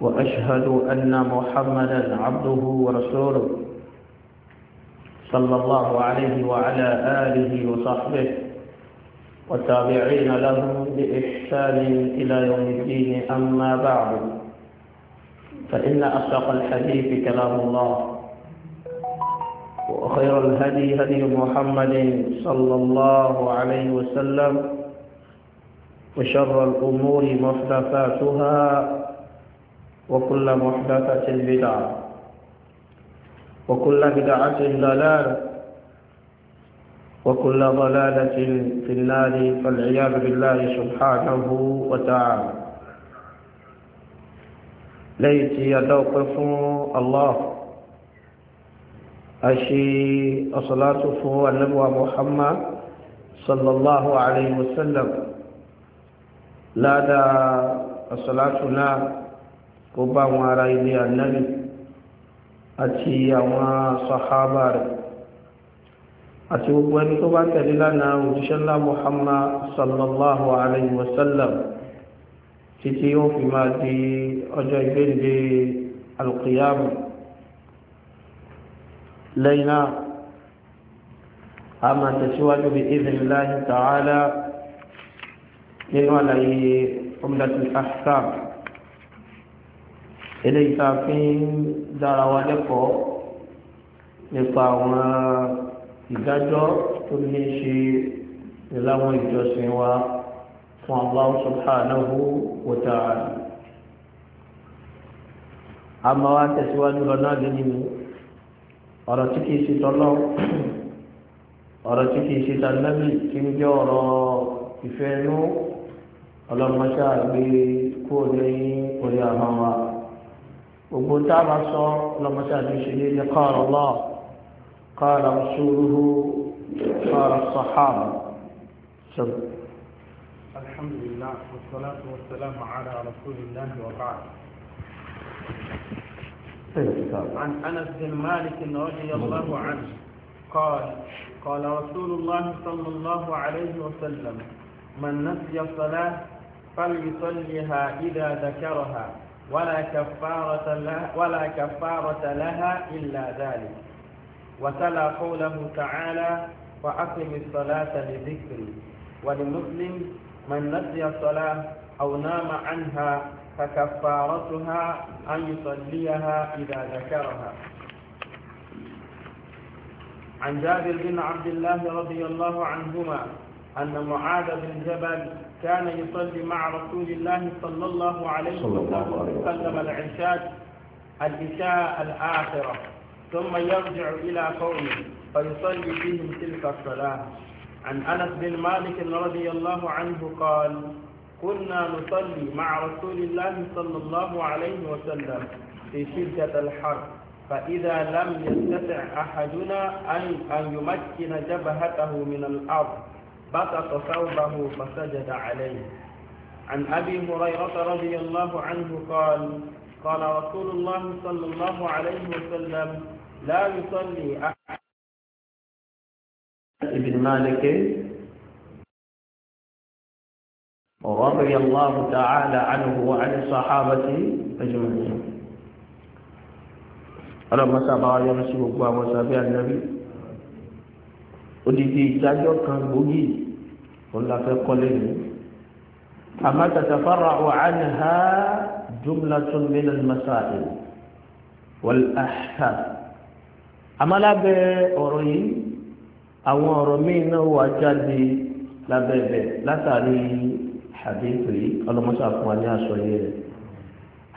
وأشهد أن محمدا عبده ورسوله صلى الله عليه وعلى آله وصحبه والتابعين له بإحسان إلى يوم الدين أما بعد فإن أصدق الحديث كلام الله وخير الهدي هدي محمد صلى الله عليه وسلم وشر الأمور محدثاتها وكل محدثة بدعة وكل بدعة ضلالة وكل ضلالة في النار فالعياذ بالله سبحانه وتعالى ليتي يتوقف الله أشي أصلاته النبوة محمد صلى الله عليه وسلم لا دا صلاتنا kó bá àwọn ará ilé ànábì àti àwọn sàhábà rẹ̀ àti gbogbo ẹni tó bá tẹ̀lé lánàá òjíṣẹ́ ńlá Muhammad sallallahu alayhi wa sallam títí yóò fi máa di ọjọ́ ìgbéǹde alqiyam lẹ́yìn a máa tẹ̀síwájú bí idhnillahi ta'ala nínú àlàyé umdatul ahkam eléyìí tá a fi ń dára wa lẹ́kọ̀ọ́ nípa àwọn ìdájọ́ tó ní ṣe ìláwọn ìjọsìn wa fún Allah subhanahu wa ta'ala. a máa wá tẹ̀síwájú lọ náà lónìí mi ọ̀rọ̀ tí kìí ṣe tọ́lọ́ ọ̀rọ̀ tí kìí ṣe tànàbì kí ń jẹ́ ọ̀rọ̀ ìfẹ́ inú ọlọ́mọṣáà gbé kúrò ní orí àwọn wa. gbogbo تابع a لما sọ lọ́mọdé àdúgbò yìí ni qala Allah qala rasuluhu qala sahaba. الحمد لله والصلاة والسلام على رسول الله وبعد عن أنس بن مالك رضي الله عنه قال قال رسول الله صلى الله عليه وسلم من نسي الصلاة فليصليها إذا ذكرها ولا كفارة لها, ولا كفارة لها إلا ذلك وتلا قوله تعالى فأقم الصلاة لذكري ولمسلم من نسي الصلاة أو نام عنها فكفارتها أن يصليها إذا ذكرها عن جابر بن عبد الله رضي الله عنهما أن معاذ بن جبل كان يصلي مع رسول الله صلى الله عليه وسلم العشاء العشاء الآخرة ثم يرجع إلى قومه فيصلي فيهم تلك الصلاة عن أنس بن مالك رضي الله عنه قال كنا نصلي مع رسول الله صلى الله عليه وسلم في شدة الحرب فإذا لم يستطع أحدنا أن, أن يمكن جبهته من الأرض بسط ثوبه فسجد عليه عن أبي هريرة رضي الله عنه قال قال رسول الله صلى الله عليه وسلم لا يصلي أحد ابن مالك رضي الله تعالى عنه وعن الصحابة أجمعين. أنا مسابقة يا رسول الله النبي odidi ìdájọ́ kan gbòógì òun la fẹ́ kọ́ lẹ́nu àmọ́ tatafarra'u anha jumlatun min al-masail wal-ahkam àmọ́ lábẹ́ ọ̀rọ̀ yìí àwọn ọ̀rọ̀ míì náà wà jáde lábẹ́ bẹ̀ látàrí hadithu yìí ọlọ́mọṣà fún wa ní aṣọ yìí rẹ̀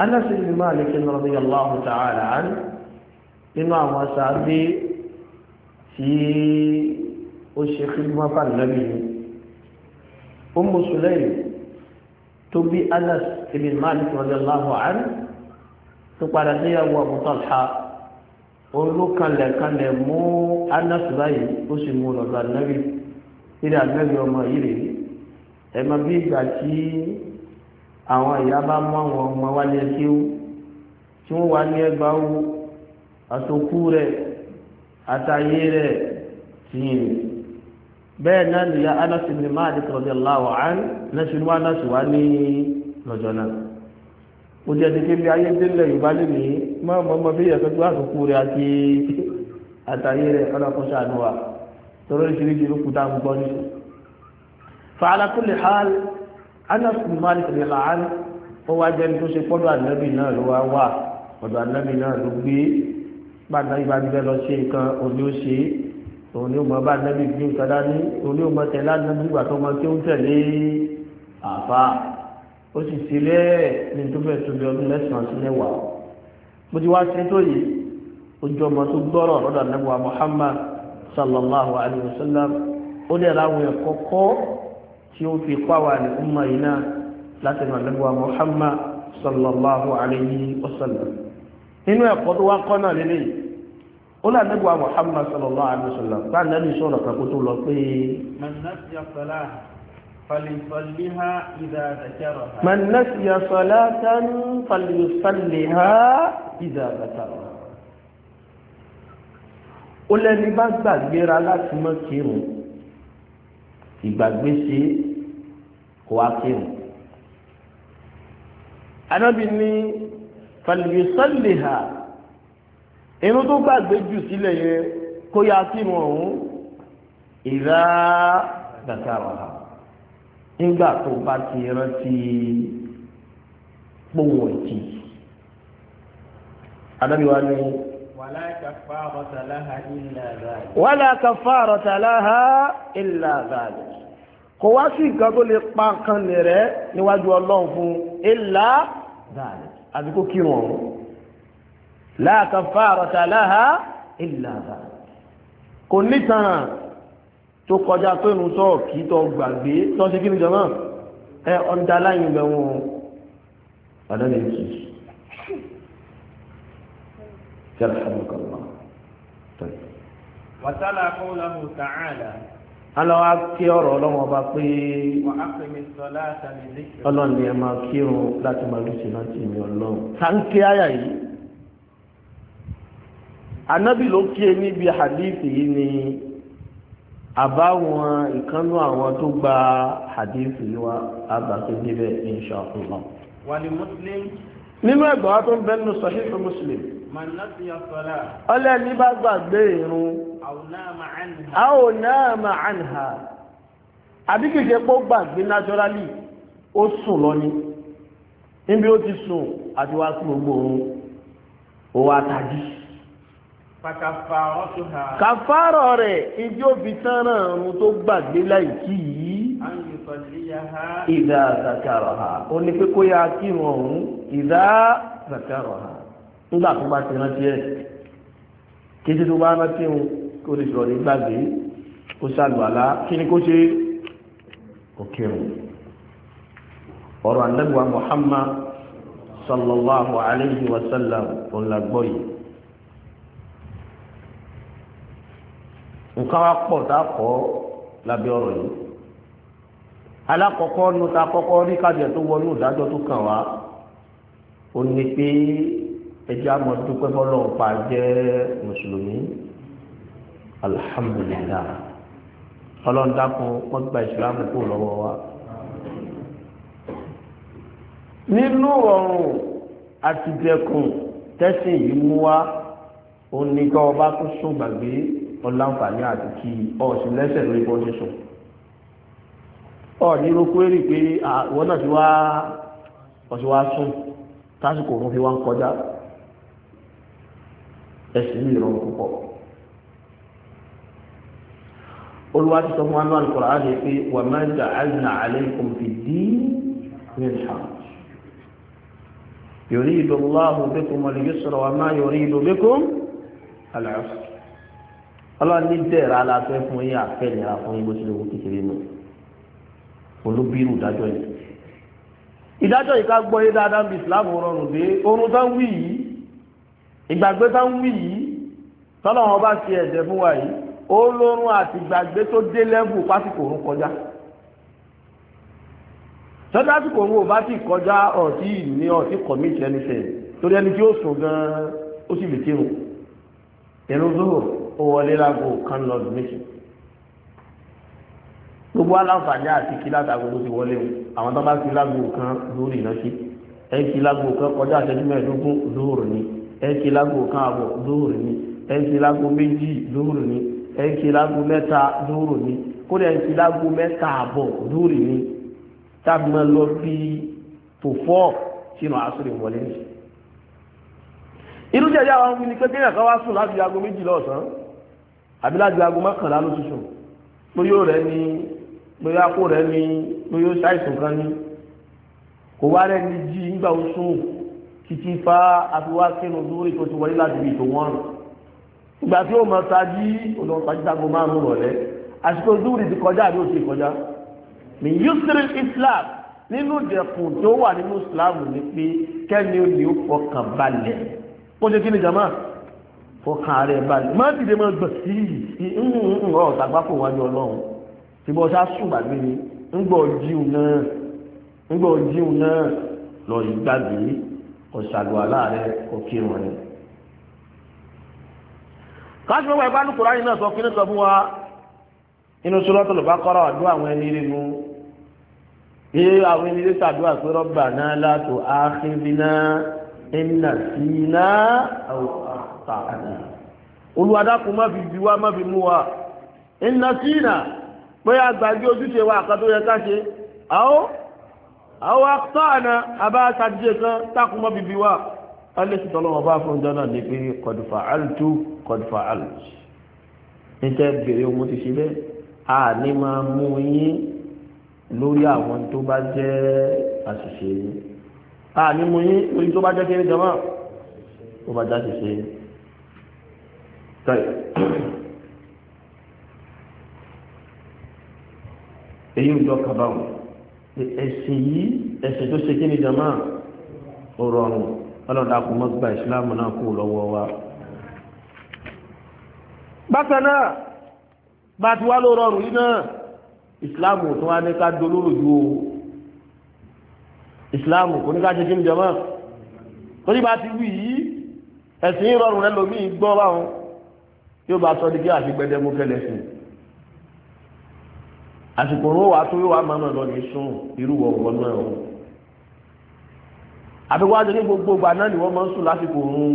Anas ibn Malik radiyallahu ta'ala anhu nínú àwọn sáà bí ó ṣe fílmọ́ fàánàbí ni ó mùsùlẹ́yìn tó bí anas ibn malik radiyallahu anhu tó padà níyàwó Abu Talha olókanlẹ̀kanlẹ̀ mú anas báyìí ó sì mú lọ́dọ̀ ànábì ìrẹ́ ànábì ọmọ yìí rèé ẹ̀mọ bí ìgbà tí àwọn ìyá bá mú àwọn ọmọ wálé kí ó tí wọ́n wá ní ẹgbà owó àtòkú rẹ̀ àtàyé rẹ̀ tìyìn bẹ́ẹ̀ náà nìyà Anas ibn Malik radiyallahu anhu lẹ́sìn wá náà sì wá ní lọ́jọ́ náà ó jẹ́ dídé bí ayé délẹ̀ yorùbá lónìí máa mọ ọmọ bí ìyàtọ̀ tó àsìkò rẹ̀ àti àtàyè rẹ̀ ọlọ́kọ̀ṣà àdúrà tọ́lọ́ ìṣiríṣi ló kú tá à ń gbọ́ ní. fàálà kó lè hàl Anas ibn Malik radiyallahu anhu ó wá jẹ́ni tó ṣe pọ́dọ̀ ànábì náà ló wá wà ọ̀dọ̀ ànábì náà ló gbé gbàdá ìbánibẹ́ lọ ṣe nǹkan òní ó ṣe é òun ni ó mọ bá nẹ́bí bí nǹkan dání òun ni ó mọ tẹ̀lé ànábì ìgbà tó mọ kí ó ń tẹ̀lé àfa ó sì sílẹ̀ ní tó bẹ̀ tóbi ọdún mẹ́sàn-án sí mẹ́wàá bó ti wá sí tó yìí ojú ọmọ tó gbọ́rọ̀ lọ́dọ̀ ànábì Muhammad sallallahu alayhi wa sallam ó lè ra àwọn ẹ̀kọ́ kọ́ tí ó fi pàwà ní ọmọ yìí náà láti nà ànábì Muhammad sallallahu alayhi wa sallam nínú ẹ̀kọ́ tó wá kọ́ náà lélẹ́yìí ó náà nígbà wa Muhammad sallallahu alaihi wasallam tá a nẹ́bí sọ̀rọ̀ kan kó tó lọ pé. man nasiya salatan falyusalliha idha dhakaraha. ó lẹ́ni bá gbàgbéra láti mọ́ kírun ìgbàgbé ṣe kó wá kírun. anábì ní falyusalliha irun tó gbàgbé jù sílẹ̀ yẹ kó yá sínú ọ̀hún ìlà dàkàrà nígbà tó bá ti rántí gbóhùn ìtì adábíwá ni wàlá kàfàrọ̀tà láha ìlà zàlẹ̀ kò wá sí nǹkan tó lè pa kan lè rẹ̀ níwájú ọlọ́run fún ìlà zàlẹ̀ àti kírun ọ̀hún la kafarata laha illa bá kò nítàn tó kọjá pé irun tó kì í tó gbàgbé tó ṣe kí ni jọmọ ẹ ọ̀dà láyìn lẹ́wọ̀n àdáni kì í jẹ́rẹ̀ kí ọ̀rọ̀ ọlọ́wọ́ bá pé ọlọ́ni ẹ máa kírun láti máa lùsìn láti ìmì ọlọ́run. sáńkì àyà yìí anábì ló kí e níbi hadithi yìí ni àbáwọn ìkánú àwọn tó gba hadithi yìí wá àgbàtó níbẹ̀ insha Allah. wà ní muslim. nínú ẹgbẹ́ wa tó ń bẹ́ẹ̀ nínú sahih muslim. ọlẹ́ni bá gbàgbé irun. àwọn náà mà án ha. àbí kìí ṣe pé gbàgbé naturally ó sùn lọ ni níbi ó ti sùn àti wá sí gbogbo òun ó wá tají kàfàrọ̀ rẹ̀ ijó fi tánà ọ̀run tó gbàgbé láìkí yìí ìdá zakarọ̀ ha ó ní pé kó yá kírun ọ̀hún ìdá zakarọ̀ ha nígbà tó bá ti rántí ẹ̀ kéde tó bá rántí òun kó lè sọ̀rọ̀ ní gbàgbé kó ṣàlùwàlá kí ni kó ṣe kó ọ̀rọ̀ àdẹ́gbà Muhammad sallallahu alayhi wa sallam òun la gbọ́ nǹkan wa pọ̀ tá a kọ́ lábẹ́ ọ̀rọ̀ yìí alákọ̀ọ́kọ́ nu ta kọ́kọ́ rí kájẹ tó wọnú ìdájọ́ tó kàn wá ó ní pé ẹjẹ́ àmọ́ dúpẹ́ fọlọ́run pa jẹ́ mùsùlùmí alihamudulilayi ọlọ́run dákun wọ́n gba ìsìlámù kúrò lọ́wọ́ wa nínú ọ̀run àtìdẹ́kùn tẹ́sìn yìí mú wa ó ní kọ́ ọba tó sún gbàgbé ọláǹfààní àti kí ọ̀sìn lẹ́sẹ̀ lórí bọ́ ṣe sùn ọ̀ní ló kú èrè pé àwọn náà ti wá ọ̀sìn wá sùn tásìkò òun fi wá ń kọjá ẹ̀sìn ní ìrọ̀rùn púpọ̀ olúwa ti sọ fún wa náà alukọ̀rọ̀ á pé wà máa ń dà áìnà alaykum fi dín ní ìhàn يريد الله بكم اليسر وما يريد بكم العسر ọlọ́run ní dẹ̀ra aláfẹ́ fún yín àfẹ́nira fún yín bó ti lè wo kékeré mọ́ olóbírù ìdájọ́ yìí ìdájọ́ yìí ká gbọ́ yé dáadáa bí Islam rọrùn dé orun tán wí yìí ìgbàgbé tán wí yìí tọ́lọ́wọ́n bá ṣe ẹ̀jẹ̀ fún wa yìí ó lórun àti ìgbàgbé tó dé lẹ́bù pásìkò òun kọjá tọ́jà tí kò bá ti kọjá ọ̀tí ní ọ̀tí kọ̀míṣẹ́ níṣẹ́ torí ẹni tí ó sùn gan-an ó sì lè kírun ẹ̀rọ zoro ó wọlé lágbo kan lọ́dún méjì gbogbo aláǹfààní àti kí látàgbò tó ti wọlé o àwọn tó bá kí lágbo kan lórí iná sí ẹ kí lágbo kan kọjá àṣẹjú mẹ́ẹ̀ẹ́dógún lóòrùn ni ẹ kí lágbo kan àbọ̀ lóòrùn ni ẹ kí lágbo méjì lóòrùn ni ẹ kí lágbo mẹ́ta lóòrùn ni kódà ẹ kí lágbo mẹ́ta àbọ̀ lóòrùn ni tábí máa lọ bí tò fọ́ sínú àṣírí wọlé nìyí. irú jẹjẹrẹ àwọn ọmọ mi ni kékeré kan wá sùn láti aago méjìlá ọ̀sán àbí láti aago mọ́kànlá ló ti sùn pé yóò rẹ̀ ní pé akó rẹ̀ ní pé yóò ṣàìsàn kan ní kò wá rẹ̀ ní jí nígbà ó sùn títí fa àfiwá kínú lórí tó ti wọlé láti ibi ìtò wọn rùn ìgbà tí ó mọ sáájí ọ̀nà sáájí sago márùn rọ̀lẹ́ àsìkò zúwìrì ti kọjá àbí ó ti kọjá ní yusril islam nínú ìdẹ̀kùn tó wà nínú islam ni pé kẹ́ni ó ní ó fọkàn balẹ̀ ó ṣe kí ni jama fọkàn rẹ̀ balẹ̀ má dìde má gbọ̀ sí ìhùnhùn ọ̀sàgbápò wájú ọlọ́run tí bọ́ sá sùn gbàgbé ni ńgbọ̀ jíun náà ńgbọ̀ jíun náà lọ ìgbàgbé ọ̀sàgbọ̀ aláàrẹ̀ ọ̀kírun rẹ̀. káṣíwọ́n wà ìbánu kùráyì náà sọ kíní sọ fún wa inú Suratul Baqara àdúrà àwọn ẹni rí mu ee àwọn ẹni rí sàdúrà pé Rabbana la tu'akhidhna iná sí iná àtàkùn olùwàdàkùn má fi bí wá má fi mú wa iná sí iná pé àgbàgbé ojúṣe wa àkàtó yẹ ká ṣe àó àwọn àtàkùn àbá àtàkùn kan tákùn má fi bí wá alẹ́sì tọ́lọ́wọ́ bá fún jọ́nà ní pé kọ̀dùfà àlùtù kọ̀dùfà àlùtù níta bèrè ohun ti ṣe a ní máa mú yín lórí àwọn tó bá jẹ́ àṣìṣe yín a ní mo yí orí tó bá jẹ́ kéré jọmọ́ ó bá jáde ṣe tẹ́ èyí ń jọ kàbáwọn ẹ̀sìn yìí ẹ̀sìn tó ṣe kéré jọmọ́ ó rọrùn ọlọ́dà kò mọ́ gba ìsìláàmù náà kú lọ́wọ́ wa bákan náà bá ti wá ló rọrùn yìí náà ìsìláàmù tó wá ní ká dolóró ju o ìsìláàmù oníkàṣe kí n jọmọ́ torí bá ti wí yìí ẹ̀sìn rọrùn ẹlòmíì gbọ́ báwọn yóò bá sọ di kí àti gbẹdẹmú kẹlẹ sí àsìkò òun wà tó yóò wá máa lọ ní sùn irú wọ̀ wọ́n náà o àbí wájú ní gbogbo ìgbà náà ni wọ́n máa ń sùn lásìkò òun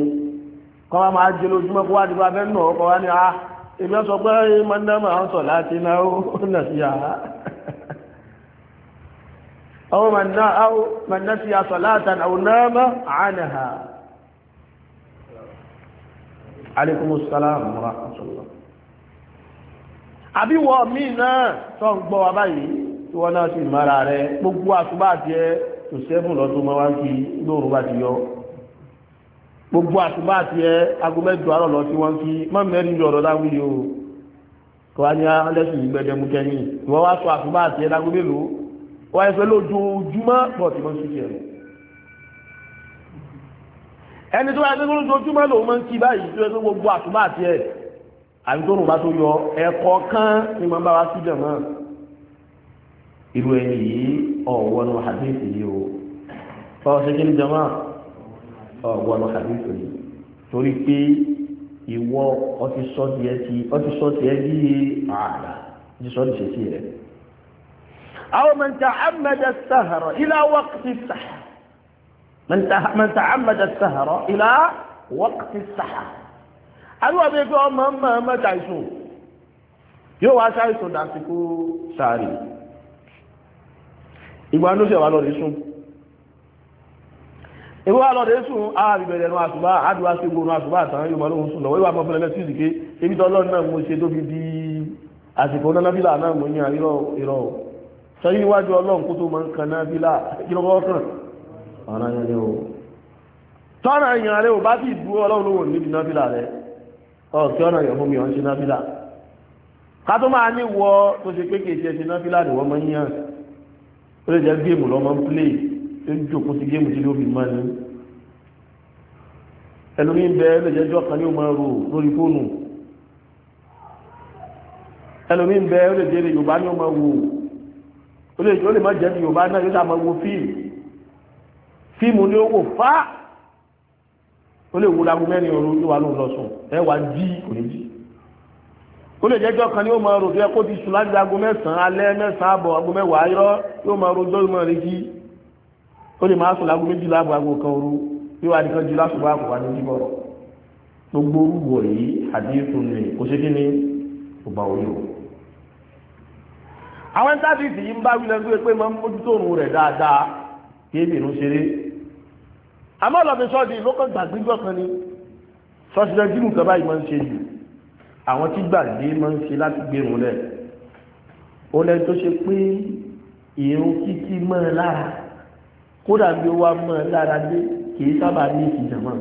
kọ́ wa máa jẹ lójúmọ́ kó wá di bá bẹ́ẹ̀ nà ọkọ̀ wa ni a èmi sọ pé mọ́ndàmọ́ à ń sọ láti náà ó nà sí àá أو من, أو من نسي صلاة أو نام عنها عليكم السلام ورحمة الله àbí wọ míì náà tó ń gbọ́ wa mara rẹ̀ gbogbo àtúbà tiẹ̀ tó sẹ́fún lọ́tún máa ń yọ gbogbo àtúbà tiẹ̀ agomẹ́jọ àrọ̀ lọ sí wọ́n kí o wọ́n yẹ pé lójoojúmọ́ pọ̀ tí wọ́n ń ṣiṣẹ́ rẹ̀ ẹni tó bá yẹ pé lójoojúmọ́ lòun máa ń kí báyìí tó yẹ pé gbogbo àtúbà àti ẹ̀ àbí tó rùn bá tó yọ ẹ̀kọ́ kan ni màá bá wa sí jẹ̀ mọ́ irú ẹni yìí ọ̀wọ́nu hadith yìí o ọ̀sẹ̀ kí ni jẹ̀ mọ́ ọ̀wọ́nu hadith yìí torí pé ìwọ ọtí sọ tiẹ̀ ti bí ààlà ọtí sọ tiẹ̀ ti rẹ̀. أو من تعمد السهر إلى وقت السحر من من تعمد السهر إلى وقت السحر àwọn àbẹ̀ fẹ́ ọmọ ọmọ mẹ́ta ìsùn yóò wá ṣàìsùn dàsìkò sàárì ìgbà ní ó ṣẹ̀wà lọ́rẹ̀ sùn ìwọ́ alọ́rẹ̀ sùn ààbìbẹ̀rẹ̀ ẹ̀nu àṣùbá àdúrà sí gbóòrùn àṣùbá àtàwọn yóò máa lóhun sùn lọ́wọ́ ìwà mọ́fẹ́lẹ́lẹ́ sí ìdíké ebi tọ́lọ́ náà mo ṣe tó di àsìkò náà fìlà náà mo yan ìrọ̀ ìrọ̀ sọ́yí iwájú ọlọ́run kó tó máa ń kan náà bí láà ìjọba ọ̀nà ìyàlẹ́ o tọ́nà ìyàlẹ́ o bá ti dúró ọlọ́run ló wò níbi náà bílà rẹ ọ̀kẹ́ ọ̀nà ìyàwó mi ọ̀n ṣe náà bílà ká tó máa ní wọ tó ṣe pé kèsì ẹṣẹ náà bílà ni wọ́n máa ń yàn ó lè jẹ́ géèmù lọ́mọ ń plé tó ń jòkó sí géèmù tí ló fi máa ní ẹlòmí ń bẹ lè jẹ́jọ́ kan ní ó máa rò lórí fóònù ẹlòmí ń bẹ ó lè yorùbá ní ó máa wò ó lè ó lè má jẹ́ bí yorùbá náà yóò sáà máa wo fíìmù fíìmù ni ó wò fá ó lè wo lago mẹ́rin ọ̀rọ̀ yóò wà lóun lọ sùn ẹ wà jí kò ní jí ó lè jẹ́jọ́ kan ni ó máa rò tó yẹ kó ti sùn láti ago mẹ́sàn-án alẹ́ mẹ́sàn-án àbọ̀ ago mẹ́wàá irọ́ yóò máa rojọ́ yóò máa rí jí ó lè máa sùn lago méjìlá àbọ̀ ago kan òru yóò wà nìkan jí lásùbọ̀ àkùkọ àwọn tábìlì yìí ń bá wílẹ̀ ń pé máa ń mójútó òun rẹ̀ dáadáa kí ebi ìrún ṣeré àmọ́ lọ́bi sọ́ọ̀dì ló kàn gbàgbé gbọ́kan ni sọ́sílẹ̀ jírù kan báyìí máa ń ṣe jù àwọn tí gbàgbé máa ń ṣe láti gbérun lẹ̀ ó lẹ́ni tó ṣe pé ìrún kíkí mọ́ ẹ lára kódà bí ó wá mọ́ ẹ lára dé kì í sábà ní ìjàmọ́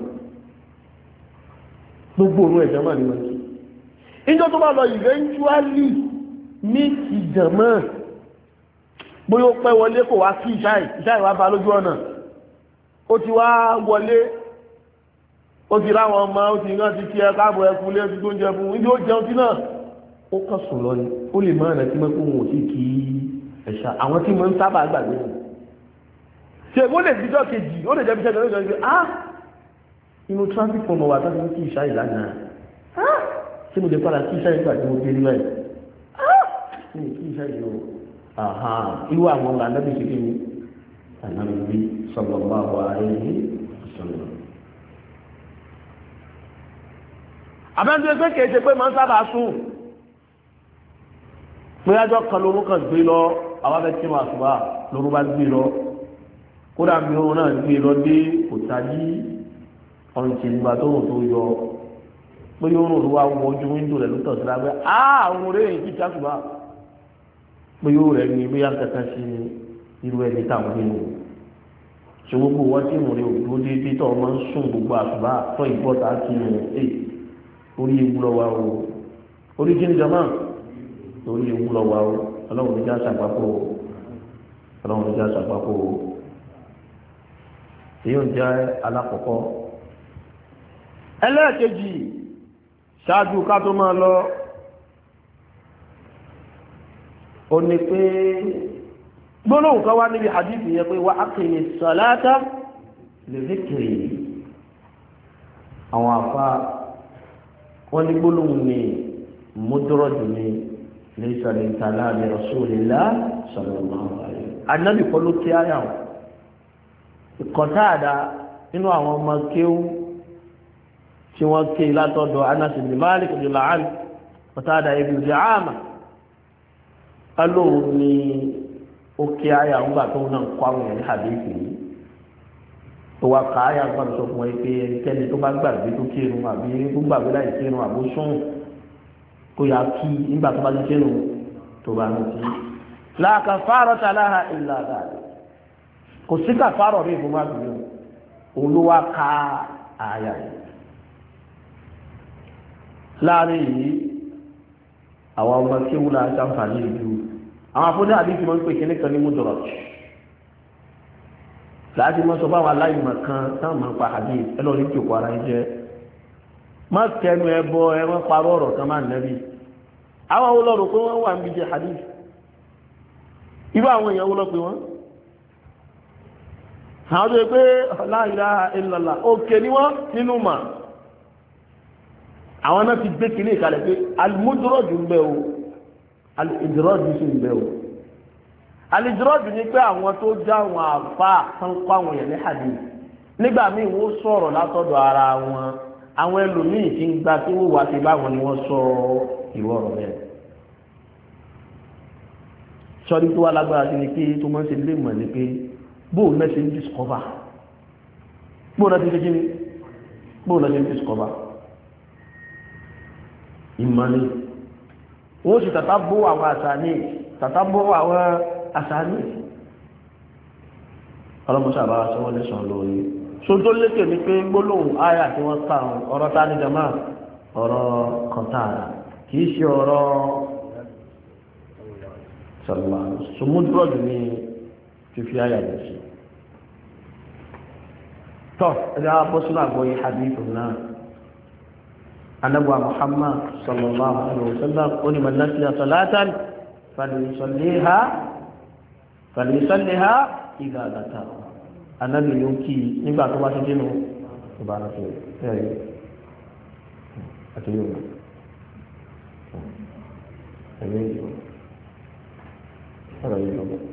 gbogbo òun ẹ̀jẹ̀ mọ́ ni wọ́n ti ìjọ ní ìjànmọ́ bóyá ó pẹ́ wọlé kò wá kí ìṣáì ìṣáì wá bá lójú ọ̀nà ó ti wá wọlé ó ti ráwọn ọmọ ó ti rán ti kí ẹ káàbọ̀ ẹkú lé ti tó ń jẹ fún ibi ó jẹun sí náà ó kàn sùn lọ ni ó lè máa rántí mọ́ pé òun ò sì kí ẹ̀ṣà àwọn tí mo ń sábà gbàgbé wọn ṣe lè fi jọ́ kejì ó lè jẹ́ bí sẹ́kẹ̀ lóṣù ah inú traffic fún ọmọ wa tó ti ń kí ìṣáì lánàá ah ṣé mo lè padà kí ìṣáì gbà tí mo gbé nílẹ̀ ní ìfẹ́ yìí o irú àwọn ọmọ anábì sí kí ni anábì sọ̀rọ̀ bá wà ayé sọ̀rọ̀. àbẹ́ńtí pé kìí ṣe pé máa ń sábà sùn pé ajọ́ kan lóru kan gbé lọ àwọn abẹ́ tí wọ́n àṣùbà lóru bá gbé lọ kódà mi òun náà gbé lọ dé òta yí ọ̀rìntì ìgbà tó rò tó yọ pé yóò rò ló wá ojú wíńdò rẹ̀ lótọ̀ sí lábẹ́ àwọn orí èyí ti ṣàṣùbà pé yóò rẹ̀ ní bí akẹ́kẹ́ sí irú ẹni táwọn ní o ṣe gbogbo wọ́n tí mo rí òdúró déédéé tó ọmọ ń sùn gbogbo àṣùbá tó ìbọ́ta ti mú e orí ewu lọ wa o orí kí ni jọmọ́ orí ewu lọ wa o ọlọ́run ní já ṣàpapọ̀ o ọlọ́run ní já ṣàpapọ̀ o èyí ò jẹ́ alákọ̀ọ́kọ́ ẹlẹ́ẹ̀kejì ṣáájú ká tó máa lọ ó ní pé gbólóhùn kan wá níbi hadithi yẹn pé wà á kì í sọ̀láta lè fi kiri àwọn àfa wọn ní gbólóhùn ní mudrọ́jù ní lè sọ̀rọ̀ ìtàlá ní rasulillah sọ̀rọ̀ ìmọ̀ ànábì kọ́ ló kí áyà wọn ìkọ̀táàdá nínú àwọn ọmọ kéwú tí wọ́n ké látọ̀dọ̀ Anas ibn Malik ibn La'an kọ̀táàdá ibi ìdí àmà alóhùn ni ó kí àyà ńgbà tó náà kọ́ àwọn èèyàn ní àdéhùn yìí tó wá ká àyà ńgbà tó fún ẹ pé ẹnikẹ́ni tó bá gbàgbé tó kírun àbí tó gbàgbé láì kírun àbó sùn kó yà kí nígbà tó bá ti kírun tó bá ń kí. láàkà fáárọ̀ ta láha ìlànà kò sí ká fáárọ̀ rí ìfowópamọ́ àbúrò òun ká àyà yìí. láàrin yìí àwọn ọmọ kéwù la ṣàǹfààní ìlú àwọn afọ́dá àdíjì máa ń pè kíní kan ní mudraj láti mọ́ sọ fáwọn aláìmọ̀ kan táwọn máa ń pa àdí ẹlọ́rí jòkó ara ẹ jẹ́ má kẹnu ẹbọ ẹwọ́n parọ́ ọ̀rọ̀ kan máa nẹ́bí àwọn olóró pé wọ́n wà ń bí jẹ́ hadith irú àwọn èèyàn olóró pé wọ́n àwọn tó yẹ pé la ilaha òkè ní wọ́n nínú mà àwọn náà ti gbé kìíní ìkàlẹ̀ pé almudraj ń bẹ o alìjírọ́jù sì ń bẹ o alìjírọ́jù ni pé àwọn tó já àwọn àfa tán kó àwọn yẹn ní hadith nígbà míì wọ́n sọ̀rọ̀ látọ̀dọ̀ ara wọn àwọn ẹlòmíì ti ń gba tí wọ́n wá sí báwọn ni wọ́n sọ ìwọ ọ̀rọ̀ bẹ́ẹ̀ sọ́ni tó wá lágbára sí ni pé tó máa ń ṣe lé mọ̀ ni pé bóun náà ṣe ń discover bóun náà ti ṣe kí ni bóun náà ṣe ń discover ìmọ̀ ni wọ́n sì tàtàbó àwọn àsàní tàtàbó àwọn àsàní ọlọ́mọsá àbára tí wọ́n lẹ́sàn lórí so tó lékè ní pé gbólóhùn áyà tí wọ́n ta ọ̀rọ̀ tá ní jama ọ̀rọ̀ kọ̀tàrà kìí ṣe ọ̀rọ̀ sọ̀rọ̀mà sọmúdúrọ̀dù ní fífi áyà lọ sí tọ́ ẹ̀dá bọ́sùn àgbọ̀yé hadith náà anagba muhammad sallallahu alaihi wasallam oni man nasiya salatan falyusalliha falyusalliha idha dhakara anabi yonki nígbà tó bá ṣe dínú tó bá rántí ẹ̀rí àti yóò ẹ̀rí yóò ọ̀rọ̀ yóò lọ́gbọ̀n.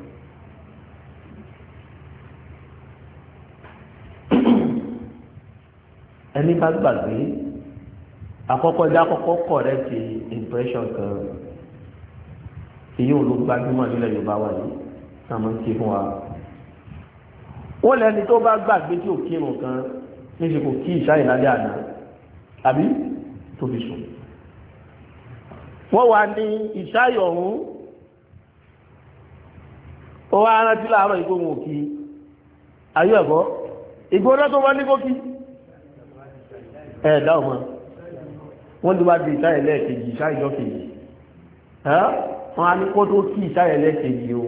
ẹni bá gbàgbé àkọ́kọ́ dá kọ́kọ́ correct impression kan èyí ò ló gbajúmọ̀ nílẹ̀ yorùbá wa yìí náà máa ń ké fún wa wọ́n lẹ́ni tó bá gbàgbé tí ò kírun kan níṣẹ́ kò kí ìṣáyìn lálẹ́ àná àbí tó fi sùn wọ́n wà ní ìṣáyìn ọ̀hún ó wá rántí láàárọ̀ ìgbó wọn ò kí ayé ẹ̀kọ́ ìgbóná tó wọ́n ní kó kí ẹ̀ẹ́dá ọ̀mọ́ wọ́n ti wá di ìṣá ẹlẹ́ẹ̀kejì ìṣá ìjọkejì wọ́n á ní kó tó kí ìṣá ẹlẹ́ẹ̀kejì o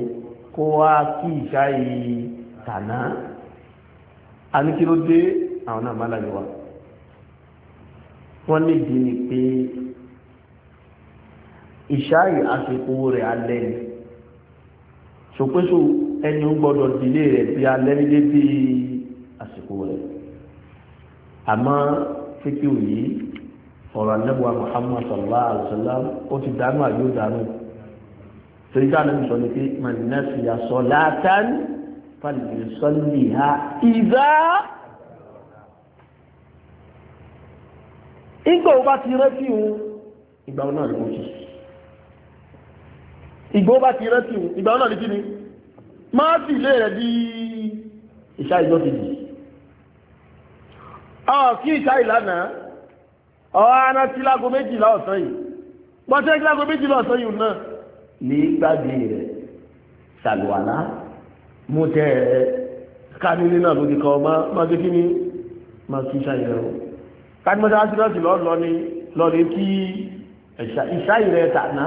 kó wá kí ìṣá ìtànà a ní kí ló dé àwọn náà má láyé wa wọ́n lè dín ní pé ìṣá àsìkò rẹ̀ alẹ́ ni ṣòpéṣò ẹni ó gbọ́dọ̀ dìlé rẹ̀ bí alẹ́ ní dédé àsìkò rẹ̀ àmọ́ fíkì òyìí ọ̀rọ̀ alẹ́bùwà Muhammad sallallahu alaihi wasallam ó ti dánú àyó dánú torí dáná mi sọ ni pé mọ̀nẹ́sì yasọ látàn fàlùbí sọ́lì ha ìdá. ìgbà wo bá ti rántí òun ìgbà wo náà ló ń kí ìgbà wo bá ti rántí òun ìgbà wo náà ló kí ni máa sì lé rẹ̀ di ìṣá ìjọ́ kejì. àwọn kí ìṣá ìlànà ọ̀hánà tí lágo méjìlá ọ̀sán yìí pọ́sẹ́ tí lágo méjìlá ọ̀sán yìí náà ní gbàgbé rẹ̀ ṣàlùwàlá mú tẹ́ ẹ kánilé náà lóde kan ọmọ máa gbé kí ni máa kí ṣàyẹ̀ o kánimọ́tà ásílọ́ọ̀tì lọ́ọ̀lọ́ ni lọ́ọ̀lẹ́ kí ìṣáyìí rẹ̀ tàná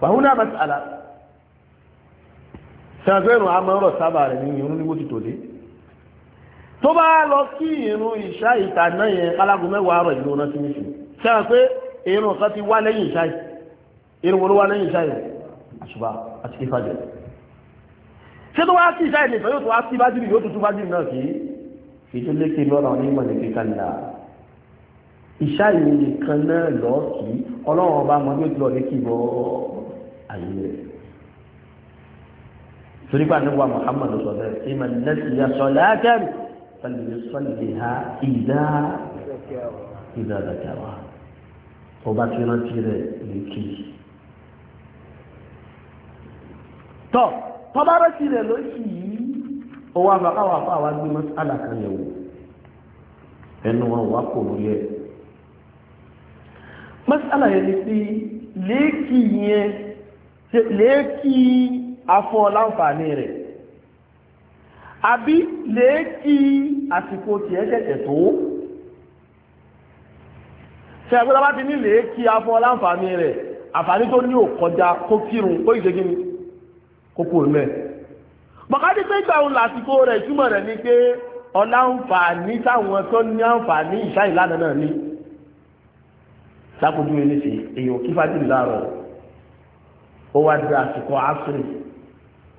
fàhúnà mas'ala ṣàgbẹ́rùn-ún àmọ́ ọ̀rọ̀ sábà rẹ̀ ní irun níwó ti tòde tó bá lọ kí ìrun ìṣá ìta náà yẹn alágun mẹ́wàá rọ̀ ìlú ọ̀nà tìmísì ṣáà pé ìrun kan ti wá lẹ́yìn ìṣá yìí ìrun wo ló wá lẹ́yìn ìṣá yìí àṣùbà àti kífàjẹ́ ṣé tó wá sí ìṣá yìí nìkan yóò tó wá sí bájírì yóò tuntun bájírì náà kì í fi tó lékè lọ́rọ̀ onímọ̀ ní kíkà nílà ìṣá yìí nìkan náà lọ kì ọlọ́run ọba mọ yóò ti lọ lékè فليصلها إذا إذا ذكرها tó bá ti rántí rẹ̀ lékè tọ́ tó bá rántí rẹ̀ lókè yìí ó wá bàbá wà fún àwọn agbé mọ́sálà kan yẹ̀wò ẹnu wọn wà kò lórí ẹ̀ yẹn ni pé lékè yẹn lékè afọ́ láǹfààní rẹ̀ àbí lèékì àsìkò tí ẹ ṣẹ̀ṣẹ̀ tó ṣe àgbẹ́ta bá ti ní lèékì afọ láǹfààní rẹ̀ àǹfààní tó ní òkọjá kó kírun kó ìṣe kíni kó kò mẹ́ bọ̀kádé pé ìgbà òun làsìkò rẹ̀ ìtumọ̀ rẹ̀ ni pé ọláǹfààní táwọn tó ní àǹfààní ìṣá ìlànà náà ní lápòjú eléṣe èèyàn kí fájìlì láàárọ̀ ó wá di àsìkò àṣírí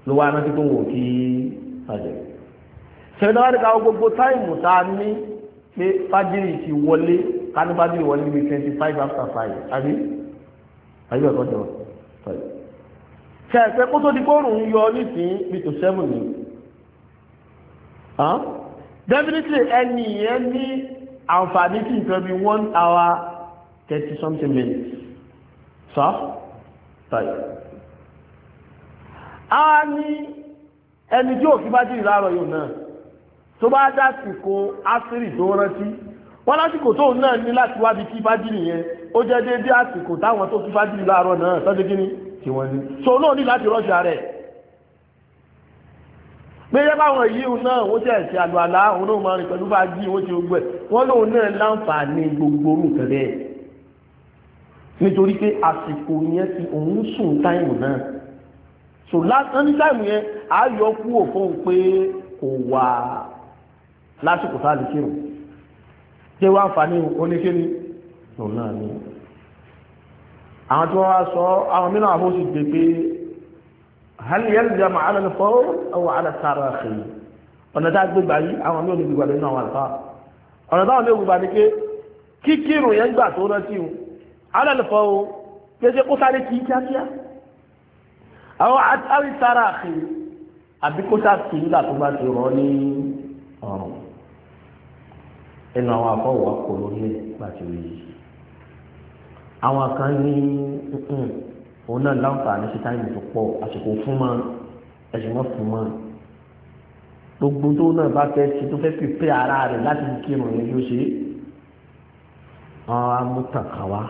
ló wá rántí tó wò kí fájìlì sẹ́dáwárí káwọn gbogbo táìmù tá a ní pé fájírì ti wọlé kání fájírì wọlé bíi twenty five after five àbí àbí ẹ̀kọ́ jọ five. sẹ́ẹ̀sẹ̀ kó tó di kóòrùn ń yọ nísìnyí bíi tó seven ni. definitely ẹni yẹn ní àǹfààní sí nǹkan bíi one hour thirty something minutes. sọ five. a ní ẹni tí òfin bá jìrì láàárọ̀ yóò náà tó bá dásìkò asiri tó rántí wọn lásìkò tóun náà ní láti wábi kí fájìlì yẹn ó jẹ́ déédéé àsìkò táwọn tó kí fájìlì láàárọ̀ náà tọ́jú kí ni tí wọ́n ní so náà ní láti rọ́ọ̀ṣì ààrẹ pé yẹ báwọn yìí náà wọ́n tẹ̀ ṣe àlọ́ àlá òun náà máa rìn pẹ̀lú fájì wọ́n ti gbogbo ẹ̀ wọ́n lóun náà láǹfààní gbogbo orú tẹ̀lé ẹ̀ nítorí pé àsìkò yẹn ti òun sùn táìmù náà so lásán ní táìmù yẹn àá yọ kúrò fóun pé kò wà lásìkò tá a lè kírun ṣé wá àǹfààní oníṣẹ́ ni òun náà ni àwọn tí wọ́n wá sọ àwọn mìíràn àwọn oṣù gbé pé hali yẹn jẹ́ mọ̀ alẹ́ fọ́ àwọn alẹ́ sára ṣe ọ̀nà tá a gbé gbà yí àwọn mìíràn gbé gbà nínú àwọn àlùfà ọ̀nà táwọn mìíràn gbé gbà ní pé kíkírun yẹn gbà tó rántí o alẹ́ fọ́ o pèsè kó sáré kí kíákíá àwọn alẹ́ sára ṣe àbí kó sáré kí nígbà tó bá ti rọ̀ ní ọ̀rùn ẹnu àwọn afọwọ́ kò lórí ẹ̀ gbàtí ó yìí àwọn kan ní òun náà láǹfààní sí táìmù tó pọ̀ àsìkò fún mọ́ ẹ̀sìn mọ́ fún mọ́ gbogbo tó náà bá fẹ́ ṣe tó fẹ́ pèpè ara rẹ̀ láti kírun ní yóò ṣe àwọn amútàkàwá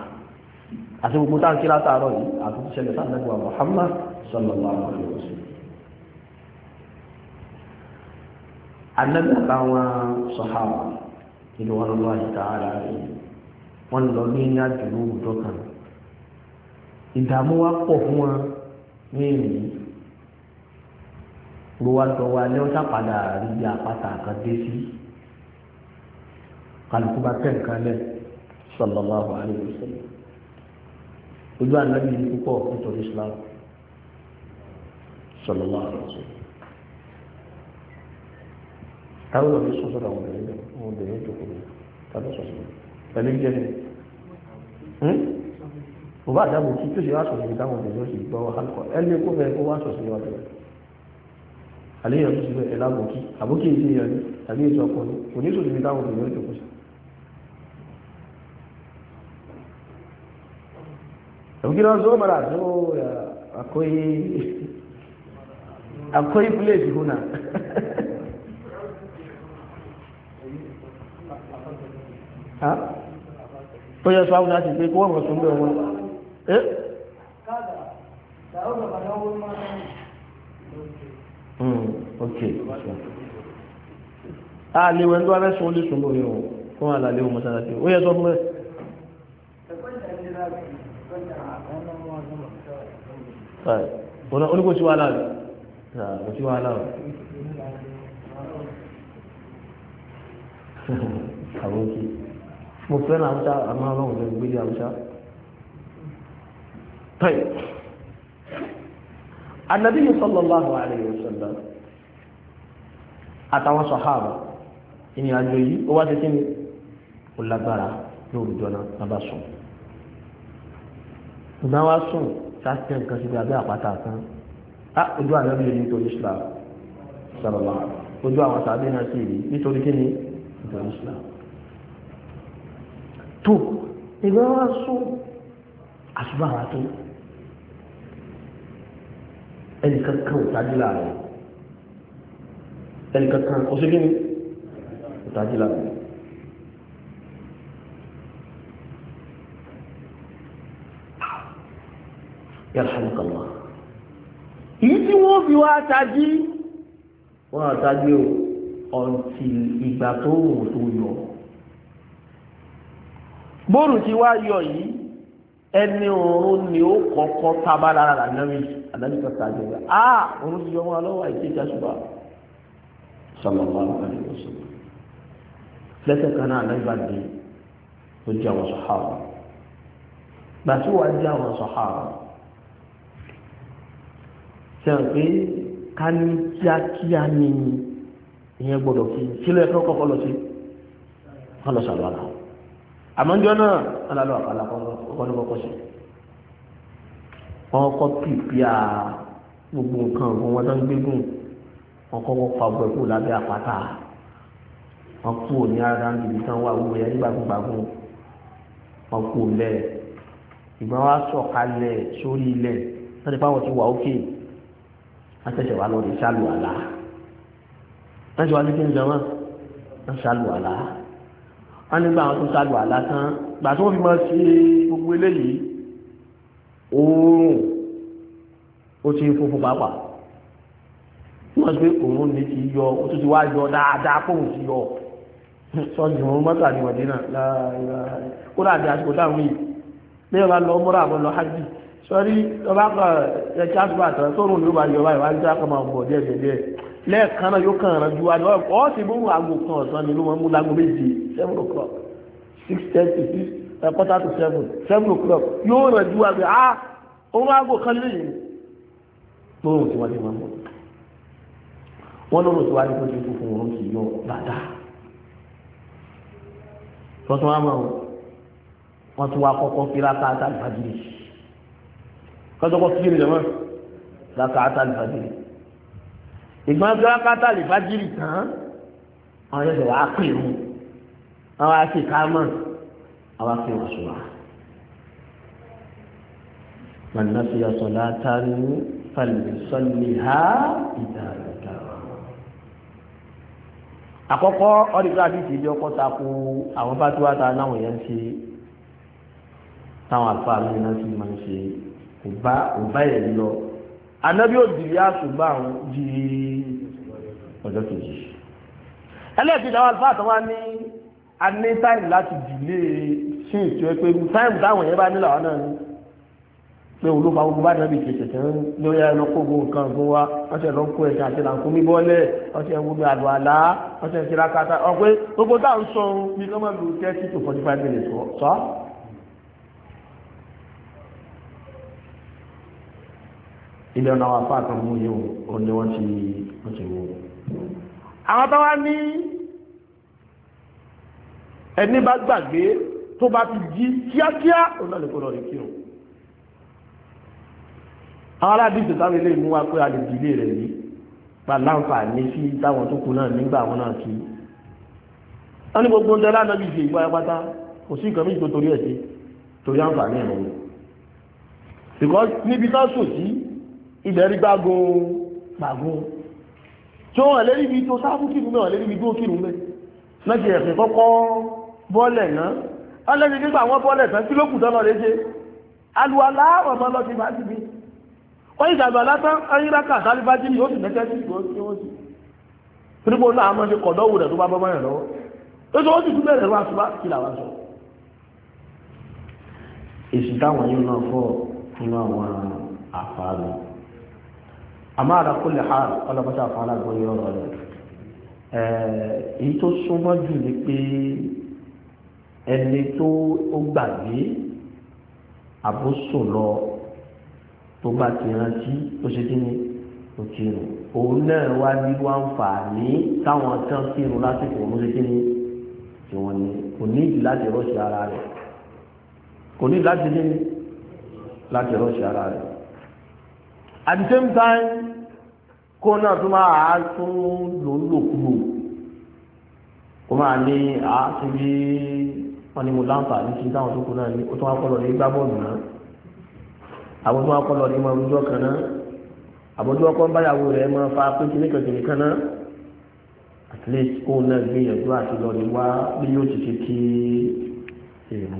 àti gbogbo táwọn kí látàárọ̀ yìí àtúntò ṣẹlẹ̀ sáà nàgbà Muhammad sallallahu alaihi wasallam. anabi àtàwọn sọ̀hábà ìlú wọn lọ́wọ́ àìsà ara rẹ̀ wọ́n lọ ní ní àjùlọ òwúrọ̀ kan ìdààmú wa pọ̀ fún wọn ní èyí gbogbo àtọ̀ wa ní wọ́n sàpadà rí bí apáta kan dé sí kálukú bá tẹ̀ nǹkan lẹ̀ sallallahu alaihi wasallam ojú àná yìí púpọ̀ nítorí Islam sallallahu alaihi wasallam táwọn lọ fi sùn sọ́dọ̀ àwọn obìnrin bẹ́ẹ̀ àwọn obìnrin jòkó ní tàbí sọ̀sọ̀ pẹ̀lú jẹ́ ní. kò bá àdábò tí tó ṣe wá sọ̀sọ̀ yìí táwọn obìnrin sì gbọ́ alukọ ẹni kó fẹ́ kó wá sọ̀sọ̀ yìí wá tẹ̀lé. àléyàn tó ṣe fẹ́ ẹ̀lá bòkí àbókè ìdí yẹn ni àbí ètò ọkùnrin kò ní sọ̀sọ̀ yìí táwọn obìnrin jòkó sí. ɗauki na zo mara zo akwai akwai place huna tó yẹ sáwọn láti pé kó wọ́n tún bẹ̀rẹ̀ wọn ẹ́ hmm, ok a lè wẹ́n tó arẹ́sùn ó lè sùn lórí ọ̀ fún àlàlé ọmọ sára tí ó yẹ sọ fún ẹ oníkò tí wà láàrín kò tí wà láàrín àwọn òkè mo fẹ́ràn haúsá àmọ́ ọlọ́run lè gbélé haúsá. tọ́yì anabi yìí sallallahu alayhi wa sallam àtàwọn sàhábà ìrìn àjò yìí ó wá ti kí ni ó lágbára lórí jọna bàbá sùn ìgbà wa sùn sáfì nǹkan síbi abẹ́ àpáta kan á ojú ànábì yìí nítorí islam sallallahu ojú àwọn sàbẹ̀ náà sì rí nítorí kí ni nítorí islam tó ìgbà wá sún àṣùbára tó ẹnìkan kan òtájú láàrin ẹnìkan kan ó sì gíní òtájú láàrin yàrá ìyí tí wọ́n fi wá tají wọ́n àtají o ìgbà tó wù tó yọ bóòrùn ti wá yọ yìí ẹni òun ni ó kọ́kọ́ tábàlára lànàmì àdáni kọta àjọyọ̀ a òun ti yọ wọn lọ́wọ́ àìsí ìjásùbà sọlọ́wọ́ àlùkàlẹ̀ ọ̀sán lẹ́sẹ̀ kan náà lẹ́gbà dé ó jẹ́ àwọn sọ̀háàbà gbà tí wàá jẹ́ àwọn sọ̀háàbà sẹ́wọ̀n pé ká ní kíákíá ni ìyẹn gbọ́dọ̀ fi sílẹ̀ kọ́kọ́ lọ sí kọ́lọ́sàlọ́lá àmọ́jọ́ náà alálọ́ àpàlà ọkọ̀lọ́kọ̀ sí wọn kọ́ pìpì à gbogbo nǹkan ọ̀gbọ́n wọn tó ń gbégùn wọn kọ́ wọ́n pa ọgbẹ́ kú lábẹ́ àpáta wọn kú òní ara níbi tán wà wúwo yẹn nígbàgbọ́gbàgùn wọn kú lẹ̀ ìgbọ́n wa sọ̀kalẹ̀ sórí ilẹ̀ lọ́dẹ fáwọn ti wà òkè wọ́n tẹ̀sẹ̀ wá lọ́dẹ sálù àlá wọ́n ti wá ní kí n jẹun wọ́n sálù àlá wọ́n nígbà wọn tó sálù àlásán gbà tó fi mọ́ sí gbogbo eléyìí oòrùn ó ti funfun pàápàá wọ́n ti pé òun ní ti yọ ó tún ti wá yọ dáadáa kóhùn ti yọ sọ́jú wọn mọ́tà ní wọ̀dí náà kó dàbí àsìkò táwọn yìí bí wọ́n bá lọ mọ́ra àbọ̀ lọ hajj sọ́rí ọba kan ẹ̀ka àtúbàtàn tó rùn ló bá yọ báyìí wá ń dá kọ́ máa bọ̀ díẹ̀ díẹ̀ díẹ̀ lẹ́ẹ̀kan náà yóò kàn rán ju adúlọ́ ọ́ sì bóun aago kan ọ̀sán ni ló máa mú láago méje seven o'clock six thirty six eh, quarter to seven seven o'clock yóò rán ju aago ah òun aago kan lè yìí lóòrùn tí wọ́n ti máa ń mú wọ́n lóòrùn tí wọ́n ti máa ń mú fún wọn kì í yọ bàtà tọ́tún á máa wọ́n tún wá kọ́kọ́ fi rákà àtàlùfàjìrì kọ́tọ́kọ́ fi kí jẹ́ mọ́ rákà àtàlùfàjìrì ìgbọ́n gírákátà lè bá jìrì tán àwọn yóò wá pè mú àwọn àti kámọ̀ àwọn àti òṣùwà. من نسي صلاة فليصلها إذا ذكرها àkọ́kọ́ ọ̀dìgbà àdìsí ilé ọkọ̀ takò àwọn bá tó wá ta láwọn èèyàn ṣe táwọn àfáà lóyún náà sì máa ń ṣe kò bá ẹ̀ lọ anábí ò dìrí àṣùgbà àwọn di ọjọ́ kejì ẹlẹ́ẹ̀kejì àwọn àlùfáà tó wá ní a ní táìmù láti dìlé sí ètò ẹ pé táìmù táwọn yẹn bá nílò àwọn náà ni pé òun ló fa gbogbo bá nàbì kìí tẹ̀tẹ̀ ń lórí ẹran kó gbogbo nǹkan ọ̀gbọ́n wa wọ́n ṣe lọ ń kó ẹ̀ṣẹ̀ àti làǹkó mi bọ́lẹ̀ wọ́n ṣe ń wo àlọ́ àlá wọ́n ṣe ń ṣe rákàtà ọ̀pẹ gbogbo táà sọ ohun bí kọ́mọ́ lu to forty five minutes sọ́. So? ilé ọ̀nà wà fáà kan mú yóò ó ní wọ́n ti wọ́n ti wò. àwọn tó wá ní ẹni bá gbàgbé tó bá ti jí kíákíá òun náà lè kó lọ rí kírun. àwọn aláàbí ìṣètàwọn ilé ìmú wa pé a lè dìlé rẹ̀ yìí gba láǹfààní sí táwọn tó kù náà nígbà wọn náà kí. wọ́n ní gbogbo ń tẹ́lá náà bí ṣe ìgbà pátá kò sí nǹkan méjì tó torí ẹ̀ sí torí àǹfààní ẹ̀ lọ́wọ́. because níbi tá a sòsí ilẹ̀ rí gbágo gbàgbó tí wọ́n lè ríbi tó sáfú kìrù mẹ́wàá lè ríbi tó kìrù mẹ́ mẹ́jẹ ẹ̀fẹ́ kọ́kọ́ bọ́ọ̀lẹ̀ náà ọlẹ́ni nígbà wọn bọ́ọ̀lẹ̀ tán kí ló kù tọ́lọ léṣe alùwàlá ọmọ lọ ti bá síbi wọ́n ìdàgbà látán ayíraka àtàlíbá jí ni ó sì mẹ́kẹ́ sí ìgbòsí tìrìbó náà mọ́ sí kọ̀dọ́wù rẹ̀ tó bá bọ́ mọ́yàn lọ́wọ́ ó sì ó sì túbẹ̀ rẹ̀ wá sí wá kí làwọn èsì táwọn yóò náà fọ́ nínú àwọn àfààní àmọ́ àrà kó lè ha ọlọ́pàá àfàlà gbọ́yé ọ̀rọ̀ rẹ̀ èyí tó súnmọ́ jù ni pé ẹni tó ó gbàgbé àbóso lọ tó bá ti rántí tó ṣe kíni tó kírun òun náà wá ní wá ń fà ní táwọn kan kírun lásìkò òun ṣe kíni tí wọ́n ní kò ní ìdí láti rọ́ọ̀ṣì ara rẹ̀ kò ní ìdí láti kíni láti rọ́ọ̀ṣì ara rẹ̀ at the same time kó náà tún máa tún lò ń lò kúrò kó máa ní àásìbí wọn ni mo láǹfààní sí táwọn tó kù náà ní ó tún wá kọ́ lọ ní gbá bọ́ọ̀lù náà àwọn tó wá kọ́ lọ ní mọ ọdún kan náà àbójú ọkọ ń báyàwó rẹ̀ máa fa pé kìnnìkankìnnì kan náà at least kó náà gbìyànjú àti lọ ní wá bí yóò ti ṣe kí èrò.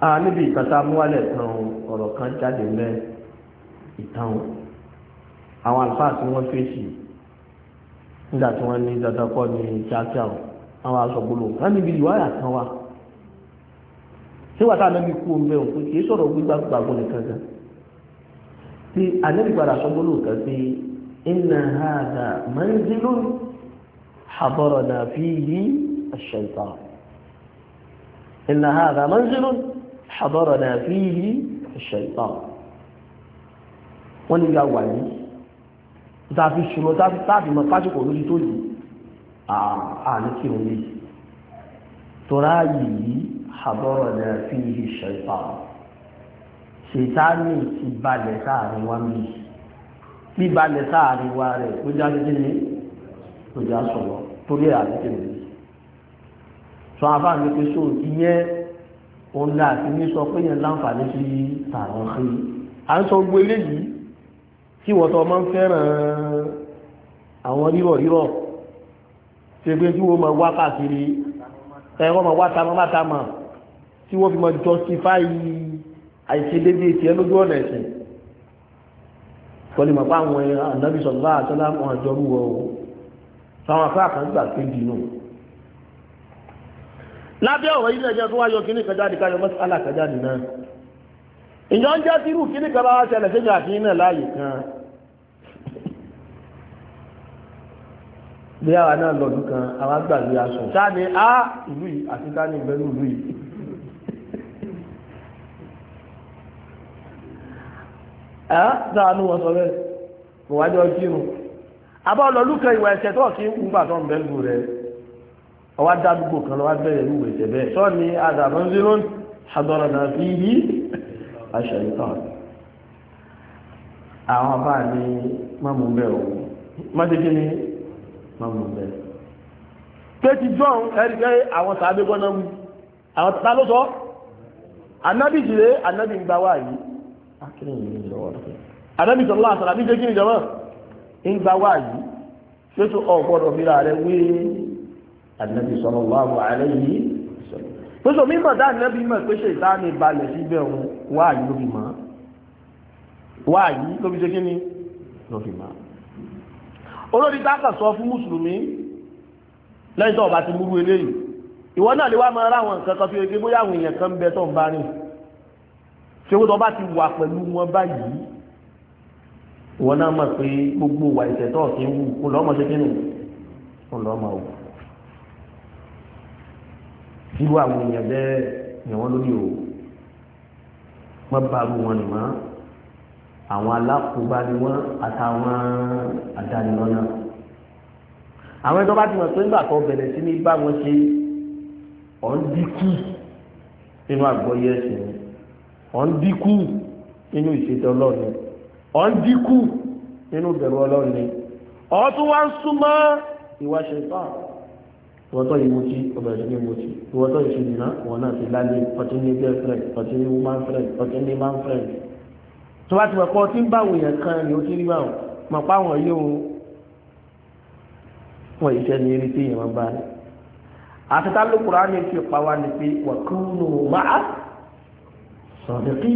a níbi ìkàtà múwálẹ̀ tán ọ̀rọ̀ kan jáde lẹ́ ìtàn àwọn àlùfáà tí wọ́n fèsì nígbà tí wọ́n ní dandan kọ́ ní kíákíá àwọn aṣọ́gbóló wọ́n níbi ìwáyà kan wá síwájú ànábi kú omi ẹ̀ òkú kìí sọ̀rọ̀ gbígbàgbọ́ nìkan gan tí ànábi padà kan sí inna hadha manzilun hadarana fihi ash-shaytan inna hadha manzilun hadarana fihi الشيطان. shaytan wọ́n ní ìyá wà yìí tàbí ṣùgbọ́n tàbí tàbí mọ̀ pásìkò lójú tó yìí àní kí o lè tọ́rá yìí hadarana fihi ash-shaytan ṣètánì ti balẹ̀ sáàrin wa mi bíbalẹ̀ sáàrin wa rẹ̀ ó já sí ní ó já sọ̀rọ̀ torí àti o lè sọ afáàní pé sóò ìyẹn òun la àti ní sọ pé yẹn láǹfààní sí tààrọ̀ sí i à ń sọ gbogbo eléyìí tí wọ́n tọ́ máa ń fẹ́ràn àwọn rírọ̀ rírọ̀ ṣe pé kí wọ́n máa wá káàkiri ẹ̀ wọ́n máa wá tamọ́ má tamọ́ tí wọ́n fi máa justify àìṣedéédéé tiẹ̀ lójú ọ̀nà ẹ̀sìn kọ́lé màpá àwọn ànábìsọ̀lá àtọ́lá àwọn àjọrú wọ̀ ọ́ sáwọn afẹ́ àkànṣe àkéjì náà. lábẹ́ ọ̀rọ̀ ilé ẹjọ́ tó wáyọ kíní kẹjáde káyọ mọ́sálà kẹjáde náà ìjọ ń jẹ́ tírù kíní kan bá ṣẹlẹ̀ sí àti iná láàyè kan bí na náà lọ́dún kan àwọn gbàgbé aṣọ sáni á ìlú yìí àti sáni ìbẹ́lú ìlú yìí ẹ́ sáànú wọn sọ bẹ́ẹ̀ kò wájọ́ kírun abọ́ lọ́lú kan ìwà tó kí ń ń bẹ́lú ọwá dádúgbò kan lọ́wọ́ bẹ̀rẹ̀ ìwé ìṣẹ̀bẹ̀ sọ ni adàmọ́ ń zírún àdọ́rọ̀ náà fi yí àṣẹ̀yìntàn àwọn afá ní mọ́mú bẹ́ẹ̀ o mọ́tí kí ni mọ́mú bẹ́ẹ̀ kéèkì john ẹ̀ríkẹ́ àwọn sàábé gbọ́nà wù àwọn tata ló sọ anábì jìlé anábì ń gba wá yìí akínrin yìí ń lọ́wọ́ anábì sọ̀rọ̀ àṣàrà bí jẹ́ kí ni jọmọ́ ń gba wá yìí pé النبي صلى الله عليه pẹ̀sọ̀ mímọ̀ dá ànábì mọ̀ pé ṣe ìdáni balẹ̀ síbẹ̀ òun wáàyí ló fi mọ̀ wáàyí ló fi ṣe kí ni ló fi mọ̀ olórí dákà sọ fún mùsùlùmí lẹ́yìn tó ọba ti múrú eléyìí ìwọ náà lè wá máa ráwọn nǹkan kan fi ege bóyá àwọn èèyàn kan bẹ tó ń bá rìn ṣé tó bá ti wà pẹ̀lú wọn báyìí ìwọ náà mọ̀ pé gbogbo wà ìṣẹ̀tọ́ ọ̀sìn wù kó lọ́mọ ṣe kí nù kó lọ́mọ wù irú àwọn èèyàn bẹ́ẹ̀ ni wọ́n lórí o wọ́n bá ru wọn nìmọ́ àwọn alákòóbá ni wọ́n àtàwọn àdánilọ́nà àwọn ẹjọ́ bá ti mọ̀ pé nígbà tó bẹ̀rẹ̀ sí ní bá wọn ṣe ọ̀ ń dínkù nínú àgbọ́yé ẹ̀sìn ọ̀ ń dínkù nínú ìṣètò ọlọ́run ọ̀ ń nínú ìbẹ̀rù ọlọ́run ọ̀ wá ń súnmọ́ ìwà ṣẹ̀tàn ìwọ́tọ́ yìí mutí obìnrin ní mutí ìwọ́tọ́ yìí ṣùgbọ́n wọn náà ti lálé ọtí ní girlfriend ọtí ní woman friend ọtí ní man friend tó bá ti wọ̀ pé ọtí ń bá àwọn kan ni ó ti rí báwọn mọ̀ pa àwọn yìí òun wọ́n yìí sẹ́ni eré tí èèyàn bá ní. àtẹ̀tà ló Kùránì fi pa wá ní pé wà kúrò máa sọ̀rọ̀ kí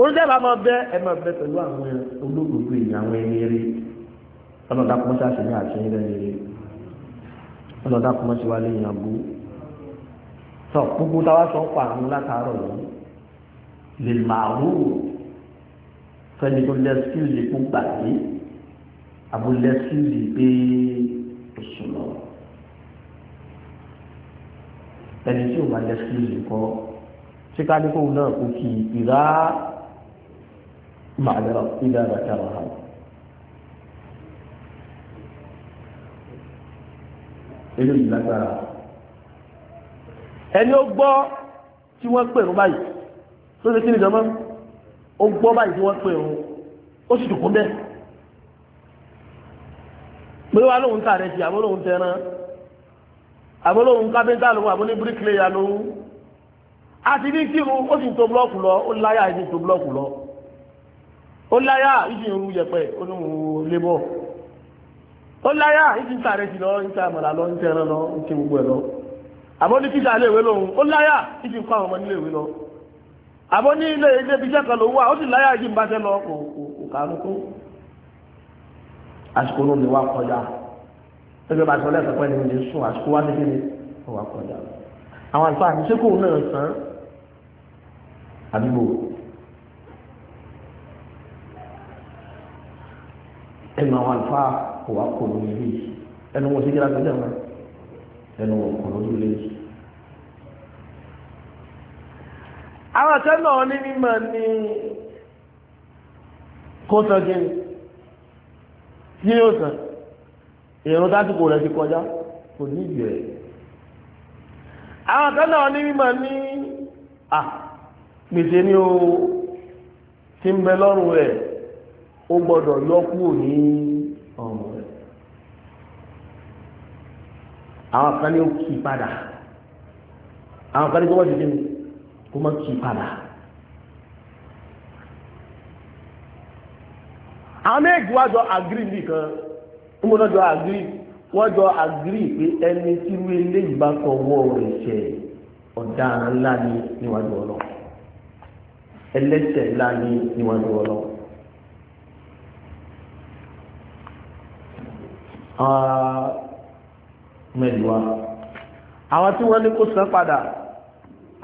olùdẹ́bà máa bẹ ẹ máa bẹ pẹ̀lú àwọn olóògbé ọlọ́dà kọ́mọ́ sí wa lẹ́yìn abú tọ́ gbogbo táwa sọ pa àwọn látàárọ̀ yìí lè màrú fẹ́ni tó lẹ́sìn lè kó gbàgbé àbúlẹ́sìn lè gbé oṣù lọ ẹni tí ò bá lẹ́sìn lè kọ́ ṣé ká ní kóun náà kó kí ìrá màdàrà ìdá àgbàtà wàhálà. eléyìí lágbára ẹni ó gbọ́ tí wọ́n pè ń báyìí tó ṣe kí ni jọmọ́ ó gbọ́ báyìí tí wọ́n pè ń ó sì dùnkún bẹ́ẹ̀ pé wá lóhun tààrẹ sí àbó lóhun tẹran àbó lóhun kápẹ́ńtà lòun àbó ní bíríkìlẹ̀yà lòun àti bí kírun ó sì ń to búlọ́ọ̀kù lọ ó láyà ìdí ń to búlọ́ọ̀kù lọ ó láyà ìdí ń ru yẹ̀pẹ̀ ó ní òun lébọ̀ ó láyà ìdí ń sàrẹ́ jù lọ ń sa àmàlà lọ ń tẹran lọ ń ti gbogbo ẹ̀ lọ àbọ̀ ní kíkà iléèwé lòun ó láyà ìdí ń kọ́ àwọn ọmọ níléèwé lọ àbọ̀ ní ilé ilé ibi iṣẹ́ kan ló wà ó sì láyà ìdí ń bá tẹ́ lọ kò kàánú kó àsìkò ló lè wá kọjá ẹgbẹ́ bá sọ lẹ́sẹ̀ pẹ́ni oúnjẹ sùn àsìkò wá kékeré ó wá kọjá àwọn àlùfáà àti sẹ́kọ̀ọ́ náà sàn àdúgbò ẹnu àwọn àlùfáà kò wá kò lórí ilé yìí ẹnu wọn sí kíra gbẹdẹ wọn ẹnu wọn kò lórí ilé yìí. àwọn akẹ́kọ̀ọ́ náà ní mímọ̀ ní kó sọ kí ni tí yóò sàn èrò tásìkò rẹ̀ ti kọjá kò ní ìdí rẹ̀. àwọn akẹ́kọ̀ọ́ náà ní mímọ̀ ní à gbèsè ní o ti ń bẹ lọ́rùn rẹ̀ ó gbọ́dọ̀ yọ kúrò ní ọ̀run àwọn kan ní ó kì í padà àwọn kan ní gbọ́dọ̀ dídí kó má kì í padà. àwọn méjì wá jọ agiri nìkan ń gbọ́dọ̀ jọ agiri wọ́n jọ agiri pé ẹni tí wọ́n eléyìí bá kọ wọ́ rẹ̀ ṣẹ̀ ọ̀daràn ńlá ni níwájú ọlọ́ ẹlẹ́ṣẹ̀ ńlá ni níwájú ọlọ́. Uh, ah, mẹ́lúwá àwọn tí wọ́n ní kó san padà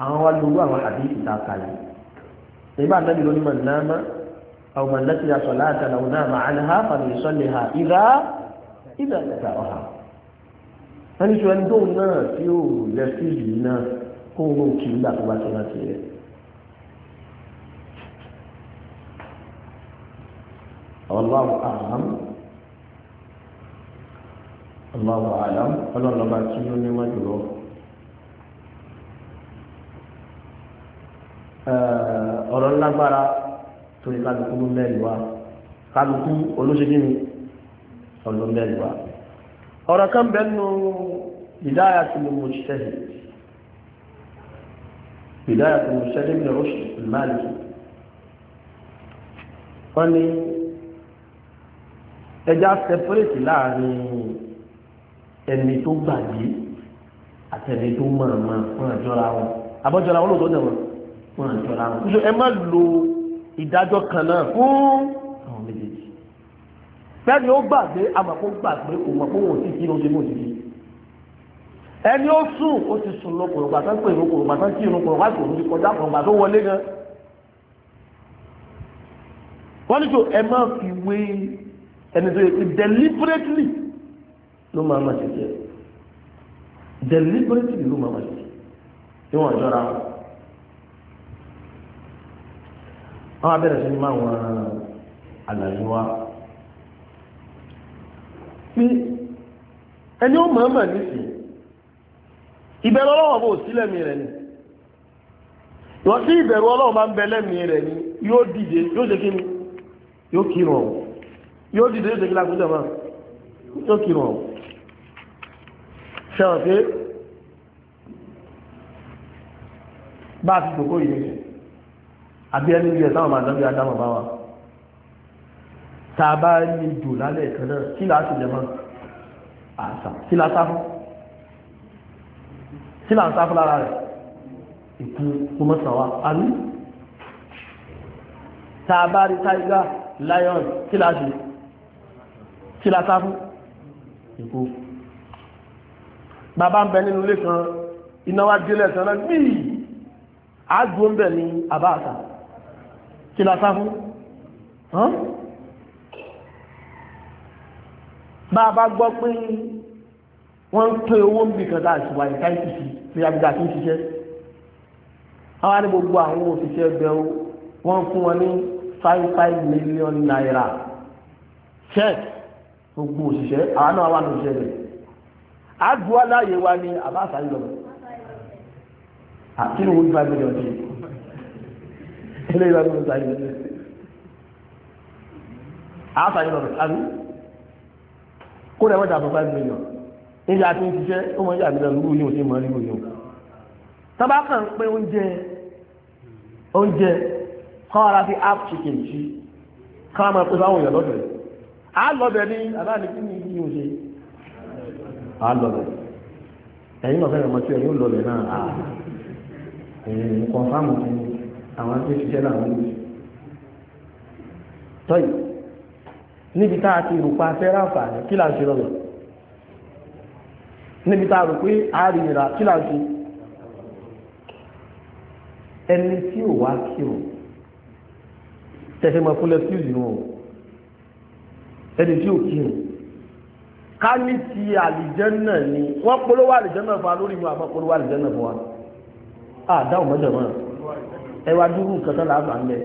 àwọn wá lówó àwọn àdéhùn tá a kalẹ̀ ìbá nàbí lónìí mọ̀ náà mọ́ àwọn ọmọ lẹ́sìn aṣọ láàtà làwọn náà máa ń ha fàmì ìsọ̀lẹ̀ ha ìdá ìdá ìdá ọ̀hà wọ́n ní sọ ẹni tóun náà tí ó lẹ́sìn yìí náà kó wọn kì í gbà tó bá tó láti rẹ̀. Allahu a'lam Allahu alam ọlọ́lọ́ba tí ó ní wọ́n jùlọ. ọ̀rọ̀ lágbára torí kálukú ló mẹ́rin wá kálukú olóṣèlú ni ọ̀lọ́ mẹ́rin wá. ọ̀rọ̀ kan bẹ́ẹ̀ nù ìdáyà tí mo mọ̀ ṣẹ́yìn ìdáyà tí mo ṣẹ́yìn ní oṣù ìmáàlì. wọ́n ní ẹja sẹpẹ́rẹ́tì láàrin ẹni tó gbàgbé àtẹni tó mọ̀ọ́mọ̀ wọn àjọra wọn àbọ̀jọra wọn lóòótọ́ dẹ̀wọ̀n wọn àjọra wọn. ṣùgbọ́n ẹ má lo ìdájọ́ kan náà fún àwọn méjèèjì. bẹ́ẹ̀ni ó gbàgbé àmọ̀kó gbàgbé òun àpò wọn ò tí kí ló ṣe mọ̀ òjijì. ẹni ó sùn ó ti sùn lọ kòrògbà tán pé ìrún kòrògbà tán kí ìrún kòrògbà tó ní kọjá kòrògbà tó wọlé gan. wọ́n ní sọ ẹ má fi wé ẹni tó yẹ deliberately ló máa ma ṣe jẹ deliberately ló máa ma ṣe jẹ níwọ̀n jọra wọn abẹ́rẹ́ sí ní máa wọn àlàyé wa pé ẹni ó máa ma nísì ìbẹ̀rù ọlọ́wọ́ bò sílẹ̀ mi rẹ̀ ni ìwọ̀n tí ìbẹ̀rù ọlọ́wọ́ máa ń bẹ lẹ́mìí rẹ̀ ni yóò dìde yóò ṣe kí ni yóò kírun ọ̀hún yóò dìde yóò ṣe kí lákúnjọba yóò kírun ọ̀hún ṣẹ́wọ̀n pé bá ti gbogbo yìí àbí ẹni ilẹ̀ sáwọn máa lọ́bí adámọ̀ bá wa ta bá ní jò lálẹ́ ìkan náà kí láti lè mọ́ àṣà kí láti sáfún kí láti sáfún lára rẹ̀ ìkú kọmọ́sànwá àrí ta bá rí tiger lion kí láti sáfún ìkú bàbá ń bẹ nínú ilé kan iná wá délẹ̀ kan náà gbìyì àádùn ó ń bẹ̀ ní àbá àtà kí la sá fún bàbá gbọ́ pé wọ́n ń pé owó ń bì kan láti wà ní tí a gbà tí ń ṣiṣẹ́ àwọn ní gbogbo àwọn òṣìṣẹ́ ẹgbẹ́ wọ́n fún wọn ní five five million naira check gbogbo òṣìṣẹ́ àwọn náà wà òṣìṣẹ́ rẹ̀ àdúrà láàyè wa ni àbá àsáré lọ àti ní wọ́n five million ṣe eléyìí wà ní wọ́n sáré lọ àsáré lọ àbí kó lè wọ́n dàbọ̀ five million níbi àti ní ṣiṣẹ́ ó mọ ìyá mi lọ lúwú yóò ṣe mọ́ lúwú yóò tábà kàn ń pé oúnjẹ oúnjẹ kọ́ ara fi app chicken sí ká máa pè fáwọn èèyàn lọ́dọ̀ yìí á lọ́bẹ̀ ní àbá kí ni ìyóò á lọlẹ̀ ẹ̀yin lọ́sẹ̀ rẹ̀ mọ́tí ẹ̀yin lọlẹ̀ náà á ẹ̀yìn kọ̀ǹfàmù fún àwọn tó ṣiṣẹ́ láwọn ní. tọ́yì níbi tá a ti rò pa fẹ́ Ni kí là ń ṣe lọ́lẹ̀ níbi tá a rò pé a rí ìra kí là ń ṣe ẹni tí ò wá kí o tẹ̀sẹ̀ máa fún lẹ́síùsì wọn ẹni tí ò kí o ká ní ti àlìjẹ́nà ni wọ́n polówó àlìjẹ́nà fa lórí mu àmọ́ polówó àlìjẹ́nà fún wa àdáhùn mọ́jọ̀ mọ́ ẹ wá dúró nǹkan tán láàbà ńlẹ̀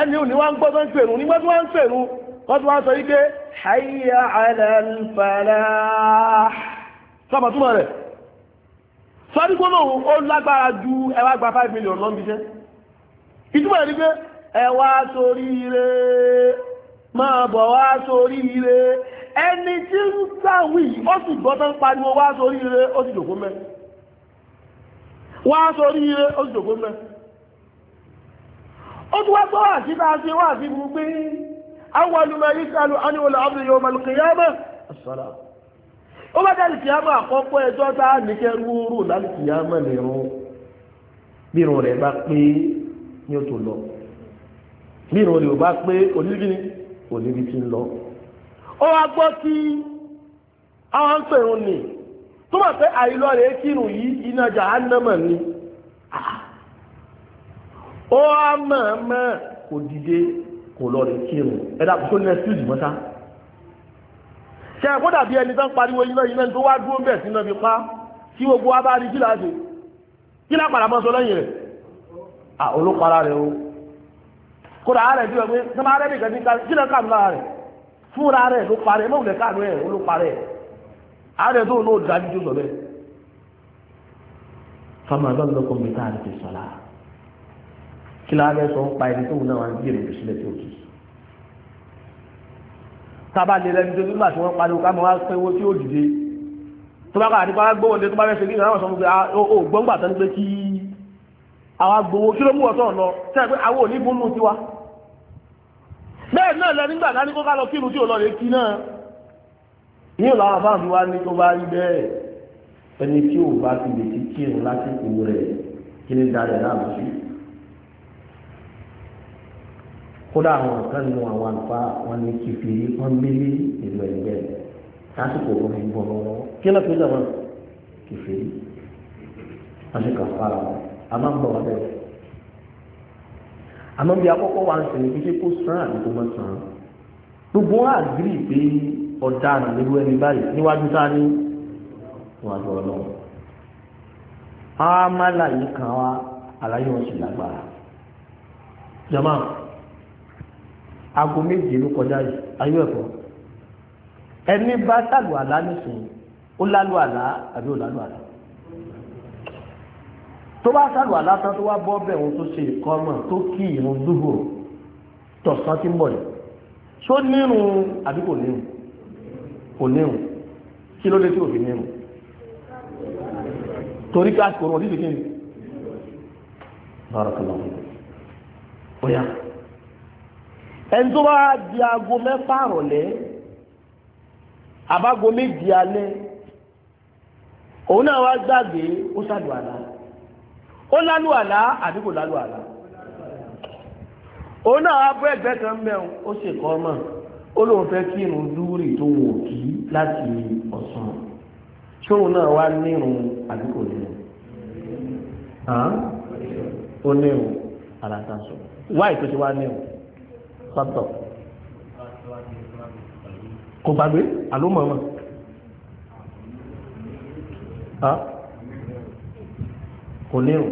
ẹni ò ní wá ń gbọ́ tó ń pèrú nígbà tó wá ń pèrú wọ́n tó wá sọ wípé hayya ala al-falah sọ́mọ̀ túmọ̀ rẹ̀ sọ́dí gbọ́nà ó lágbára ju ẹ wá gba five million lọ́nbíṣẹ́ ìtumọ̀ rẹ̀ ni pé ẹ wá máa bọ̀ wá sórí ire ẹni tí ń sáwì ó sì pariwo wá sórí ire ó sì dòkó mẹ́ wá sórí ire ó sì mẹ́ ó tún wá gbọ́ wà sí náà wà sí pé àwọn olùmọ̀ yìí sálù aníwòlò yóò ó bá ẹjọ́ tá a nìkẹ́ rúurú ní o tó lọ rẹ̀ bá pé kò níbi tí ń lọ. ó wá gbọ́ kí àwọn ń pè ń nì tó mọ̀ pé àìlọ́ rẹ̀ kírun yìí iná jahannama ni ah. ó wá mọ̀ọ́mọ̀ kò dìde kò lọ rẹ̀ kírun ẹ̀dá kò tó ní ẹsẹ̀ ìdìbọn sá ṣe ẹ̀kọ́ dàbí ẹni tán pariwo iná iná tó wá dúró bẹ̀ sínú ibi pa tí gbogbo wa bá rí kí láti kí lápàdà mọ́ sọ lẹ́yìn rẹ̀ ah, olókọ́ra rẹ̀ o kódà ààrẹ bí ọgbẹ́ tó máa rẹ́bì kan ní ká kí lọ́ọ́ kàánú lára rẹ̀ fúnra rẹ̀ ló parẹ́ mọ́ òlẹ̀ kàánú ẹ̀ ló parẹ́ ààrẹ tó lóò dájú tó sọ bẹ́ẹ̀. fáma lọ́lọ́kọ̀ mi tá a lè fi sọ̀la kí lára sọ ń pa ẹni tó náà wọn gbèrè lù sílẹ̀ tó kì í. tábà lè lẹni tó nígbà tí wọ́n pariwo ká mọ́ wá pé owó tí ó dìde tó bá kà nípa gbóhùn lé tó bá fẹ́ ṣe ní ah, pé kí àwọn agbowó kí ló mú ọ̀tọ̀ lọ sẹ́yìn pé àwọn ò ní búnú tiwa bẹ́ẹ̀ náà lẹ nígbà dání kó ká lọ kírun tí ò lọ lè kí náà yíò làwọn afáàmì wa ní tó bá rí bẹ́ẹ̀ ẹni tí ò bá fi lè ti kírun lásìkò rẹ̀ kí ní darẹ̀ náà lọ sí. kódà àwọn kan nínú àwọn àlùfáà wọn ní kìfìrí wọn mélé ìlú ẹgbẹ́ lásìkò wọn fi bọ̀ lọ́wọ́ kí lọ́ọ́ fi lọ́wọ́ kìfìrí lásìkò àfàrà wọn a máa ń bọ̀ wọn bẹ́ẹ̀ àmọ́ bí akọ́kọ́ wa ń sìn ní kíkẹ́ kó san àbí kó má san gbogbo wọn àgírí pé ọ̀daràn nínú ẹni báyìí níwájú sáni níwájú ọlọ́run àmàlà yìí kan wá àlàyé wọn sì lágbára jama aago méje ló kọjá yìí ayé ẹ̀fọ́ ẹni bá sàlù àlá nìsín ó lálù àlá àbí ó lálù àlá tó bá sàrù alásán tó wá bọ́ bẹ̀ òun tó ṣe ìkọ́mọ̀ tó kí ìrun dúgbò tọ̀sán tí ń bọ̀ yìí ṣó nírun àbí kò nírun kò nírun kí ló dé tí òfin nírun torí ká kòrò òdìdí kí ni bárakàlá ó yá ẹni tó bá di aago mẹ́fà rọ̀lẹ́ àbágo méjì alẹ́ òun náà wá gbàgbé ó ṣàdùn àlá ó lálù àlá àbí kò lálù àlá òun náà á bọ́ ẹgbẹ́ kan mẹ́un ó ṣe kọ́ mọ̀ ó lóun fẹ́ kí irun lúúrì tó wò kí láti ọ̀sán ṣóun náà wá nírun àbí kò nírun ó nírun alátaṣọ wáì tó ṣe wá nírun sọ́tọ̀ kò gbàgbé àlómọ̀ọ́mọ̀ kò nírun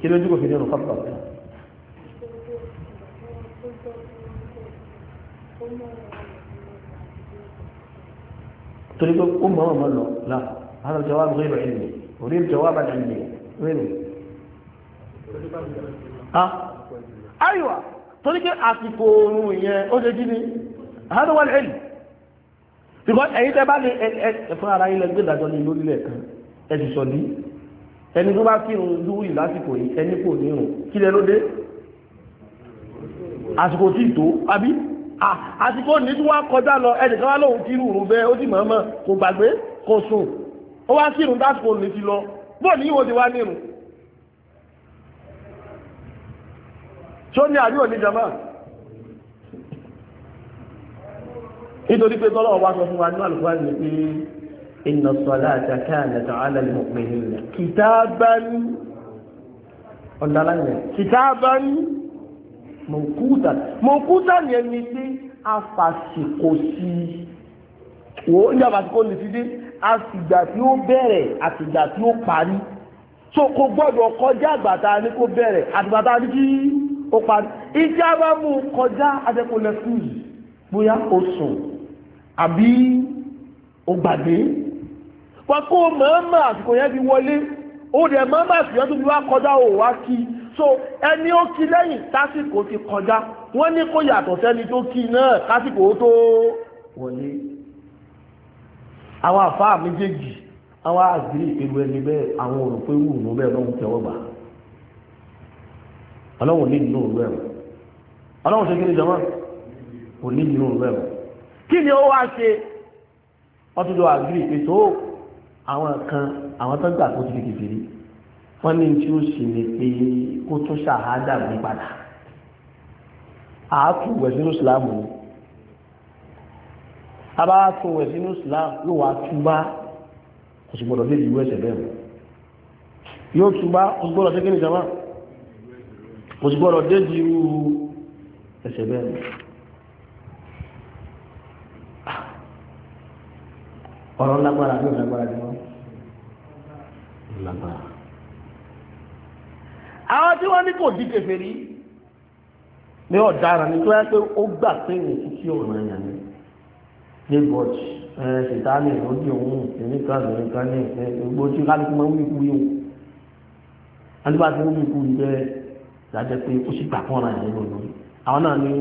kí lójú kò fi nírun kọ́pọ̀ torí pé ó mọ̀ ọmọ lọ là hàn jọwọ́ àbúrò ìrọ̀ ìlú orí ìjọwọ́ àbájá ìlú rẹ̀ àríwá torí pé àsìkò oorun ìyẹn ó ṣe jí ni hàn wọ́n ìlú ṣùgbọ́n ẹ̀yìn tẹ́ bá lè ẹ̀fọ́ ara ilẹ̀ gbé ìdájọ́ ní lórílẹ̀ kan ẹ̀sùn sọ̀dí ẹni tó bá kírun lúwì lásìkò yìí ẹni kò ní ìrùn kí lẹ ló dé àsìkò tí tó àbí àsìkò ní tí wọ́n kọjá lọ ẹnìkan wá lóhun kírun òun bẹ́ẹ̀ ó sì mọ̀ọ́mọ̀ kò gbàgbé kò sùn ó wá kírun dásìkò ní ti lọ bó ní ìwò ti wá nírun tí ó ní àríwọ̀ ní jama nítorí pé tọ́lọ́wọ́ wá sọ fún wa ní àlùfáà ní pé إن الصلاة كانت على المؤمنين كتابا ولا لا كتابا موقوتا موقوتا يعني دي afasiko sí wo ní afasiko ní ti dé àtìgbà tí ó bẹ̀rẹ̀ àtìgbà tí ó parí so kò gbọ́dọ̀ kọjá àgbàta ní kò bẹ̀rẹ̀ àtìgbàta ní kí ó parí ìjà bá mú kọjá adẹ́kọ̀ọ́ lẹ́kùn yìí bóyá ó sùn àbí ó gbàgbé wọn kó mọ̀ọ́mọ̀ àsìkò yẹn fi wọlé ó dẹ̀ mọ̀ọ́mọ̀ àsìkò yẹn tó fi wá kọjá ò wá kí so ẹni ó kí lẹ́yìn tásìkò ti kọjá wọ́n ní kó yàtọ̀ sẹ́ni tó kí náà tásìkò ó tó wọlé àwọn àfáà méjèèjì àwọn àgbèrè ìpéru ẹni bẹ́ẹ̀ àwọn òrò pé wù ú bẹ́ẹ̀ lọ́hùn tẹ́wọ́ gbà ọlọ́run ní ìlú òru ẹ̀wọ̀n ọlọ́run ṣe kí ni jọmọ́ kò ìlú òru ẹ̀wọ̀n kí ni ó wá ṣe wọ́n tún ìpè tó àwọn kan àwọn tó gbà tó ti kékeré rí wọ́n ní tí ó ṣe lè pé kó tún ṣàhádà mú padà àátù wẹ̀sínú ìsìláàmù ni abáàtù wẹ̀sínú ìsìláàmù yóò wá túbá kò sì gbọ́dọ̀ dé ìlú ẹ̀sẹ̀ bẹ́ẹ̀ yóò túbá kò sì gbọ́dọ̀ dé kí ni jama kò sì gbọ́dọ̀ dé ìlú ẹ̀sẹ̀ bẹ́ẹ̀ ọ̀rọ̀ lágbára ló lágbára ni wọ́n lágbára. àwọn tí wọ́n ní kò di kèfèrí ní ọ̀daràn ní tó yẹ pé ó gbà pé nìkú sí ọ̀ràn èèyàn ni daybot ṣètàní ìrọ́jì òun ìníkan ìníkan ní gbogbo tí kálukú máa ń wí kú yìí alúbà tí wọ́n wí kú yìí bẹ́ẹ̀ dájẹ́ pé ó sì gbà kán ra ìyẹn lórí àwọn náà ní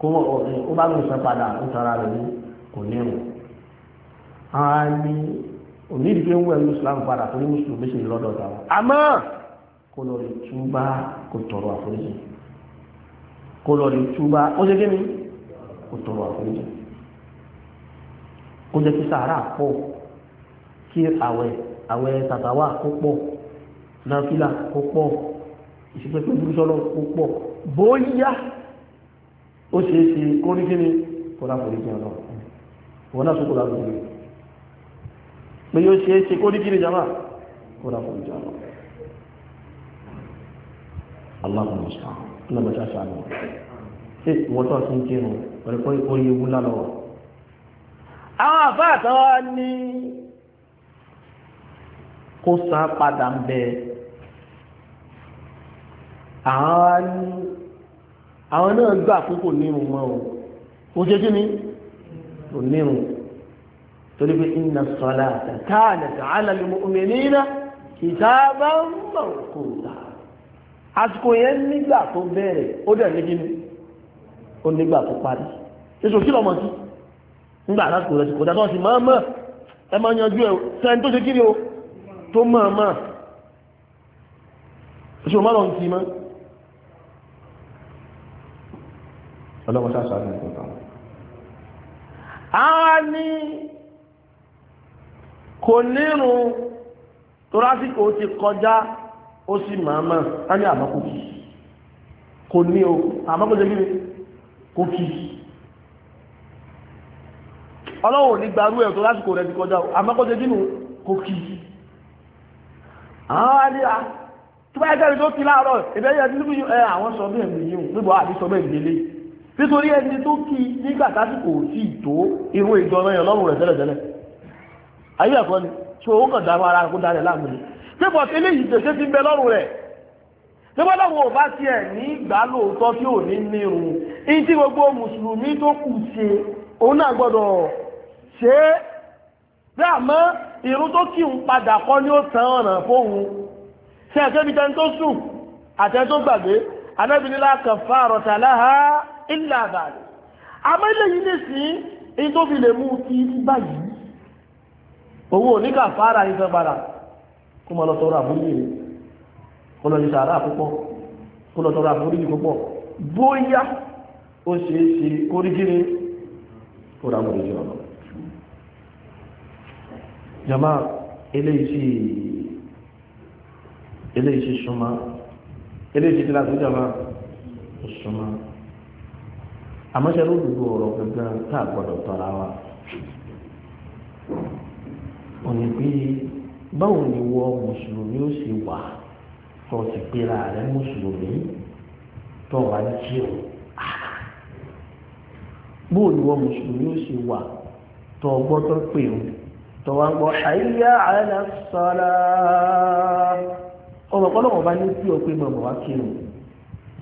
kó bá lóun san padà ó tara rẹ̀ ní kò ní ẹ̀wọ̀n a ní onídìí pé ń wẹ̀ ní islam padà tó ní mùsùlùmí sì lọ́dọ̀ ta wọn àmọ́ kó lọ rí túbá kó tọrọ àforíjì kó lọ rí túbá ó ṣe kíni kó tọrọ àforíjì kó jẹ́ kí sàárà pọ̀ kí àwẹ̀ àwẹ̀ tàtàwà kó pọ̀ náfìlà kó pọ̀ ìṣẹ́pẹ́pẹ́ burúṣọ́lọ́ kó pọ̀ bóyá ó ṣeé ṣe kó ní kíni kó láforíjì ọlọ́run wọn náà sókò láforíjì pé yóò ṣe é ṣe kó díkiri jama kó dá fún jama aláàbùn mùsùlùmí lọ́mọdé aṣáájú ṣe ìwọ́tọ̀ sí ń kírun pẹ̀lú pé orí ewu ńlá lọ́wọ́ àwọn àfáà kan wá ní kó kí ni kò nírun torí pé inna salata kanat ala al-mu'minina kitaban mawquta àsìkò yẹn nígbà tó bẹ̀rẹ̀ ó dẹ̀ ní kíni ó nígbà tó parí èso kí lọ́mọ sí nígbà àlásìkò rẹ̀ kò dájọ́ sí máa mọ̀ ẹ máa yanjú ẹ̀ sẹ́ni tó ṣe kiri o tó mọ̀ mọ̀ èso má lọ ń mọ́ ọlọ́mọ sáà sáà ní ìtọ́ta a ní kò nírun torásìkò ti kọjá ó sì máa máa á ní àmọ́kò kì kò ní o àmọ́kò jẹ́ kíni kò kì ọlọ́wọ́ ní gbarú ẹ̀ torásìkò rẹ̀ ti kọjá àmọ́kò jẹ́ kíni kò kì àwọn àdíyà tó bá ẹgbẹ́rì tó kí láàárọ̀ ìbẹ́yẹ tí níbi ẹ àwọn sọ bẹ́ẹ̀ mi yíò níbo àbí sọ bẹ́ẹ̀ gbélé nítorí ẹni tó kí nígbà tásìkò tí tó irú ìjọ náà yẹn lọ́rùn rẹ̀ tẹ́lẹ̀tẹ́lẹ̀ ayé ẹ̀kọ́ ni tí òun kàn dáwọ́ ara kó darẹ̀ láàmú ni pépọ̀ tí eléyìí tẹ̀sẹ̀ ti bẹ lọ́rùn rẹ̀ pépọ̀ lọ́wọ́ ò bá tiẹ̀ ní ìgbà lóòótọ́ tí ò ní nírun ní tí gbogbo mùsùlùmí tó kù ṣe òun náà gbọ́dọ̀ ṣe é bí àmọ́ irun tó kí ń padà kọ́ ni ó tàn ọ̀nà fóun ṣe àtẹ́bí tẹ́ni tó sùn àtẹ́ tó gbàgbé anábìnilá kan fáàrọ̀ tàláhà ìlà àbàlẹ̀ àmọ́ eléyìí nìsín ní tó fi lè mú ti báyìí owó oníkà fara ní fẹ́ padà kó mọ́ lọ tọrọ àforíjì kó lọ ní sàárà púpọ̀ kó lọ tọrọ àforíjì púpọ̀ bóyá ó ṣe é ṣe kórìgírí kó ra mọ̀lẹ́jì ọ̀nà jama eléyìí sí súnmọ́ eléyìí sí láti jama súnmọ́ tá a gbọ́dọ̀ tọ́ra òní pé báwo ni wọ mùsùlùmí ó sì wà tó ti pera rẹ̀ mùsùlùmí tó wà ń jẹun ah! bóò ni wọ mùsùlùmí ó sì wà tó gbọ́dọ̀ pè ó tó wà ń gbọ́ hayya ala salah ọmọ ọlọ́wọ́ bá ní sí ọ pé mọ̀mọ́ wá kírun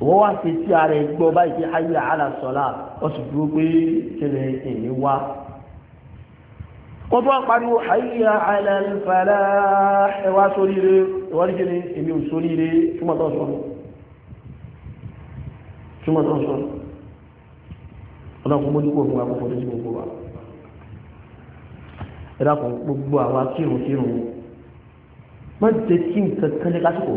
wọ́n wá ṣe sí ara ẹ̀ gbọ́ báyìí pé hayya ala salah ọ̀sùn dúró pé ṣẹlẹ̀ ẹ̀mí wá kó tó pariwo hayya ala al-falah ẹwà sóríire ìwọ́n jẹ́ ní èmi ò sóríire túmọ̀tọ̀ sọ̀rọ̀ túmọ̀tọ̀ sọ̀rọ̀ ọlọ́kùn mójú kò fún akọ́kọ́ tó ti gbogbo wa ẹ̀dàkùn gbogbo àwa kírun kírun má jẹ́ kí nǹkan kan ní lásìkò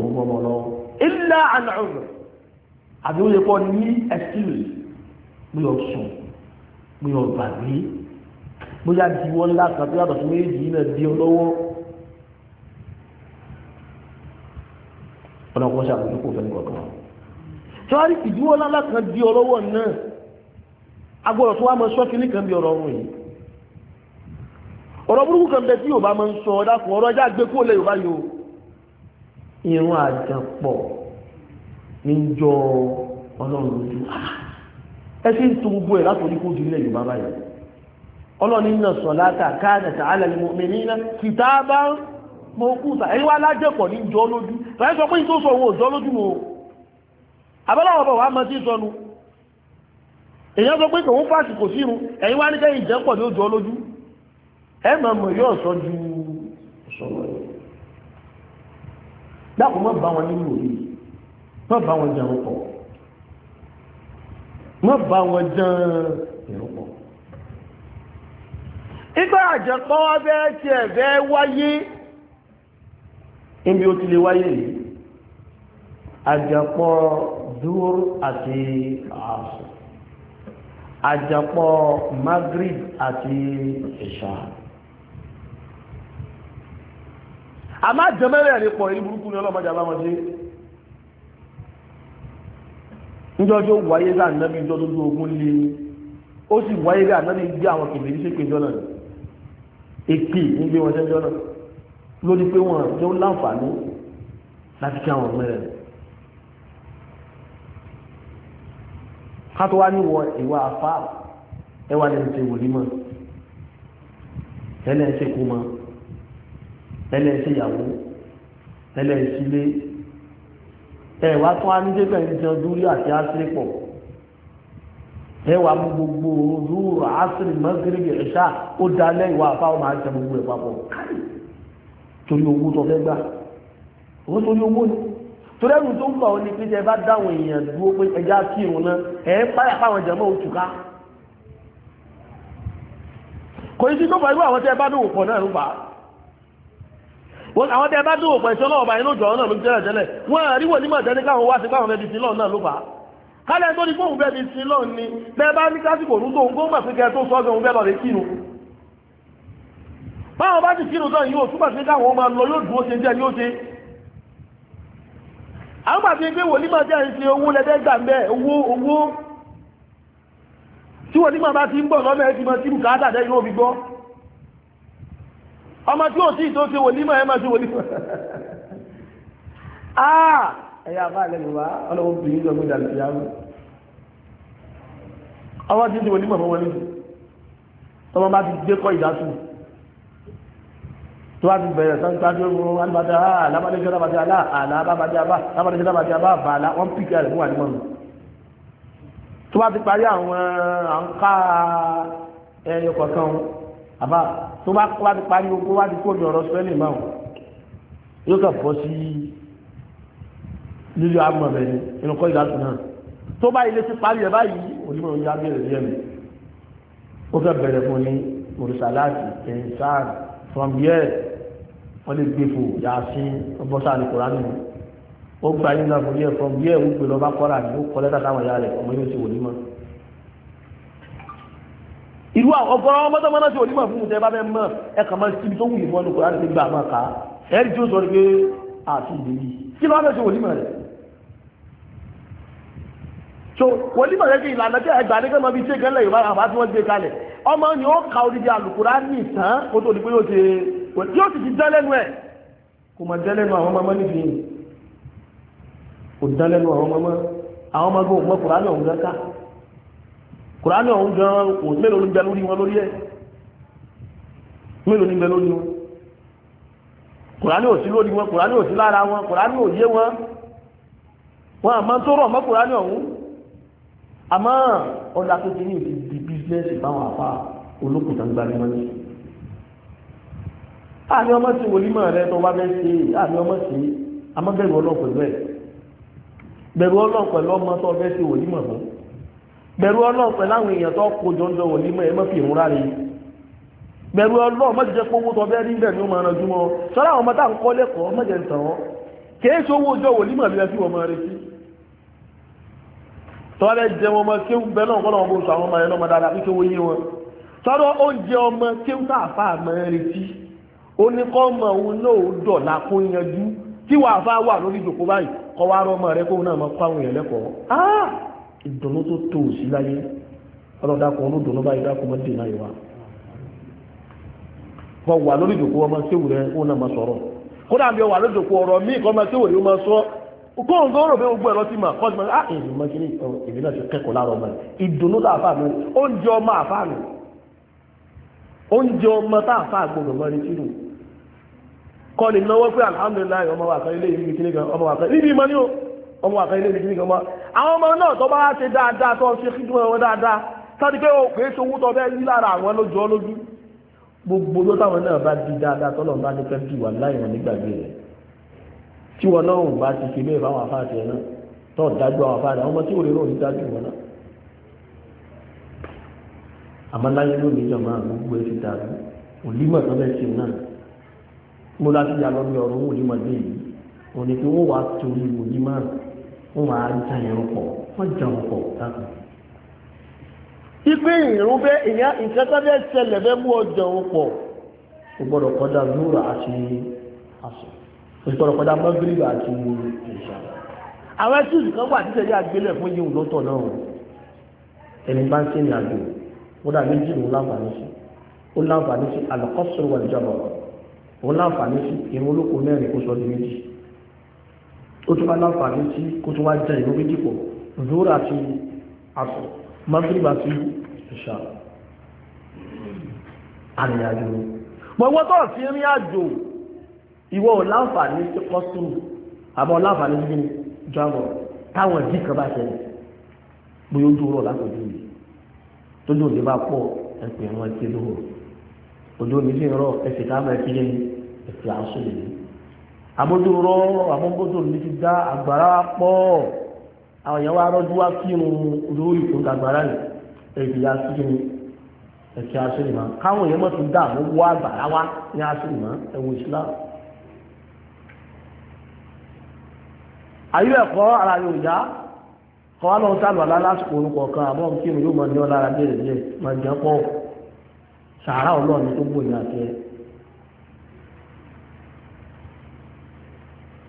bóyá di wọ́n ńlá kan tó yàtọ̀ sí méjì yìí náà di ọlọ́wọ́ ọlọ́kọ́ ṣàkóso kò fẹ́ nìkan kan tí wọ́n rí ìdíwọ́ ńlá kan di ọlọ́wọ́ náà agbọ́dọ̀ tó wá mọ sọ́ọ́kì nìkan bí ọ̀rọ̀ ọ̀hún yìí ọ̀rọ̀ burúkú kan bẹ tí Yorùbá máa ń sọ ọ̀dàkùn ọ̀rọ̀ ajá gbé kó lè Yorùbá yòó irun àjàpọ̀ níjọ ọlọ́run lójú ah! ẹ ti ń tu gbogbo ẹ̀ látòrí kó di ilẹ̀ Yorùbá báyìí ọlọ́ni iná sọ̀láta káàdà tààlà ni mo mẹ́rin iná kìtà bá ń mọ kúta ẹ̀yìn wá lájẹ̀pọ̀ ní ìjọ lójú rẹ̀ sọ pé ìtò sọ òun òjọ lójú mọ́ abẹ́láwọ̀ bọ̀ wá mọ́ sí sọnu èyàn sọ pé tòun fàṣì kò sírun ẹ̀yìn wá ní kẹ́ ìjẹ́pọ̀ ní òjọ lójú ẹ mọ̀ mọ̀ yóò sọ ju sọ̀rọ̀ nígbà àjẹpọ̀ wá fẹ́ ti ẹ̀fẹ́ wáyé níbi ó ti lè wáyé yìí àjẹpọ̀ dúró àti àṣù àjẹpọ̀ Maghrib àti ìṣà àmá jẹmẹ́rẹ̀ rí pọ̀ ìlú burúkú ní ọlọ́mọdé alámọdé níjọ́jọ́ wáyé láàrín náà bí ìjọ́ lójú ogun lé ó sì wáyé láàrín náà àwọn kèmèrè ṣe pèjọ́ náà èpè ń gbé wọn sẹ́jọ́ náà lórí pé wọn tó láǹfààní láti kí àwọn ọmọ rẹ̀ kátó wá ní wọ ìwà afá ẹwà lẹ́nu ti wòlí mọ́ ẹlẹ́ẹ̀ṣẹ́ kú mọ́ ẹlẹ́ẹ̀ṣẹ́ ìyàwó ẹlẹ́ẹ̀ṣẹ́ ilé ẹ̀wà tó wá ní débẹ̀ ń jẹun dúrí àti àṣírí pọ̀ ẹ wà mú gbogbo rúurú asiri mọ́gírígì ẹ̀ṣá ó dalẹ̀ ìwà àfáwọn máa jẹ gbogbo ẹ̀ papọ̀ kárí torí owó tó fẹ́ gbà owó torí owó ni torí ẹ̀rù tó ń bà ọ́ ní pé ẹ bá dáwọn èèyàn dúró pé ẹja kí irun náà ẹ̀ ń páyà fáwọn jẹ̀mọ́ òtúká kò ní sí tó fà irú àwọn tẹ́ ẹ bá dòwò pọ̀ náà ló bà á àwọn tẹ́ ẹ bá dòwò pọ̀ ìṣọ́nà ọ̀bà inú ìjọ náà ló jẹ́rẹ̀ tẹ́lẹ̀ wọ́n àríwọ̀ nígbà kálẹ̀ tó ní fóun bẹ́ẹ̀ fi sin lọ́ọ̀ ni bẹ́ẹ̀ bá ní kásìkò òun tó ń gbó mọ̀ sí kẹ́ tó sọ́ọ́ òun bẹ́ẹ̀ lọ lè kínu báwọn bá sì kínu náà yóò túbọ̀ sí káwọn máa lọ yóò dúró ṣe jẹ́ yóò ṣe àwọn bàbá ẹgbẹ́ wòlímọ̀ jẹ́ ìsìn owó lẹ́dẹ́gbà ń bẹ́ owó owó tí wòlímọ̀ bá ti ń bọ̀ lọ́nà ẹ̀ ti mọ̀ sí bùkátà dẹ́ yóò fi gbọ́ ọmọ tí ò sí ìtó ṣe wòlímọ̀ ẹ̀ máa ṣe wòlímọ̀ ẹ̀yà bá lẹ́nu wá ọlọ́wọ́ bí i lọ́gbọ́dà lè yá mú ọwọ́ tí ti wọ́n nímọ̀ fún wọn nìyí tọ́mọ bá ti dé kọ́ ìdásù tó wá ti bẹ̀rẹ̀ sáńtà tí ó mú alùpàdé alábàdéjọ́ lábàdé alá alábàdé abá lábàdéjọ́ lábàdé abá bàálá wọ́n pìkì rẹ̀ fún àdìmọ́ tó wá ti parí àwọn àǹká ẹyọ kọ̀ọ̀kan àbá tó wá ti parí ogun wá ti kó ọ̀rọ̀ spẹ́lì máa yóò kà bọ́ sí lílo àmọ́ rẹ̀ ni inú kọ́ ìdásù náà tó bá ilé ti parí ẹ̀ báyìí onímọ̀ ìyá bẹ̀rẹ̀ rí ẹ̀mí ó fẹ́ bẹ̀rẹ̀ fún ní mùrùsàláàtì ẹ̀ǹsán from here wọ́n lè gbé fò yàásín ọbọ̀sá ní kòránì ó gba yín náà fún yẹ from here ó gbé lọ bá kọ́ra ní ó kọ́ lẹ́tà táwọn ìyá rẹ̀ ọmọ yóò ti wò nímọ̀ irú àwọn ọgọ́rọ̀ ọmọ tó mọ́ náà ti wò nímọ̀ fún ìtẹ́ bá fẹ́ mọ̀ ẹ kàn máa síbi tó wù yìí fún ọdún kòránì ti gbà máa kà á ẹ̀rí so wòlímọ̀ rẹ̀ kí ìlànà tí ẹgbàá nígbà máa fi ṣe gẹ́lẹ̀ yorùbá àbá tí ni ó ka odidi àlùkùrá ní ìtàn kó tó di pé yóò ṣe yóò sì ti dán ẹ̀ kò mà dán àwọn ọmọ níbi yìí kò dán àwọn ọmọ àwọn ọmọ ọ̀hún gan ká ọ̀hún gan kò mélòó ń bẹ lórí wọn lórí mélòó ń bẹ lórí wọn ò sí lórí wọn ò sí àmọ́ ọ̀dà tó ti ní ìdí di bísínẹ́sì báwọn àpá olókùn tó ń gbani mọ́ ní. àmì ọmọ sí wòlímọ̀ rẹ tó wá bẹ́ẹ̀ ṣe àmì ọmọ sí àmọ́ bẹ̀rù ọlọ́run pẹ̀lú ẹ̀ bẹ̀rù ọlọ́run pẹ̀lú ọmọ tó bẹ́ẹ̀ ṣe wòlímọ̀ fún bẹ̀rù ọlọ́run pẹ̀lú àwọn èèyàn tó kó jọjọ wòlímọ̀ ẹ má fi ìmúra rẹ bẹ̀rù ọlọ́run má ti jẹ́ kówó tó bẹ́ẹ̀ rí bẹ́ẹ̀ ni ó máa ranjú mọ́ sọ́ra àwọn ọmọ tá ń kọ́ lẹ́kọ̀ọ́ má jẹ́ ń tàn ṣe owó ọjọ́ wòlímọ̀ lóyún ẹbí wọn máa tọ́lẹ̀ jẹ wọn mọ kí ń bẹ náà kọ́nà bó sọ àwọn ọmọ yẹn lọ́mọ dáadáa pé kí wọ́n yé wọn tọ́lọ́ oúnjẹ ọmọ kí mọ́ retí òun náà ó dọ̀la yanjú tí wàá fà wà lórí ìjòkó báyìí kọ́ rọ́ ọmọ rẹ náà mọ kó àwọn èèyàn lẹ́kọ̀ọ́ ah! ìdùnnú tó tó sí láyé ọlọ́dàkùn báyìí wà kó ń gbọ́rọ̀ bí gbogbo ẹ̀rọ ti mà kọ́ símọ́ ah èmi mọ́ kíní ìtàn èmi náà ti kẹ́kọ̀ọ́ láàrọ̀ ọmọ ìdùnnú tá a fà mí oúnjẹ ọmọ àfà mi oúnjẹ ọmọ tá a fà gbọdọ̀ mọ́ ní kọ́ ni náwó pé alhamdulilayi ọmọ wa kan ilé ìlú o kò é sowó tí wọn náà ń bá ti fi bẹ́ẹ̀ fáwọn afáàtì ẹ̀ náà tó dájú àwọn afáàtì àwọn ọmọ tí òrèrè òní dájú wọn náà àmọ́ láyé lónìí jọ̀mọ́ àgbogbo ẹ̀ ti dàrú òlímọ̀ tó bẹ́ẹ̀ ti náà mo láti yà lọ́bí ọ̀rọ̀ òlímọ̀ dé yìí òní pé wọ́n wàá torí òlímọ̀ wọ́n wàá já ẹran pọ̀ wọ́n já wọn pọ̀ dákun. ipe ìrún bẹ́ ìyá ìtẹ́tẹ́lẹ̀ ṣẹlẹ̀ mú ọjà wọn pọ̀ ó gbọ́dọ̀ kọjá lóra àti àṣọ ìtọ́rọ̀ kọjá mọ́gírìbì àti ìṣà àwọn ẹtùsù kan wà títẹ̀lé àgbélẹ̀ fún yíò lọ́tọ̀ náà ẹni bá ń ṣe ní àjò ó dà méjì ló láǹfààní sí ó láǹfààní sí al-qasr wal-jabr ó láǹfààní sí irun olóko mẹ́rin kó sọ di méjì ó tún wá láǹfààní sí kó tún wá jẹ ìlú méjì pọ̀ zúrà àti àsọ mọ́gírìbì àti ìṣà àrìnàjò mọ̀ wọ́n tó fi rí àjò ìwọ ò láǹfààní tó kọ́sùmù àmọ́ láǹfààní tó kíni jámọ̀ táwọn ìdí kan bá ṣẹlẹ̀ bóyá ojú rọ̀ látọ̀jú yìí tójú òde bá pọ̀ ẹ̀pẹ̀ wọn ti lóhùn ojú omi sì ń rọ ẹsẹ̀ ká máa fi lẹ́yìn ẹsẹ̀ àásù lè ní. àbójú rọ àbójú omi ti dá àgbàrá pọ̀ àwọn èèyàn wá rọ́jú wá kírun lórí ìkóńtà àgbàrá yìí ẹ̀jẹ̀ yá sí kíni lè má káwọn èèyàn mọ̀ tún dá àbó wá àgbàrá wá ní àásù lè má ẹ̀wọ̀n ìsìlámù ayú ẹ̀kọ́ ara yóò já kọ́ lọ sálọ̀ lásìkò orúkọ kan àbọ̀ kí mi yóò mọ̀ ní ọ lára dé ìdílé mọ̀ jẹ́ pọ̀ sàárà ọlọ́run ní tó gbòyìn àti ẹ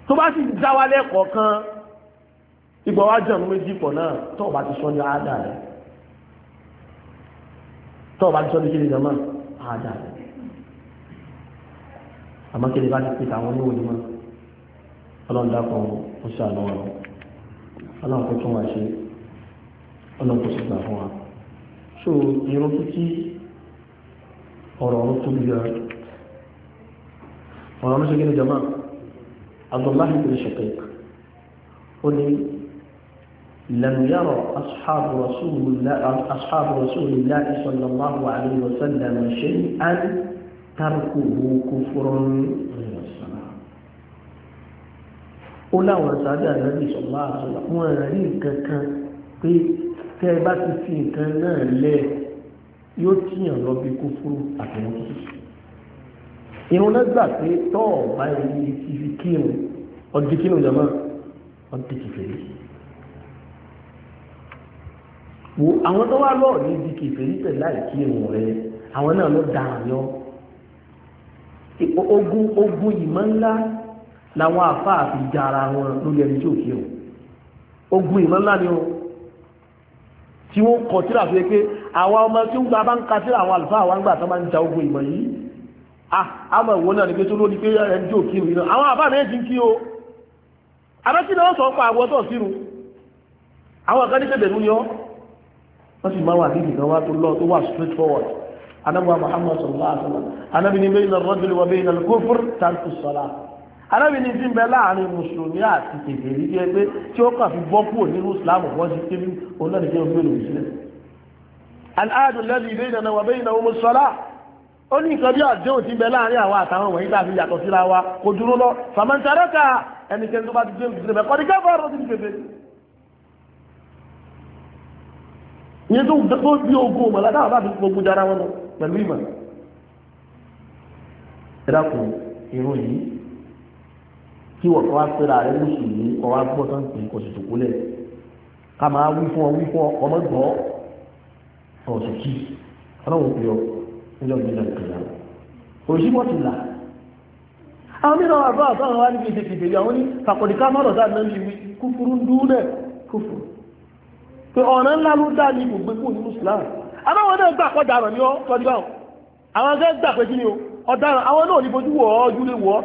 tó bá sì dáwálẹ̀ kọ̀ọ̀kan ìgbà wá jẹun méjì pọ̀ náà tó o bá ti sọ ní àádà rẹ̀ tó o bá ti sọ ní kí jọmọ́ àádà rẹ̀ àmọ́ kí bá ti pè táwọn oníwòye mọ́ ọlọ́run dákọ̀ ó ṣàánú wa aláwọ̀ tó tún wá ṣe ọlọ́run kò sì gbà fún wa so irun títí ọ̀rọ̀ ọ̀rọ̀ tóbi gan ọ̀rọ̀ ọ̀rọ̀ ṣẹ́gi ní jama abdullahi bin shaqiq ó ní لم يرى أصحاب رسول الله أصحاب رسول الله صلى الله عليه وسلم شيئا تركه كفر ó láwọn sáré ànábì sọ̀lá àtọ̀lá wọn rí nǹkan kan pé tẹ́ ẹ bá ti fi nǹkan náà lẹ̀ yóò tíyàn lọ bí kúfúrú àtẹ̀wọ́n tó irun náà gbà pé tọ́ ọ̀bá ẹni ti fi kírun ọdún kírun jọmọ́ ọdún kìfèrè wo àwọn tó wá lọ́ọ̀ ní di kìfèrè tẹ̀ láì kírun rẹ àwọn náà ló dáhàn yọ ogun ogun ìmọ̀ ńlá làwọn àfáà fi ja ara wọn lórí ẹni tí ò kí o ogun ìmọ̀ ńlá ni o tí wọ́n kọ̀ tíra fi pé àwa ọmọ tí ń gba bá ń ka tíra àwọn àlùfáà wa ń gbà tó máa ń ja ogun ìmọ̀ yìí àmọ̀ ah, ìwọ náà ni pé tó ló ní pé ẹni tí ò kí o yìí náà àwọn àfáà méjì ń kí o abẹ́sí ni wọ́n sọ pa àwọn tó sínú àwọn kan ní bẹ̀rù yọ wọ́n sì máa wà nídìí kan wá tó lọ tó wà straight forward anábọ̀ Muhammad sallallahu alaihi wasallam anábìnrin bẹ́ẹ̀ ní rọ́jùlẹ̀ wọ́n bẹ́ẹ̀ ní kófúr tàbí sọ́lá arábìnrin tí ń bẹ láàrin mùsùlùmí àti kèfèrí bí ẹgbẹ́ tí ó kàn fi bọ́ kúrò nínú islam wọ́n ti kébí òun náà nìkan gbé lòun sílẹ̀. aláàdùn lẹ́nu ìlú ìdáná wà bẹ́yìn náà mo sọ́lá ó ní nǹkan bí àdéhùn tí ń bẹ láàrin àwọn àtàwọn wọ̀nyí tàbí yàtọ̀ síra wa kò dúró lọ fàmọ́ntàrẹ́kà ẹnikẹ́ni tó bá ti déhùn sílẹ̀ kọ́ni kẹ́fọ́ ọ̀rọ̀ ti kí wọ́n kọ́ wá pera rẹ̀ mùsùlùmí kọ́ wá gbọ́ tó ń pè kò sì tòkó lẹ̀ ká máa wí fún ọ wí fún ọ ọmọ gbọ́ ọ̀ sì kí ọlọ́run pè ọ níjọ́ ìgbésẹ̀ ìpìlẹ̀ òṣìbọ̀ ti là àwọn mìíràn àbá àbá àwọn wáyé fi tètè bèèrè àwọn ní kàkọ̀dìká mọ́rọ̀ sáà náà lè wí kúfúrú ń dúró náà kúfúrú pé ọ̀nà ńlá ló dá ní gbogbo kúrò nínú Islam aláwọn náà gbà pọ̀ dàrọ̀ ní ọ́ tọ́jú báwọn àwọn akẹ́ gbà pé kí ni o ọ̀daràn àwọn náà ní fojú wọ̀ ọ́ ojú wọ̀ ọ́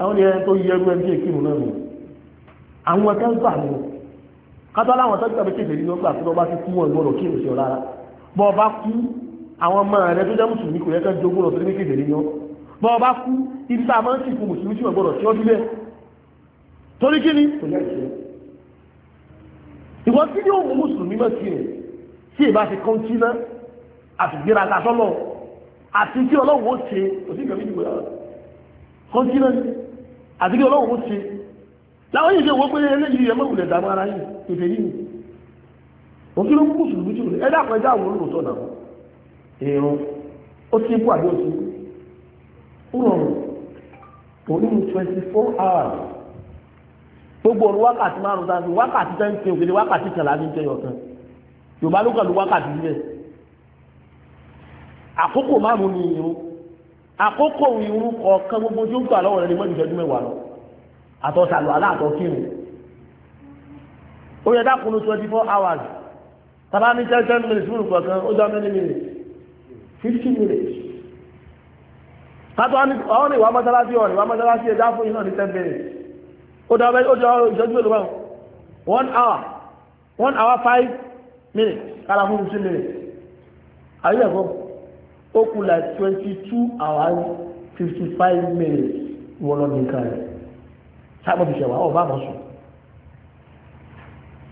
àwọn ènìyàn tó yẹrú ẹbí èkìrù náà nù àwọn ẹ̀kẹ́ ń gbà nù kátó láwọn tó gbà pété ìfèrí lọ́gbà tó bá ti kú wọn gbọ́dọ̀ kí èsì ọ̀la bọ́ ọba kú àwọn ọmọ rẹ tó jẹ́ mùsùlùmí kò yẹ kẹ́ jogún lọ sí ní kéde níyàn bọ́ ọba kú ibi tá a máa ń sìnkú mùsùlùmí tí wọ́n gbọ́dọ̀ sí ọdún bẹ́ẹ̀ torí kí ni kò yẹ kí ìwọ tí yóò mú mùsùlùmí mọ́ sí rẹ̀ tí ìbá ti kọ́ tí náà àti gbéra lásán lọ àti tí ọlọ́run ó ṣe òsì ìgbà àti kí ọlọ́run ó ṣe láwọn yìí ṣe wọ́n pé eléyìí ẹmọ́ ìwòlẹ̀ dàmú ara yìí ìfẹ́ yìí òun kí ló ń kú sùlùmí tí ẹ dàpọ̀ ẹjá àwọn olùsọ̀ náà èrò ó ti bú àbí òsì ó rọrùn kò ní twenty four hours gbogbo ọ̀rọ̀ wákàtí márùn tá a fi wákàtí tẹ́ ń pe òkèlè wákàtí kẹlà ní jẹyọ kan Yorùbá ló kàn ló wákàtí síbẹ̀ àkókò márùn ni irun àkókò ìrun kọ̀ọ̀kan gbogbo tí ó gbà lọ́wọ́ rẹ̀ ni mọ́jú ìṣẹ́jú mẹ́wàá lọ àtọ̀sàlù aláàtọ̀ kírun ó yẹ dákùnú twenty four hours tàbá ní ten ten minutes fún o ó dá many minutes fifteen minutes kátó àwọn ní ìwà mọ́sálásí ọ̀rẹ́ ìwà mọ́sálásí ẹ̀dá fún iná ní ten minutes ó dá ìṣẹ́jú mélòó báwọn one hour one hour five minutes kára fún fifteen minutes àyẹ̀kọ́ ó kù like twenty two hours fifty five minutes wọ́n lọ nìkan rẹ̀ sábà fi ṣẹ̀wá ọba àmọ́ sùn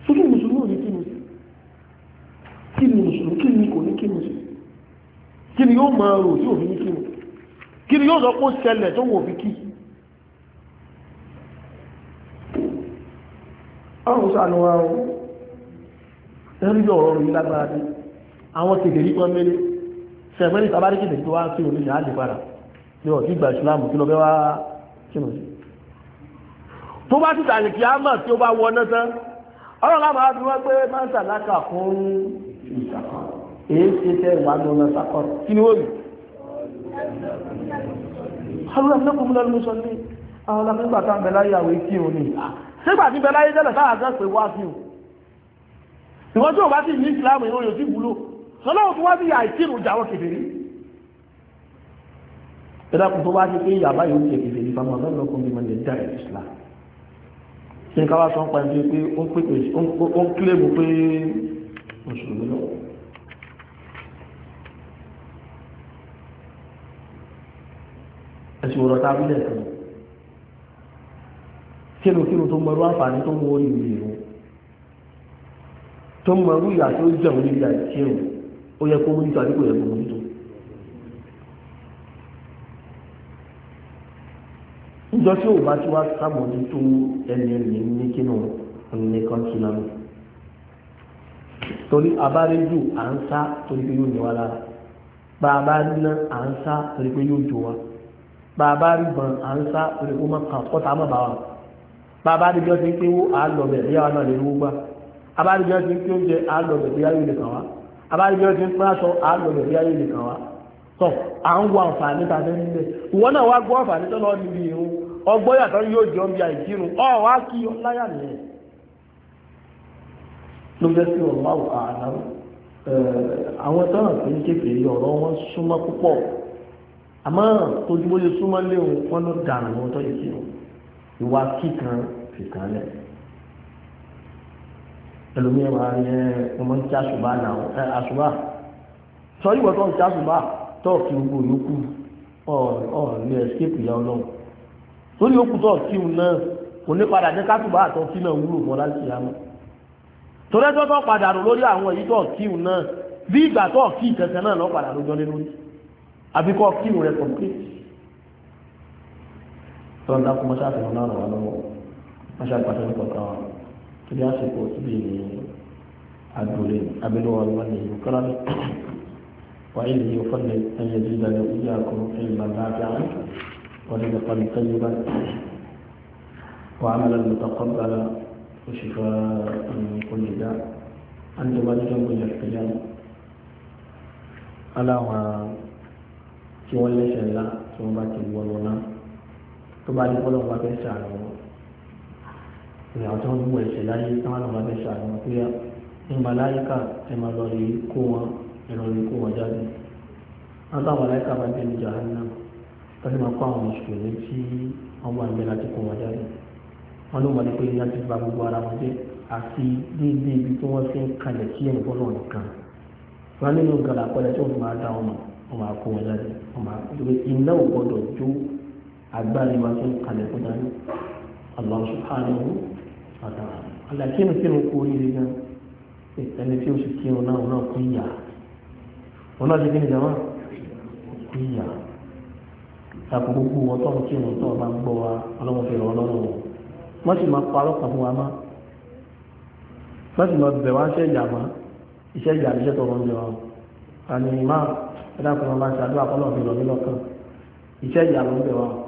sókè mùsùlùmí ò ní kí ni kí ni mùsùlùmí kí ni kò ní kí ni kí ni yóò máa rò tí ò fi ní kí ni kí ni yóò sọ pé ó ṣẹlẹ̀ tó wọ́n fi kí ọ̀rùn sànù wa ó ẹ̀rí ọ̀rọ̀ yìí lágbára dé àwọn kèdè yìí pọ́n mẹ́lẹ́ sẹ̀gbẹ́ ní tàbárí kìtẹ̀ tó wá sí omi ṣe ájì padà ní ọ̀tí ìgbà ìsìlámù kí lọ bẹ́ wá kínú sí tó bá títà lè kí á mọ̀ tí ó bá wọ náà tán ọ̀rọ̀ láàmà á fi wọ́n pé máa ń sàlákà fún ìṣàkọ́ èyí ṣe tẹ́ ìwà ni ó rí ni sígbà tí bẹ láyé lọ́lọ́wọ́ tó wá bí àìsírù jáwọ́ kèfèrí ìdákùn tó bá ti pé ìyàbá yóò ṣe kèfèrí fáwọn ọlọ́lọ́kùn bí mọ̀lẹ̀ dá ìsìlá ṣe káwá sọ ń pa ẹni pé ó ń pèpè ó ń kílèmù pé mùsùlùmí lọ ẹ̀sùn ọ̀rọ̀ tá a bílẹ̀ kan kírokíro tó mọ̀rú àǹfààní tó mọ̀ orí ìrìn tó mọ̀rú ìyà tó jẹun níbi àìsírù ó yẹ kó mójútó àdínkù yẹ kó mójútó níjọ tí ò bá tí wá sábòjútó ẹni ẹni ní kínú nìkan kí lánà torí abárẹ́jù à ń sá torí pé yóò ní wa lára bá a bá ná à ń sá torí pé yóò jò wa bá a bá rí bàn à ń sá torí pé ó má kàn kọ́ta má bàa wà bá a bá rí bí wọ́n ń pé wó à ń lọ bẹ̀ bí yàrá náà lè wó gbà a bá rí bí wọ́n ń pé oúnjẹ à ń lọ bẹ̀ bí yàrá yóò lè kàn wá abájọ́ ti ń pín aṣọ àgbọ̀dọ̀ bí ayé nìkan wa tọ̀ à ń wo àǹfààní ta fẹ́ nílẹ̀ ìwọ náà wá gbọ́ àǹfààní tó lọ níbi ìrún ọgbọ́n yàtọ̀ yóò jọ bí àìkírun ọ̀ wá kí ọ láyà nìyẹn ló fẹ́ sí ọ̀rọ̀ àdáwọ̀ àwọn tọ́nà tó ń kéfèé ọ̀rọ̀ wọn súnmọ́ púpọ̀ àmọ́ tójúmọ́ lè súnmọ́ léwu wọn ló dànù wọn tó yẹ kí ìwà kíkan fìkan lẹ́yìn ẹlòmíràn máa ń yẹ ọmọ ń kí àṣùbà náà ẹ àṣùbà sọ yìí wọ́n tó ń kí àṣùbà tọ́ọ̀kì gbogbo yòókù ọ̀ọ̀lù ẹ̀skẹ́pù ìyá ọlọ́run torí yòókù tọ́ọ̀kì náà kò ní padà ní kásùbà àtọ́kì náà wúlò mọ́ láti yàmọ́ torí ẹjọ́ tó padà rò lórí àwọn èyí tọ́ọ̀kì náà bí ìgbà tọ́ọ̀kì kankan náà lọ padà lójọ́ lé lórí àbí kọ́ kí rẹ̀ complete tọ́ndà kó mọ́ṣáàtì náà lọ́wọ́ mọ́ṣáàtì pàtàkì kọ̀ọ̀kan torí àsìkò síbi ní àdúrà abẹ́lẹ́ wa lọ́wọ́ ní ìkọ́lá mi wáyé ní ìfọ́lẹ̀ ẹ̀yẹ ti dàgbà ìyá kan ẹ̀yìn bàbá àti àwọn wọ́n ti dàgbà ìtọ́jú bá وعملا متقبلا وشفاء من كل داء أنت مجد من القيامة ألا tí wọ́n lẹ́sẹ̀ ńlá tí wọ́n bá ti wọ́n lọ́nà tó bá ní kọ́lọ́wọ́ bá fẹ́ sàánú ìyàwó tó ń gbọ́ ẹ̀ṣẹ̀ láyé táwọn àwọn abẹ́ ṣàlùmọ́ pé ní màláìkà ẹ máa lọ rí kó wọn ẹ̀rọ rí kó wọn jáde wọn táwọn màláìkà bá dé ní jahanna wọn sì máa kó àwọn mùsùlùmí tí wọn wà níbẹ̀ láti kó wọn jáde wọn ló mọ̀lẹ́ pé iná ti ba gbogbo ara wọn jẹ́ àti déédéé ibi tí wọ́n fi ń kalẹ̀ kí ẹnì fọ́nà nìkan wọn nínú gàlà pẹ̀lẹ́ tí wọn máa dá wọn wọn máa kó wọn jáde wọn máa iná ò gbọdọ̀ jó agbára ìwà tó ń kalẹ̀ fún dání Allah subhanahu ọ̀dọ̀ ọ̀là kírun kírun kú oríire gan ẹni tí ó sì kírun náà náà kú ìyà òun náà ti kí ni jàmá kú ìyà tàbí gbogbo wọn tó ń kírun tó máa gbọ́ wa ọlọ́run fi ràn ọlọ́run o wọ́n sì máa parọ́ kan fún wa má wọ́n sì máa bẹ̀ wá ṣẹ́ ìyà má iṣẹ́ ìyà iṣẹ́ tó wọ́n jẹ wa àní má ẹ̀dá kan máa ṣàdúrà kọ́lọ́ fi ràn mí lọ́kàn iṣẹ́ ìyà ló ń bẹ̀ wá o.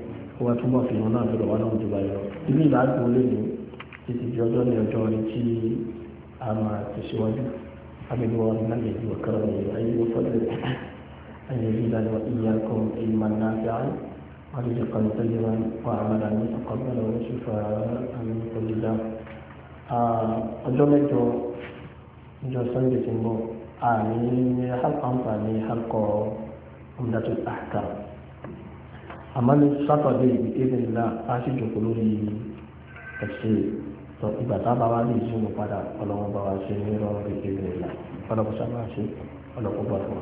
kó wá túbọ̀ fi hàn náà lọ́dọ̀ wá lọ́wọ́ jùlọ yọ ilé ìlàgbọ̀n lè ní títí di ọjọ́ ní ọjọ́ orí tí a máa tẹ̀síwájú abẹ́lẹ́ wọn ní láyé ìlú ọ̀kọ́ ní ayé ló fọ́lẹ̀ ayé ìlú ìyàkọ̀ ìmọ̀ náà fi àárẹ̀ wọ́n ti kọ́ ní tẹ́lẹ̀ wọn wọ́n àmàlà ní ọkọ̀ọ́bẹ̀rẹ̀ wọn sì fà àmì ìkọlìlá ọjọ́ mẹ́jọ àmọ́ ní sátọ̀dé ibi kéde ńlá a sì jòkó lórí ẹ̀sẹ̀ tó ìgbà tá a bá wá lè zoom padà ọlọ́wọ́ bá wá ṣe ní rọrùn rẹ̀ kéde ńlá sábà ṣe ọlọ́wọ́ bá fún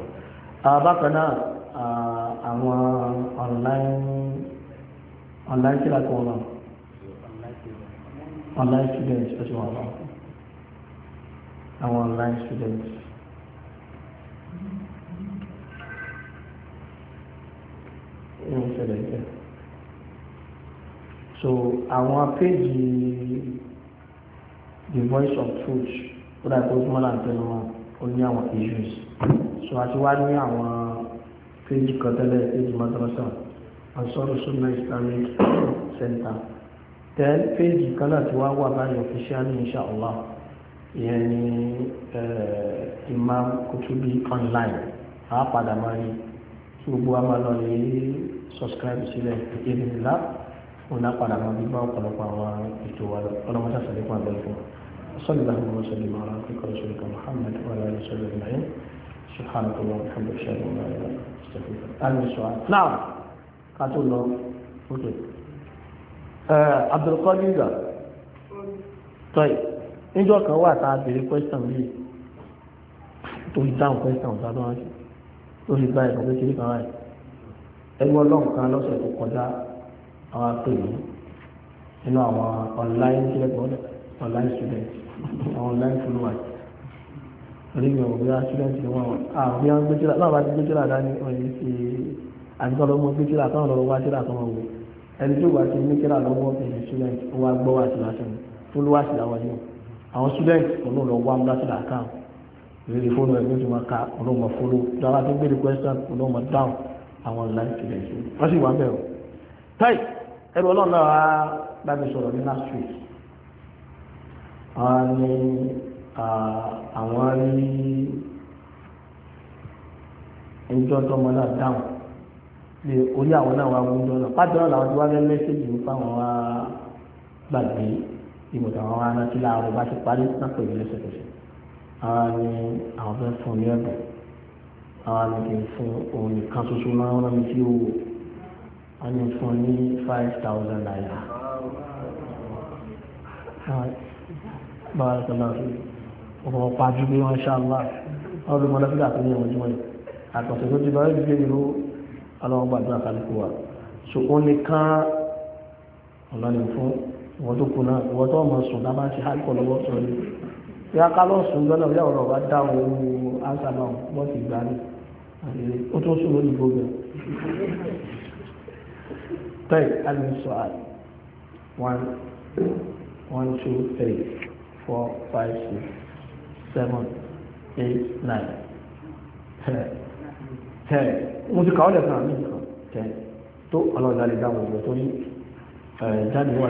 wa. bákan náà àwọn online online kíláà kan wà online students ẹ̀sìn wà wà àwọn online students. ìwọ̀n ìṣẹ̀lẹ̀ ìfẹ́ so àwọn péjì the voice of truth ó dà pé ó túmọ̀ láǹtẹ̀ lọ́wọ́ ó ní àwọn issues so àti wá ní àwọn péjì kan tẹ́lẹ̀ péjì madrasa ansoro sunna islamic center tẹ́ péjì kan náà ti wá wà báyìí officially inshallah ìyẹn ní eh, imam kutubi online àá padà máa yìí gbogbo wa máa lọ lè subscribe sílẹ̀ ìdílé ńlá òun náà padà máa bí bá ọ̀pọ̀lọpọ̀ àwọn ètò wa lọ ọlọ́mọdé àṣàlẹ́kùn àgbẹ̀fọ́ صلى الله وسلم على عبدك ورسولك محمد وعلى اله وصحبه اجمعين سبحانك اللهم وبحمدك اشهد ان لا اله الا انت استغفرك هذا السؤال نعم قاتل الله اوكي عبد القادر طيب níjọ́ kan wà tá a béèrè question yìí tó dáhùn question tá a lọ́wọ́ sí lórí báyìí kò kékeré kan báyìí ẹgbẹ́ ọlọ́run kan lọ́sẹ̀ tó kọjá àwọn apèyí nínú àwọn online student online student àwọn online followers orí mi ò bí wá student ni wọn àwọn ah, bí wọn gbẹ́jìlá náà bá ti gbẹ́jìlá dání ọ̀yẹ́ ti àtúntò lọ́mọ gbẹ́jìlá káwọn lọ́wọ́ wá sílá kan wọ̀ ẹni tó bá ti ní kíra lọ́wọ́ ẹ̀yìn student ó wá gbọ́ wá sílá sẹ́yìn followers làwọn yìí àwọn student òun lọ wá mú lásìlá account lórí fóònù ẹ̀ lójú máa ka ọlọ́mọ fóló dára tó gbére question ọlọ́mọ down àwọn láìpẹ́ rẹ̀ sí wọ́n sì wá bẹ̀rù táì ẹ̀rọ ọlọ́run náà wá bá mi sọ̀rọ̀ ní last week wọ́n ní àwọn rí ẹjọ́ tọmọ náà dáhùn lè orí àwọn náà wá wúndọ́ náà pàtó náà làwọn ti wá fẹ́ mẹ́sẹ̀gì nípa àwọn wá gbàgbé ìmọ̀tàwọn wá rántí láàárọ̀ bá ti parí náà pẹ̀lú lẹ́sẹ̀kẹsẹ̀ àwọn ni àwọn fẹ́ fún ní ẹ̀bùn àwọn ni kì í fún òun nìkan ṣoṣo máa ń rán mi sí owó wọ́n ní fún ní five thousand naira. báwa ló sọ̀rọ̀ sí ọ̀pọ̀ ọ̀pá ju bí wọ́n ṣá wà wọ́n ló mọ lọ́sílẹ̀ àti ní ìwọ̀n jùmọ̀ yìí àtọ̀sẹ̀ tó ti báyìí gbé irú ọlọ́wọ́n gbàdúrà wa so ó ní ká ọ̀nà fún ìwọ́n tó kù ìwọ́n tó mọ̀ sùn lábá ṣe hálùkọ̀ lọ́wọ́ sọ̀rọ̀ ìyá kálọ̀ sùn lọ́nà ìyá ọ̀rọ̀ wa ohun ansa wọ́n ti gbà ní àdìrẹ tó sùn lórí gbogbo tẹ́ alìsọ àti one two three four five six seven eight nine ten mo ti ten tó ọlọ́ọ̀dá lè dáhùn ọ̀gbẹ́ tó ní jáde wà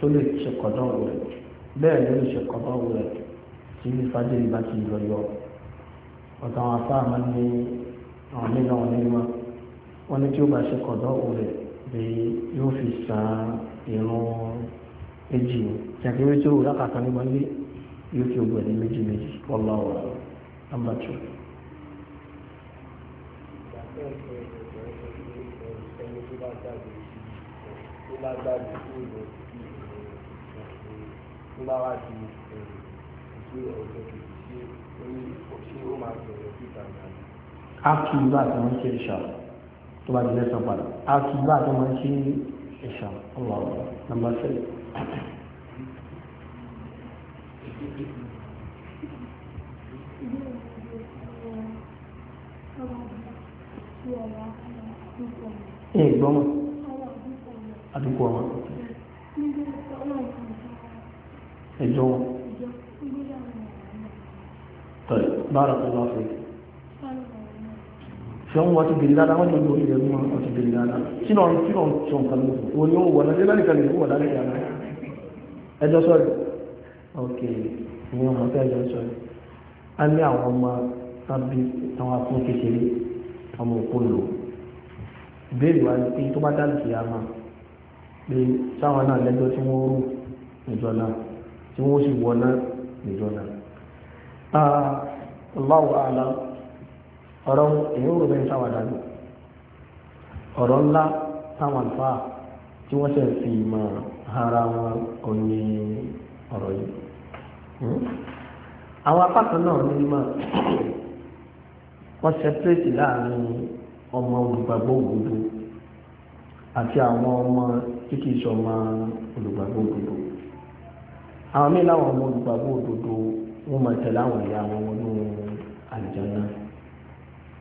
tó lè ṣe kọ̀dọ̀ rẹ̀ bẹ́ẹ̀ ló lè ṣe rẹ̀ tí bá ti yọ yọ ọ̀tọ̀ àwọn afá máa ń ní àwọn nínú àwọn nínú wọn ní tí ó bá ṣe rẹ̀ bí yóò fi san irun méjì jàkèrè tí ó wù lákàtà nígbà ní yóò fi ogun méjì méjì nàmbà tó. tó bá wá di ẹ̀rù eh, sí ọjọ́ kejì sí orí ṣé ó máa bẹ̀rẹ̀ sí ìtajà. a kì í bá ṣe ìṣà tó bá di lẹ́sàn padà a kì í bá ṣe ìṣà ọlọ́run nàmbà sẹ́yìn. Ẹ gbọ́mọ̀, àdúgbò الجو طيب بارك الله فيك fẹ́wọ́n wọ́n ti bèrè dáadáa wọ́n ti lò ilẹ̀ mú wọn ti bèrè dáadáa kí lọ́n kí lọ́n tí wọ́n kan lóṣù wọ́n ni ó wọ̀ lọ́dẹ́ lálẹ́ kalẹ̀ wọ́n lálẹ́ kalẹ̀ ẹjọ́ sọ́ọ̀rì ok ìyẹn ọmọ fẹ́ ẹjọ́ sọ́ọ̀rì a ní àwọn ọmọ tábí táwọn afún kékeré ọmọ òkú lò béèrè wa ni pé tó bá tí wọ́n sì wọ́n náà níjọ́ náà Allahu a'lam ọ̀rọ̀ èyí òrùn mẹ́rin sáwà dájú ọ̀rọ̀ ńlá táwọn àlùfáà tí wọ́n sì fi mọ̀ ara wọn òní ọ̀rọ̀ yìí hmm? àwọn apá kan náà ní mímọ̀ wọ́n sẹpẹ́rẹ́tì láàrin ọmọ olùgbàgbọ́ òdodo àti àwọn ọmọ tí kìí sọ ọmọ olùgbàgbọ́ òdodo àwọn míì láwọn ọmọ olùgbàgbọ́ òdodo wọn máa tẹ̀lé àwọn ìyá wọn wọnú àlùjánnà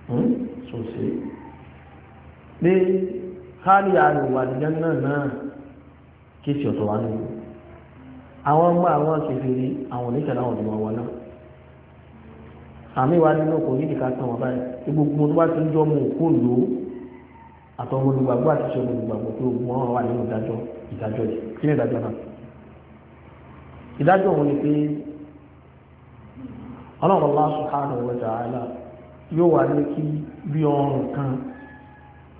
hmm? sòsè pé káàlì àrùn àlùjánnà náà kí sì ọ̀tọ̀ wá nínú àwọn ọmọ àwọn kèfèrí àwọn oníṣẹ̀lẹ̀ àwọn ọ̀dùnmọ̀ wọn náà àmì wa nínú kò yí nìkan tán wọn báyìí gbogbo tó bá ti ń jọ mú òkú lò ó àtọmọ olùgbàgbọ́ àti ìṣẹ́ olùgbàgbọ́ pé ogun wà nínú ìdájọ́ ìdájọ́ yìí kí ni ìdájọ́ náà ìdájọ́ òun ni pé ọlọ́run Allah subhanahu wa ta'ala yóò wà ní kí bí ọrùn kan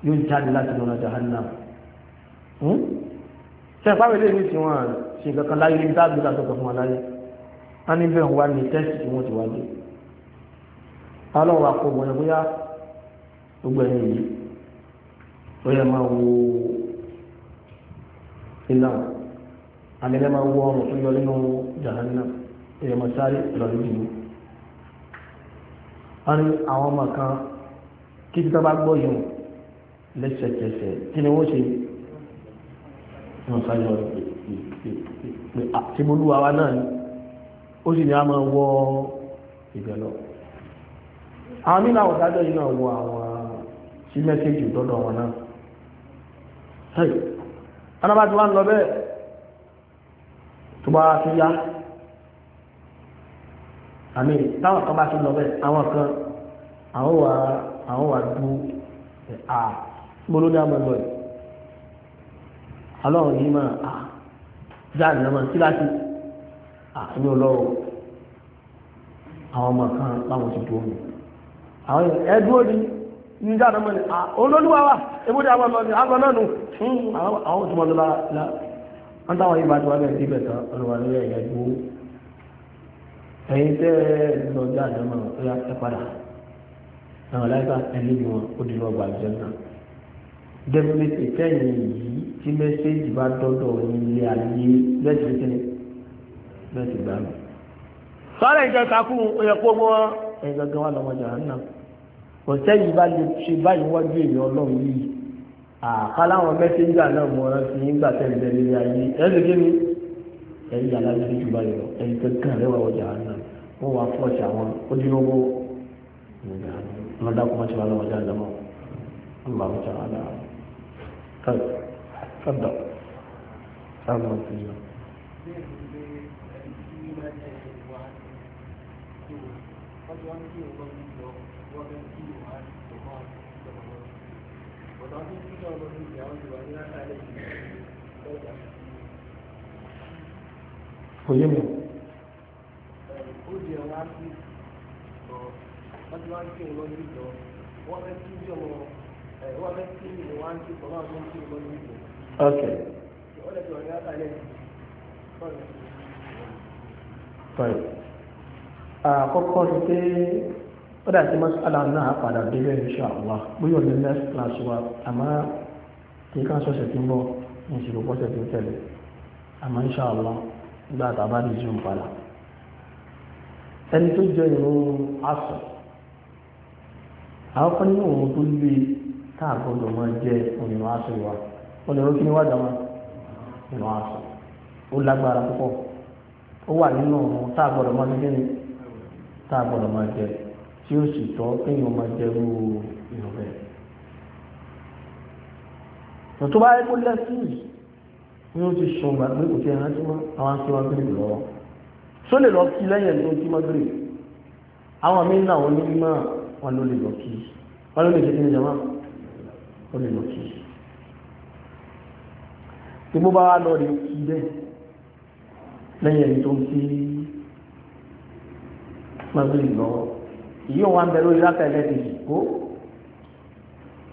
yóò jáde láti lọ́nà jahannam ṣe ìpáwé lè ní tiwọn ṣe nǹkan kan láyé ní dáàbò dáàbò kan fún wa láyé a ní bẹ́ẹ̀ wá ní tẹ́sì tí wọ́n ti wá lé ọlọ́run wa kó wọn bóyá gbogbo ẹ̀yìn yìí ó yẹ máa wo ilé àwọn àmìlẹ́ máa wọ ọrùn tó yọ nínú jahanna èèyàn máa sáré lọ́rí jù wọ́n ní àwọn ọmọ kan kí títọ́ bá gbọ́ yìí lẹ́sẹ̀kẹsẹ̀ kí ni wọ́n ṣe wọ́n sáré lọ́rí pé àtibólúwa ah, wa náà ni ó sì ní a máa wọ ibẹ̀ lọ àwọn mí láwọn dájọ́ yìí náà wọ àwọn sí mẹ́sẹ̀jì tọ́dọ̀ wọn náà alábàtí wa lọ bẹ́ẹ̀ tó bá ti yá àmì táwọn kan bá ti lọ bẹ́ẹ̀ àwọn kan àwọn wà àwọn wà du à gbólódé àmọ́lọ́ yìí alọ́run yìí máa à jáde náà máa sí láti àní ọlọ́run àwọn ọmọ kan láwọn ti dúró mi àwọn ẹ̀dúró ni ní jáde náà máa ní à olólùwà wà ebúdé àwọn ọmọ mi àwọn náà nù fún hmm, àwọn òṣùwọ̀n lọ́la wọ́n táwọn yìí bá ti wá bẹ̀rẹ̀ sí ìbẹ̀tọ̀ olùwà lórí ẹ̀yà ìgbó ẹ̀yin tẹ́ lọ́jọ́ àdámọ̀ ọ̀yà ẹ padà àwọn aláìka ẹni ni wọn ó di lọ gbà jẹ náà dẹ́gbẹ́tì kẹ́yìn yìí tí mẹ́sẹ́jì bá dọ́dọ̀ nílé ayé bẹ́ẹ̀ ti bẹ́ẹ̀ ti gbà mí. ìjọ kakú oyè kó mọ́ ẹ̀yin gangan wà lọ́mọdé àná kò sẹ́yìn bá lè ṣe báyìí wájú èèyàn ọlọ́run yìí àkàláwọn mẹ́sẹ̀njà náà mọ̀ ọ́n sí nígbà tẹ̀lé lórí ayé ẹ̀sìn kí ni ẹ̀yìn aláṣẹ ti jùlọ yọ ẹ̀yìn kankan rẹ̀ wà ọjà náà wọ́n wá fọ́ọ̀ṣì àwọn ojúlówó ọmọdé akọ́mọ́ṣẹ́ wa lọ́wọ́ jáde mọ́ ọmọ àwọn ọjà wa náà kọ́ńtà sáwọn ọ̀sìn yọ. Thank you kò yé mi. ó di ọ̀rọ̀ àti ok. ó àkọ́kọ́ ni pé ó dà sí masala náà padà délé insha Allah bóyá ọ̀dọ̀ next class wa àmọ́ kí ká sọ̀sẹ̀ tí ń bọ̀ ní ìṣèlú pọ́sẹ̀ tó tẹ̀lé àmọ́ insha Allah nígbà tá a bá di zoom padà ẹni tó jẹ ìrún asọ̀ àwọn kan nínú òun tó lé tá a gbọdọ̀ máa jẹ òyìnbó asọ̀ wa ó lè rókí níwájú àwọn ìrún asọ̀ ó lágbára púpọ̀ ó wà nínú òun tá a gbọdọ̀ máa jẹ tí ó sì tọ́ kéèyàn máa jẹ́rú ìrọ̀lẹ́. tó bá yẹ kó lẹ́sìn ni ó ti sùn gbà pé kò tí ẹran tí wọ́n àwọn aṣọ wa gbèrè lọ. só lè lọ kí lẹ́yìn ẹni tó ti máa àwọn míín náà wọn ní mímọ́ wọn ló lè lọ kí wọn ló lè ṣe kí ni jama ó lè lọ kí. tí mo bá wá lọ rí kí bẹ́ẹ̀ lẹ́yìn ẹni tó ń kí máa gbèrè lọ́wọ́ ìyí òun wa ń bẹ lórí rákà ẹlẹ́kejì kó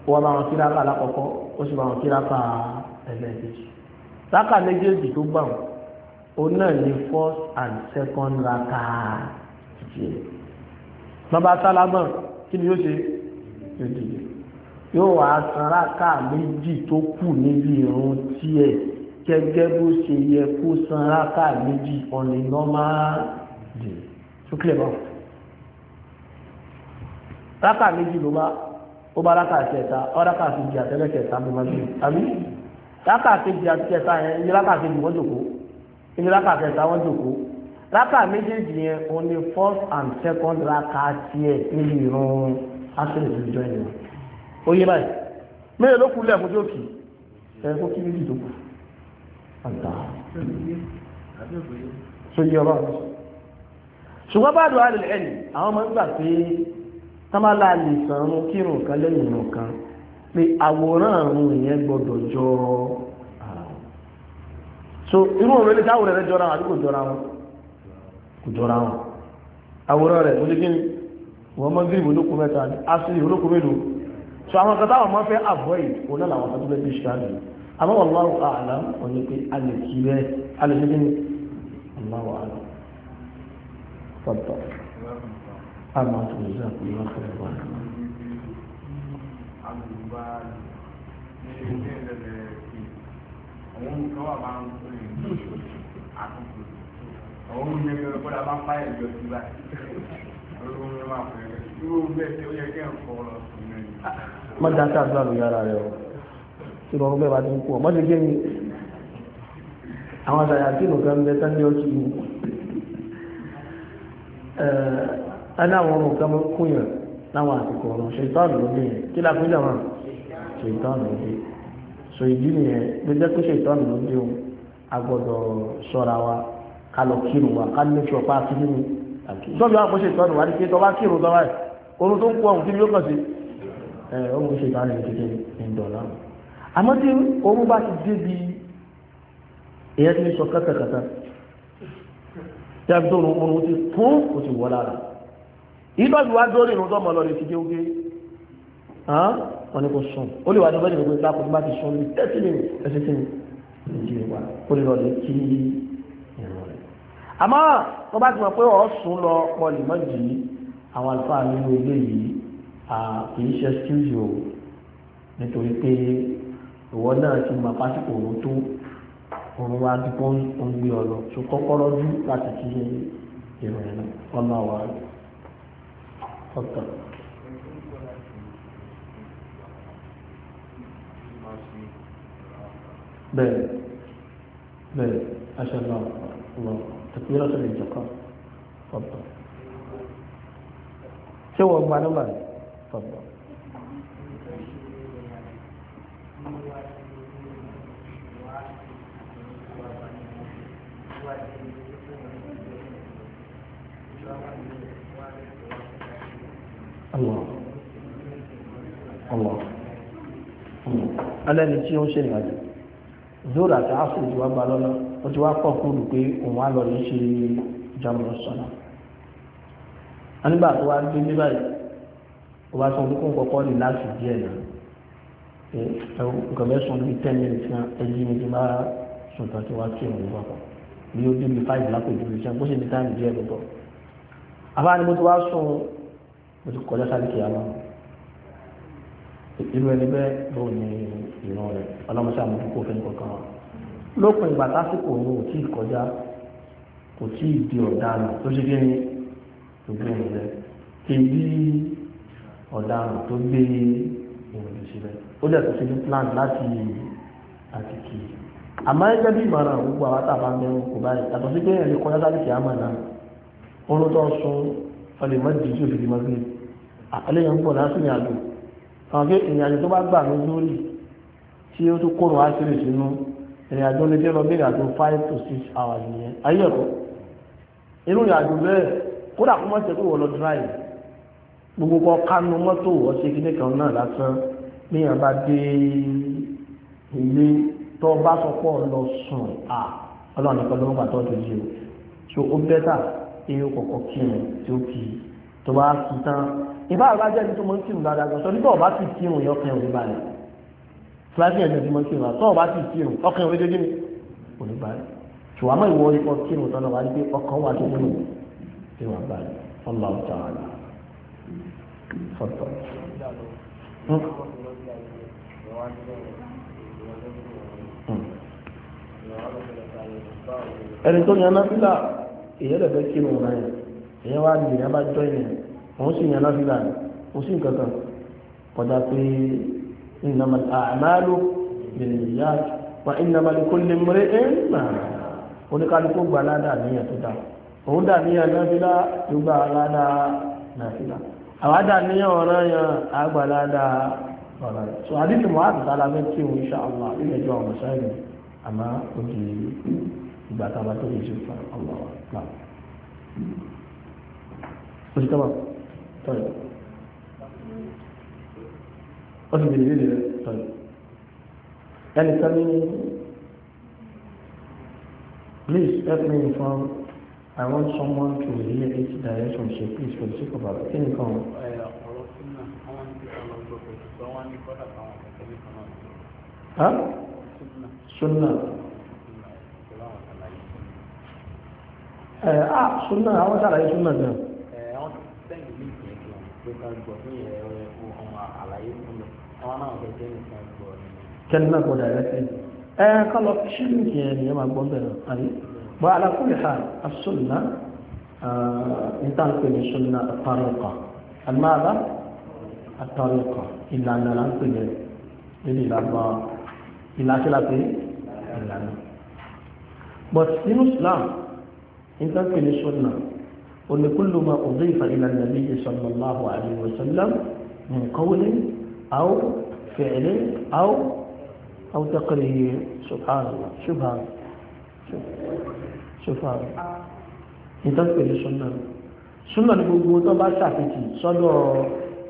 ó wá bá wọn kíra ká lákọ̀ọ́kọ́ ó sì bá wọn kíra ká ẹlẹ́kejì rákà méjèèjì tó gbà wọn òun náà ní first and second rákà tiẹ̀ bàbá sálámà kí ni yóò ṣe yóò yóò wá san rákà méjì tó kù níbi ìrun tiẹ̀ gẹ́gẹ́ bó ṣe yẹ kó san rákà méjì on normal day. Ṣé kílẹ̀ báwọn? rákà méjì ló bá ó bá rákà kẹta ó rákà kejì àtẹlẹ kẹta ló bá gbé àbí rákà kejì àti kẹta yẹn ní rákà kejì wọ́n jòkó ní rákà kẹta wọ́n jòkó rákà méjèèjì yẹn òun ni first and second rákà tiẹ̀ níbi ìrún asẹ́lẹ̀ tó jọ ẹ̀yìn ó yé báyìí mẹ́rin ló kú lẹ́ẹ̀kú tó kì ẹ̀ kó kí méjì tó kù àgbà sóyè ọlọ́run ṣùgbọ́n bá dùn á lè àwọn ọmọ ń gbà pé tọ́mọ́lá lè sànrún kírun kan lẹ́yìn ìrun kan pé àwòrán àrùn ìyẹn gbọ́dọ̀ jọ so irú òun lè táwọn rẹ̀ jọra wọn àbí kò jọra wọn kò jọra wọn àwòrán rẹ̀ wọ́n lé kí ni wọ́n mọ́ gírí olóko mẹ́ta ní asiri olóko mélòó so àwọn kan táwọn máa fẹ́ avoid òun náà làwọn kan tó fẹ́ fi àmọ́ wọn lọ́wọ́ àlá wọn ni pé a lè kí bẹ́ẹ̀ a lè ṣe kí ni Allahu a'lam. Thank you àmà tó ń zà pé wọ́n fẹ́ wà. Àwọn oúnjẹ gbẹ̀rẹ̀ bọ́dá máa ń pààyàn jọ sí báyìí. Olúwo mi máa fẹ́ rẹ̀. Irú bẹ́ẹ̀ tí ó yẹ kí ẹ̀ ń fọ́ lọ sí mẹ́rin. Má dá sí àdúrà lórí ara rẹ̀ o. Ìrọ̀rùn bẹ́ẹ̀ bá ti ń kú ọ. Má ṣe gé mi. Àwọn àṣàyà tí nìkan ń bẹ sáńdé ọtí mi aláwọn ọmọ kan mọ́ kúnyàn láwọn àsìkò ọ̀rọ̀ ṣètọ́nù ló dé yẹn kí la fún jàmọ́ ṣètọ́nù ló dé so ìdí nìyẹn ló jẹ́ pé ṣètọ́nù ló dé òun a gbọ́dọ̀ wa ká lọ kírun wa ká lè ṣọ̀pá kírun sọ́dọ̀ àpò ṣètọ́nù wa ní pé tọ́ bá kírun tọ́ báyìí orun tó ń pọ̀ òun kí ni yóò kàn sí ẹ ọmọ ṣètọ́nù ló dé ní dọ̀là àmọ́ tí orun bá ti débi èyẹ ti sọ kẹ́kẹ́kẹ́ta tí a fi tó orun ìbá ìwà dórí ìrùn tó mọ̀ lọ rẹ̀ ti dé oge wọn ni kò sùn ó lè wà ní ọgbẹ́ni ìgbésí lápò bá ti sùn ní thirty minutes thirty minutes ní ìjì wa ó lè lọ lè kí ìrùn rẹ̀ àmọ́ wọ́n bá ti mọ̀ pé ọ̀ sùn lọ pọ̀ lè mọ́ jì í àwọn àlùfáà nínú ilé yìí kì í ṣe studio nítorí pé ìwọ náà ti mọ pásítọ̀ òun tó òun wá dúpọ́ ń gbé ọ lọ tó kọ́kọ́ lọ́dún láti kí ìrùn rẹ̀ náà تفضل بلى بلى عشان الله الله تكبيرة الانتقال تفضل سوى معنى الله تفضل Thank you. alẹ́ni tí ó ń ṣe ìrìnàjò zoro àti asu ti wá gba lọ́nà ó ti wá pọ̀ kúrò pé òun á lọ ní ṣe jamu sọ̀nà nígbà tó wá gbé ní báyìí ó wá sọ pé kó ń kọ́kọ́ ní láti díẹ̀ náà nǹkan mẹ́sàn-án bíi ten minutes náà ẹjí mi ti máa sùn tán tí wá sí ìrìn ìwọ̀pọ̀ bí ó dé mi five lápò ìdúró iṣẹ́ bó ṣe ní táìmù díẹ̀ lọ́tọ̀ àbá ni mo ti wá sùn ó ti kọjá sáré kìá lọ irú ẹni bẹ́ẹ̀ lóò ní ìran rẹ̀ ọlọ́mọṣẹ́ àmójúkó fẹ́ nìkan wa lópin ìgbà tásìkò òun ò tí ì kọjá kò tí ì di ọ̀daràn tó ṣe kéde tó gbé ìrìn rẹ̀ kébí ọ̀daràn tó gbé ìrìn sílẹ̀ ó dẹ̀ tó ṣe ní plan láti àtìkì àmọ́ ẹgbẹ́ bí ìmọ̀ràn gbogbo àwọn àtàbà mẹ́rin kò báyìí yàtọ̀ sí pé ẹni kọjá sáré kìá mọ̀ náà orun tó ń sun ọlẹ́mọ̀dì tí ò fi di mọ́gbìn àtàlẹ́yìn ń pọ̀ lásìrìn àjò àwọn pé ìrìnàjò tó bá gbà ní lórí tí ó tó kóòrùn àṣírí sínú ìrìnàjò lè jẹ́ lọ bí ìrìnàjò five to six hours nìyẹn ayé ẹ̀kọ́ inú ìrìnàjò bẹ́ẹ̀ kódà kó mọ̀ tẹ́kọ̀ wọ́n lọ drive gbogbo kọ́ kánú mọ́tò wọ́n ṣe kíní kan náà lásán níyàn bá dé ilé tó bá sọ pọ̀ lọ sùn à ọlọ́run nìkan ló ń gbà tó ti jí o so ó bẹ́tà èyí kọ̀ọ̀kan kí ni tí ó kì í tó bá kì tán ìbá àbájá ẹni tó mọ ń kírun dáadáa gan sọ nígbà ọba ti kírun yọ ọkàn òní balẹ̀ fúláṣí ẹni tó mọ ń kírun àtọ ọba ti kírun ọkàn òní dédé ni òní balẹ̀ ṣùgbọ́n àmọ́ ìwọ ikọ̀ kírun tọ́nà wá ní pé ọkàn wà tó kírun tí wọ́n balẹ̀ ọlọ́ ọ̀tá àlà fọ́tọ̀. Hmm. Hmm. ẹni tó yan náfìlà èyí lè fẹ́ kírun náà èyí wá ní bá jọ ìyẹn òun sì yàn lọ́fíìlà rẹ̀ òun sì kankan kọjá pé innamal a'malu bin-niyyat wa innama likulli imri'in ma oníkálukú gba aládà níyàn tó dá òun dà níyàn lọ́fíìlà tó gba aládà lọ́fíìlà àwọn dà níyàn ọ̀rọ̀ yàn àgbà aládà ọ̀rọ̀ rẹ̀ so àdìsí mọ́ àtúntà lábẹ́ tí òun insha Allah ilẹ̀ jọ ọ̀rọ̀ sáyẹn àmá ó di tó lè ṣe fún ọlọ́wọ́ náà. Oṣù طيب قصد الفيديو طيب يعني سامي Please help me inform. I want someone to hear it direct from Sheikh. Please, for the sake of Allah. Can you come? Huh? Sunnah. Eh, ah, Sunnah. I want to say Sunnah pé ká gbọ́ fún ìyẹn ni. kẹ́lí náà gbọ́dọ̀ rẹ sí ẹ ká lọ ṣílù yẹn ni ẹ máa gbọ́ bẹ̀rẹ̀ àbí bọ́ alákùnrin ha asúnà nítorí pé ní súnà àtàrọ̀kọ̀ àmàlà ìlànà là ń pè ní ìlànà ìlànà but nínú Islam nítorí pé ní قل كل ما أضيف إلى النبي صلى الله عليه وسلم من قول أو فعل أو أو تقرير سبحان الله شوف هذا شوف هذا يتذكر السنة السنة الوجود ما شافتي صلى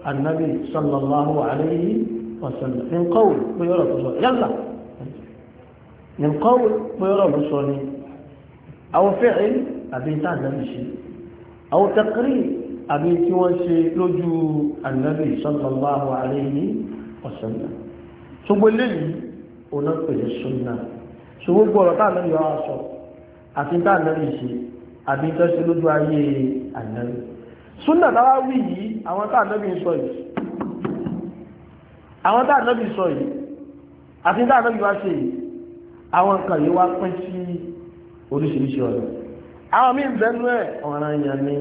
النبي صلى الله عليه وسلم من قول ويرى بصوني يلا من قول ويرى بصوني أو فعل أبي تعلم شيء àwọn tẹ́kìrì àbí tí wọ́n ṣe lójú ànábì sallallahu alayhi wa sallam ṣùgbọ́n léyìí ọ̀nà pẹ̀lú sunna ṣùgbọ́n gbọ́dọ̀ tá ànábì wa sọ àti tá ànábì ṣe àbí tó ṣe lójú ayé ànábì sunna táwa wí yìí àwọn tá ànábì sọ yìí àwọn tá ànábì sọ yìí àti tá ànábì wa ṣe àwọn kan yìí wá pín sí oríṣiríṣi ọ̀nà àwọn míì bẹnu ẹ̀ ọ̀ràn èèyàn ni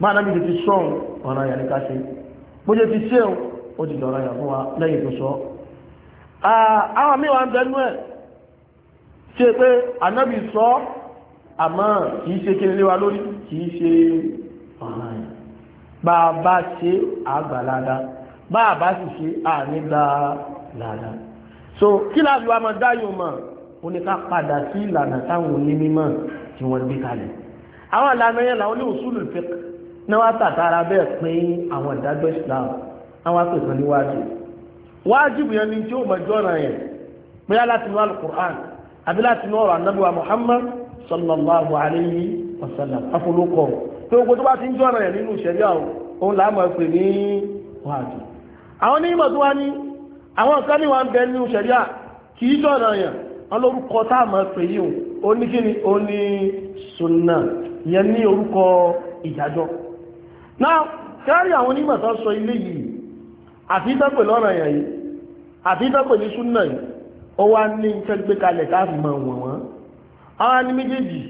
máa náà bìí ti sọ́ọ̀n ọ̀ràn èèyàn ni ká ṣe bó ṣe ti ṣe ó ti dọ̀rọ̀ èèyàn fún wa lẹ́yìn tó sọ àwọn míì wà ń bẹnu ẹ̀ ṣe pé anábì sọ àmọ́ kìí ṣe kí wa lórí kìí ṣe ọ̀ràn ẹ̀ bá a bá ṣe àgbà ládàá bá a bá sì ṣe ànígbà ládàá so kí láàbí wa máa dáyò mọ́ ó ní ká padà sí ìlànà táwọn onímọ̀ tí wọ́n gbé kalẹ̀ àwọn ìlànà yẹn làwọn ní usulul fiqh náà tàtàrà bẹ́ẹ̀ pín àwọn ìdájọ́ Islam àwọn apèsàn ní wájú yẹn ni tí ó mọ̀jọ́ ọ̀nà yẹn bóyá láti inú alukur'an àbí láti inú ọ̀rọ̀ anábíwá Muhammad sallallahu alayhi wa sallam afọlọ́kọ̀ tó gbogbo tó bá ti ń jọ́ ọ̀nà yẹn nínú ìṣẹ̀rí àwọn òun là á mọ̀ pé ní wájú àwọn onímọ̀ tó wá ní àwọn kan ní wọn bẹ nínú ìṣẹ̀rí kì í jọ́ ọ̀nà yẹn ọlọ́rúkọ tá a máa pè yí o ní kí ni o ní sunna ìyẹn ní orúkọ ìdájọ́ náà kẹ́rì àwọn onímọ̀ tó sọ ilé yìí àti ìtọ́pẹ̀ lọ́rọ̀ yẹn yìí àti ìtọ́pẹ̀ ní súnà yìí ó wá ní iṣẹ́ gbé kalẹ̀ káàfi mọ̀ wọ̀n wọ́n àwọn ní méjèèjì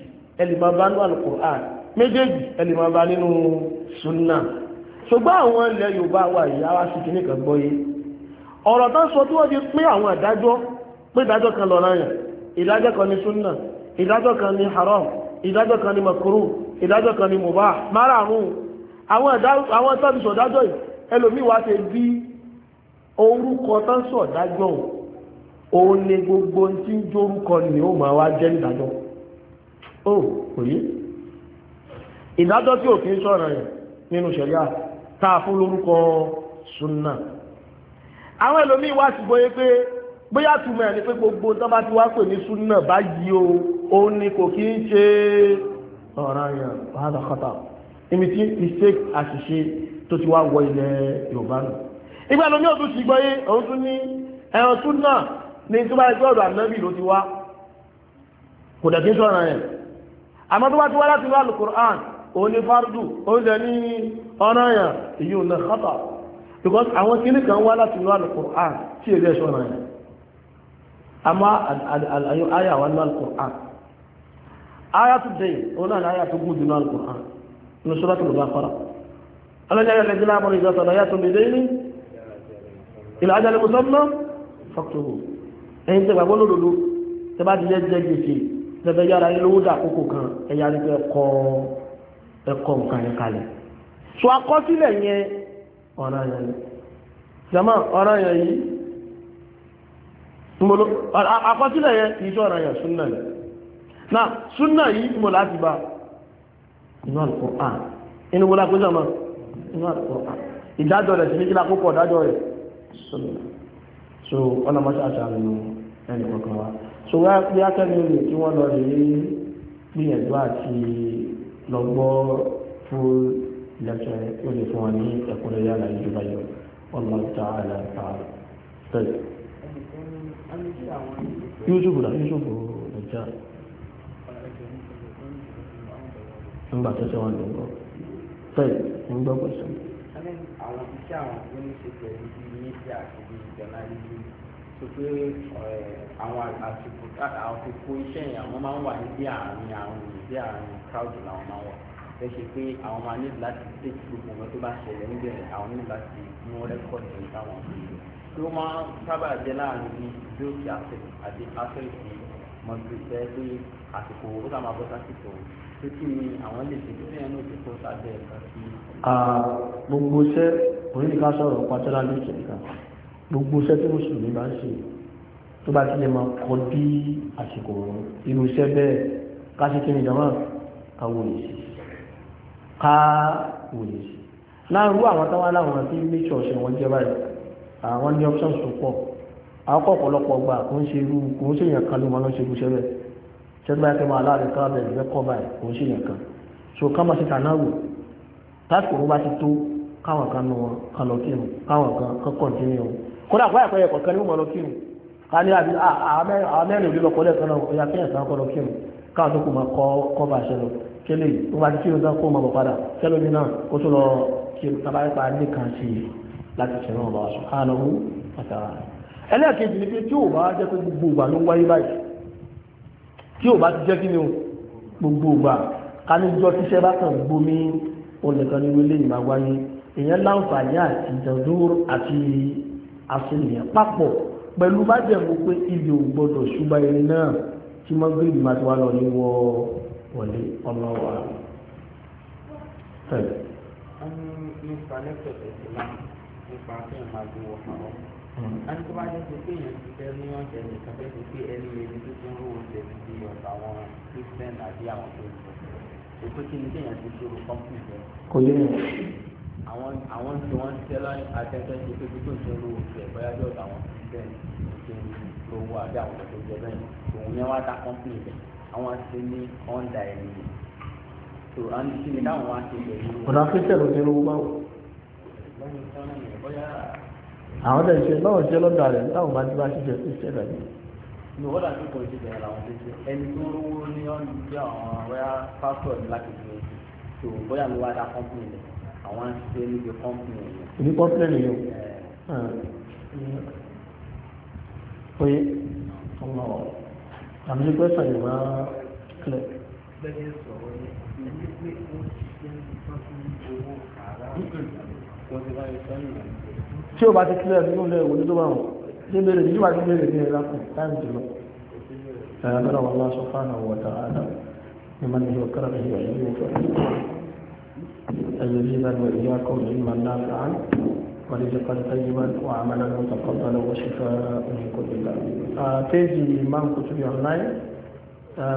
ẹlìmọ̀ ọ̀rọ̀ tó sọ tí wọ́n ti pín àwọn àdájọ́ pé ìdájọ́ kan lọ́ra yẹn ìdájọ́ kan ni súnà ìdájọ́ kan ni haram ìdájọ́ kan ni makuru ìdájọ́ kan ni mubah márààrún àwọn sábìsọ̀ dájọ́ yìí ẹlòmíì wá ṣe bí orúkọ tán sọ̀ dájọ́ òun ni gbogbo tí ń jórúkọ ni ó máa wá jẹ́ ìdájọ́ ó kò yí ìdájọ́ tí òfin sọ̀rọ̀ yẹn nínú ṣẹ̀ríà tá a fún lórúkọ súnà àwọn ẹlòmíì wá ti gbọ́yé pé bóyá túmọ̀ ẹ̀ ni pé gbogbo tó bá ti wá pè ní súnà báyìí o ó ní kò kí ń ṣe ọ̀ràn yẹn wàhálà kọ́tà ibi tí mistake àṣìṣe tó ti wá wọ ilẹ̀ Yorùbá nù. ìgbà lómi ò tún ti gbọ́ yé òun tún ní ẹ̀rọ súnà ní tó bá ẹgbẹ́ ọ̀dọ̀ ànábì ló ti wá kò dẹ̀ kí ń sọ̀ràn yẹn àmọ́ tó bá ti wá láti wá alukur'an òun ni fardu òun dẹ̀ ní ọ̀ràn yẹn èyí náà kọ́tà because àwọn kíní kan wá láti wá alukur'an tí èdè ẹ̀ṣọ́ ọ̀ràn yẹn amma al'ayu aya wannan al'ur'an ayatul dai wannan ayatul gudun al'ur'an na suratul ghafara Allah ya yi lajina amur iza tana ayatul bidaini ila ajal musamman faktuhu ẹ̀yin tẹ́ gbàgbọ́ lòdòdó tẹ́ bá ti yẹ jẹ́ gbèsè tẹ́bẹ̀ yára ilé owó dàkókò kan ẹ̀yà ní pé ẹ̀kọ́ ẹ̀kọ́ nǹkan yẹn kalẹ̀ so àkọsílẹ̀ yẹn ọ̀ràn yẹn jama ọ̀ràn yẹn yìí mọ́lọ́ àkọsílẹ̀ yẹn kìí ṣọ́ ọ̀rọ̀ yẹn súnà yìí na súnà yìí mọ̀ láti bá inú Al-Qur'an inú wọlá pé sọ́mọ́ inú Al-Qur'an ìdájọ́ rẹ̀ sí ní kílá púpọ̀ dájọ́ rẹ̀ súnà so ọ̀nà mọ́ṣá àṣàrò ẹnì kankan wa so wá pé akẹ́ni rẹ̀ tí wọ́n lọ rè é gbìyànjú àti lọ gbọ́ fún lẹ́kṣọ̀ yẹn ó lè fún wọn ní ẹ̀kúnrẹ́rẹ́ àlàyé jù báyọ̀ ọlọ́ta yúúsùfù dà yúúsùfù ọjà ńgbà tó ṣe wọn lè gbọ́ tẹ́lẹ̀ ń gbọ́ pẹ̀sẹ̀. àwọn iṣẹ́ àwọn tó ní ṣe pẹ̀lú iléeṣẹ́ àti ìjọba nínú tó pé àwọn àsìkò àsìkò iṣẹ́ yẹn àwọn máa ń wà níbi àárín àwọn ìdí àárín crowd làwọn máa wà ẹ ṣe pé àwọn máa ní láti tẹ́tí gbogbo wọn tó bá tí ó máa sábà jẹ láàrin bíi bíókì àti pásẹ̀lì mọ̀gbẹ́sẹ̀ pé àsìkò ó sábà bọ́ sásìkò tó kí ni àwọn lè ṣe tó ní ẹnu òkè tó sábẹ́ ẹ̀ka sí. gbogbo iṣẹ́ orí ká sọ̀rọ̀ pátálá ní ìṣẹ̀lẹ̀ kan gbogbo iṣẹ́ tí mùsùlùmí bá ń ṣe tó bá ti lè máa kọ bí àsìkò irú iṣẹ́ bẹ́ẹ̀ ká sí kí ni jọmọ́ ká wò lè ṣe ká wò lè ṣe láàrú àwọn táwọn aláwọn tí méjì àwọn ní options tó pọ̀ àwọn ọ̀pọ̀lọpọ̀ gbà kò ń ṣe irú kò ń ṣèyàn kan ló máa ń ṣe irú iṣẹ́ rẹ̀ ṣẹ́gbà ẹ̀kẹ́ máa láàrin kan bẹ̀rẹ̀ fẹ́ kọ́ báyìí kò ń ṣèyàn kan so ká máa ṣe tàná wò táàkì òun bá ti tó káwọn kan nu wọn kan lọ kírun káwọn kan kan kọ̀ǹtínú wọn kódà kó àìpẹ́ ẹ̀kọ́ kan ní wọn lọ kírun ká ní àbí àmẹ́rin òbí lọ́kọ́ lẹ́ẹ̀kan náà ọ̀yà kí ẹ̀sán kọ́ lọ kírun káwọn tó kù máa kọ́ kọ́ bá ṣe lọ kélé tó bá ti kírun tán kó máa bọ̀ padà kẹ́lómi náà kó tó lọ kírun tábàápàá ní kan sí i láti ṣẹ̀rọ ọba subhanahu wa ta'ala ẹlẹ́ẹ̀kejì ni pé tí ò bá jẹ́ pé gbogbo ìgbà ló ń wáyé báyìí tí ò bá ti jẹ́ kí ni gbogbo ìgbà ká ní jọ tíṣẹ́ bá kàn gbomi olùkan ní wílé ìmá wáyé èèyàn láǹfààní àti ìdàdúró àti àṣeyàn papọ̀ pẹ̀lú bá jẹ́ mú pé ibi ò gbọdọ̀ ṣúgbà ẹni náà tí wọ́n gbé ìgbìmọ̀ àti wà lọ ní wọ wọlé ọmọ wa nípa kí n máa gbowó àwọn. láti tó bá jẹ́ pé kéèyàn ti fẹ́ ní ọ̀sẹ̀ nìkan fẹ́ ti pé ẹni ẹni tó ti ń rówó jẹ ti di ọ̀dọ̀ àwọn Christian àbí àwọn tó ń sọ. ètò kí ni kéèyàn ti ṣòro kọ́mpì jẹ. kò yé mi. àwọn àwọn tí wọ́n ti tẹ́lá akẹ́kẹ́ ṣe pé bí tó ṣe ń rówó bóyá bí ọ̀dọ̀ àwọn Christian ti ń àbí àwọn tó jẹ bẹ́ẹ̀ òun yẹn wá ta kọ́mpì àwọn ọ̀dẹ̀ ìṣe lọ́wọ́ ṣe lọ́dọ̀ rẹ̀ táwọn bá ti bá ṣiṣẹ́ sí ṣẹ́ rẹ̀ ni. ní wọ́n dàbí kò ṣe bẹ̀rẹ̀ làwọn ṣe ṣe ẹni tó rówó ní ọ̀nà bí àwọn royal pastor ní lákèjì tó bóyá ló wá dá kọ́mpìnì rẹ̀ àwọn ṣe níbi kọ́mpìnì rẹ̀. ní kọ́mpìnì rẹ̀ yóò. pé ọmọ àmì gbẹ́sà yìí máa kílẹ̀. bẹ́ẹ̀ ni sọ̀rọ̀ yẹn ní pé ó ṣiṣẹ́ nípa fún owó àrà tí o bá ti kílẹ̀ nínú ilé ìwòlú tó bá wọn ṣé bèrè ní ìwà tó bèrè ní ìlà kù táìmù tó lọ. ẹ̀rọ bẹ́rẹ̀ wọn lọ́sọ̀ fáànà wọ̀tà ádà ní ma ní ìwà kára ní ìwà yìí wọ́n الذي بل وإياكم علما نافعا ورزقا طيبا وعملا متقبلا وشفاء من كل داء. péjì Imam Kutubi online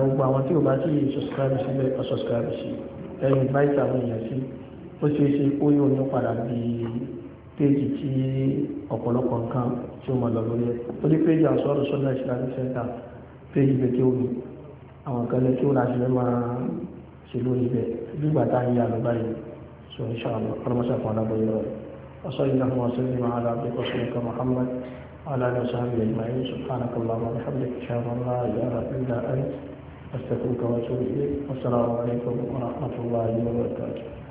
gbogbo àwọn tí o bá ti subscribe síbẹ̀ ọ̀ subscribe sí ẹ̀yìn báyìí tàbí ìyẹn sí ó ṣe é ṣe kó yóò ní padà bí péjì tí ọ̀pọ̀lọpọ̀ nǹkan tí ó máa lọ lórí ẹ̀ ó ní péjì àṣọ́rọ̀ sọ́nà islamic center péjì bẹ́ẹ̀ tí ó ní àwọn kan lẹ́kí ó láti lẹ́ẹ̀ máa ṣe lórí ibẹ̀ nígbà tá à ń yà lọ báyìí sọ ní sàmù ọlọ́mọṣà fún aláboyè rẹ̀ ọ̀sọ́ yìí náà wọ́n sọ ní màá lábẹ́ kọ́sọ́nìkọ́ Muhammad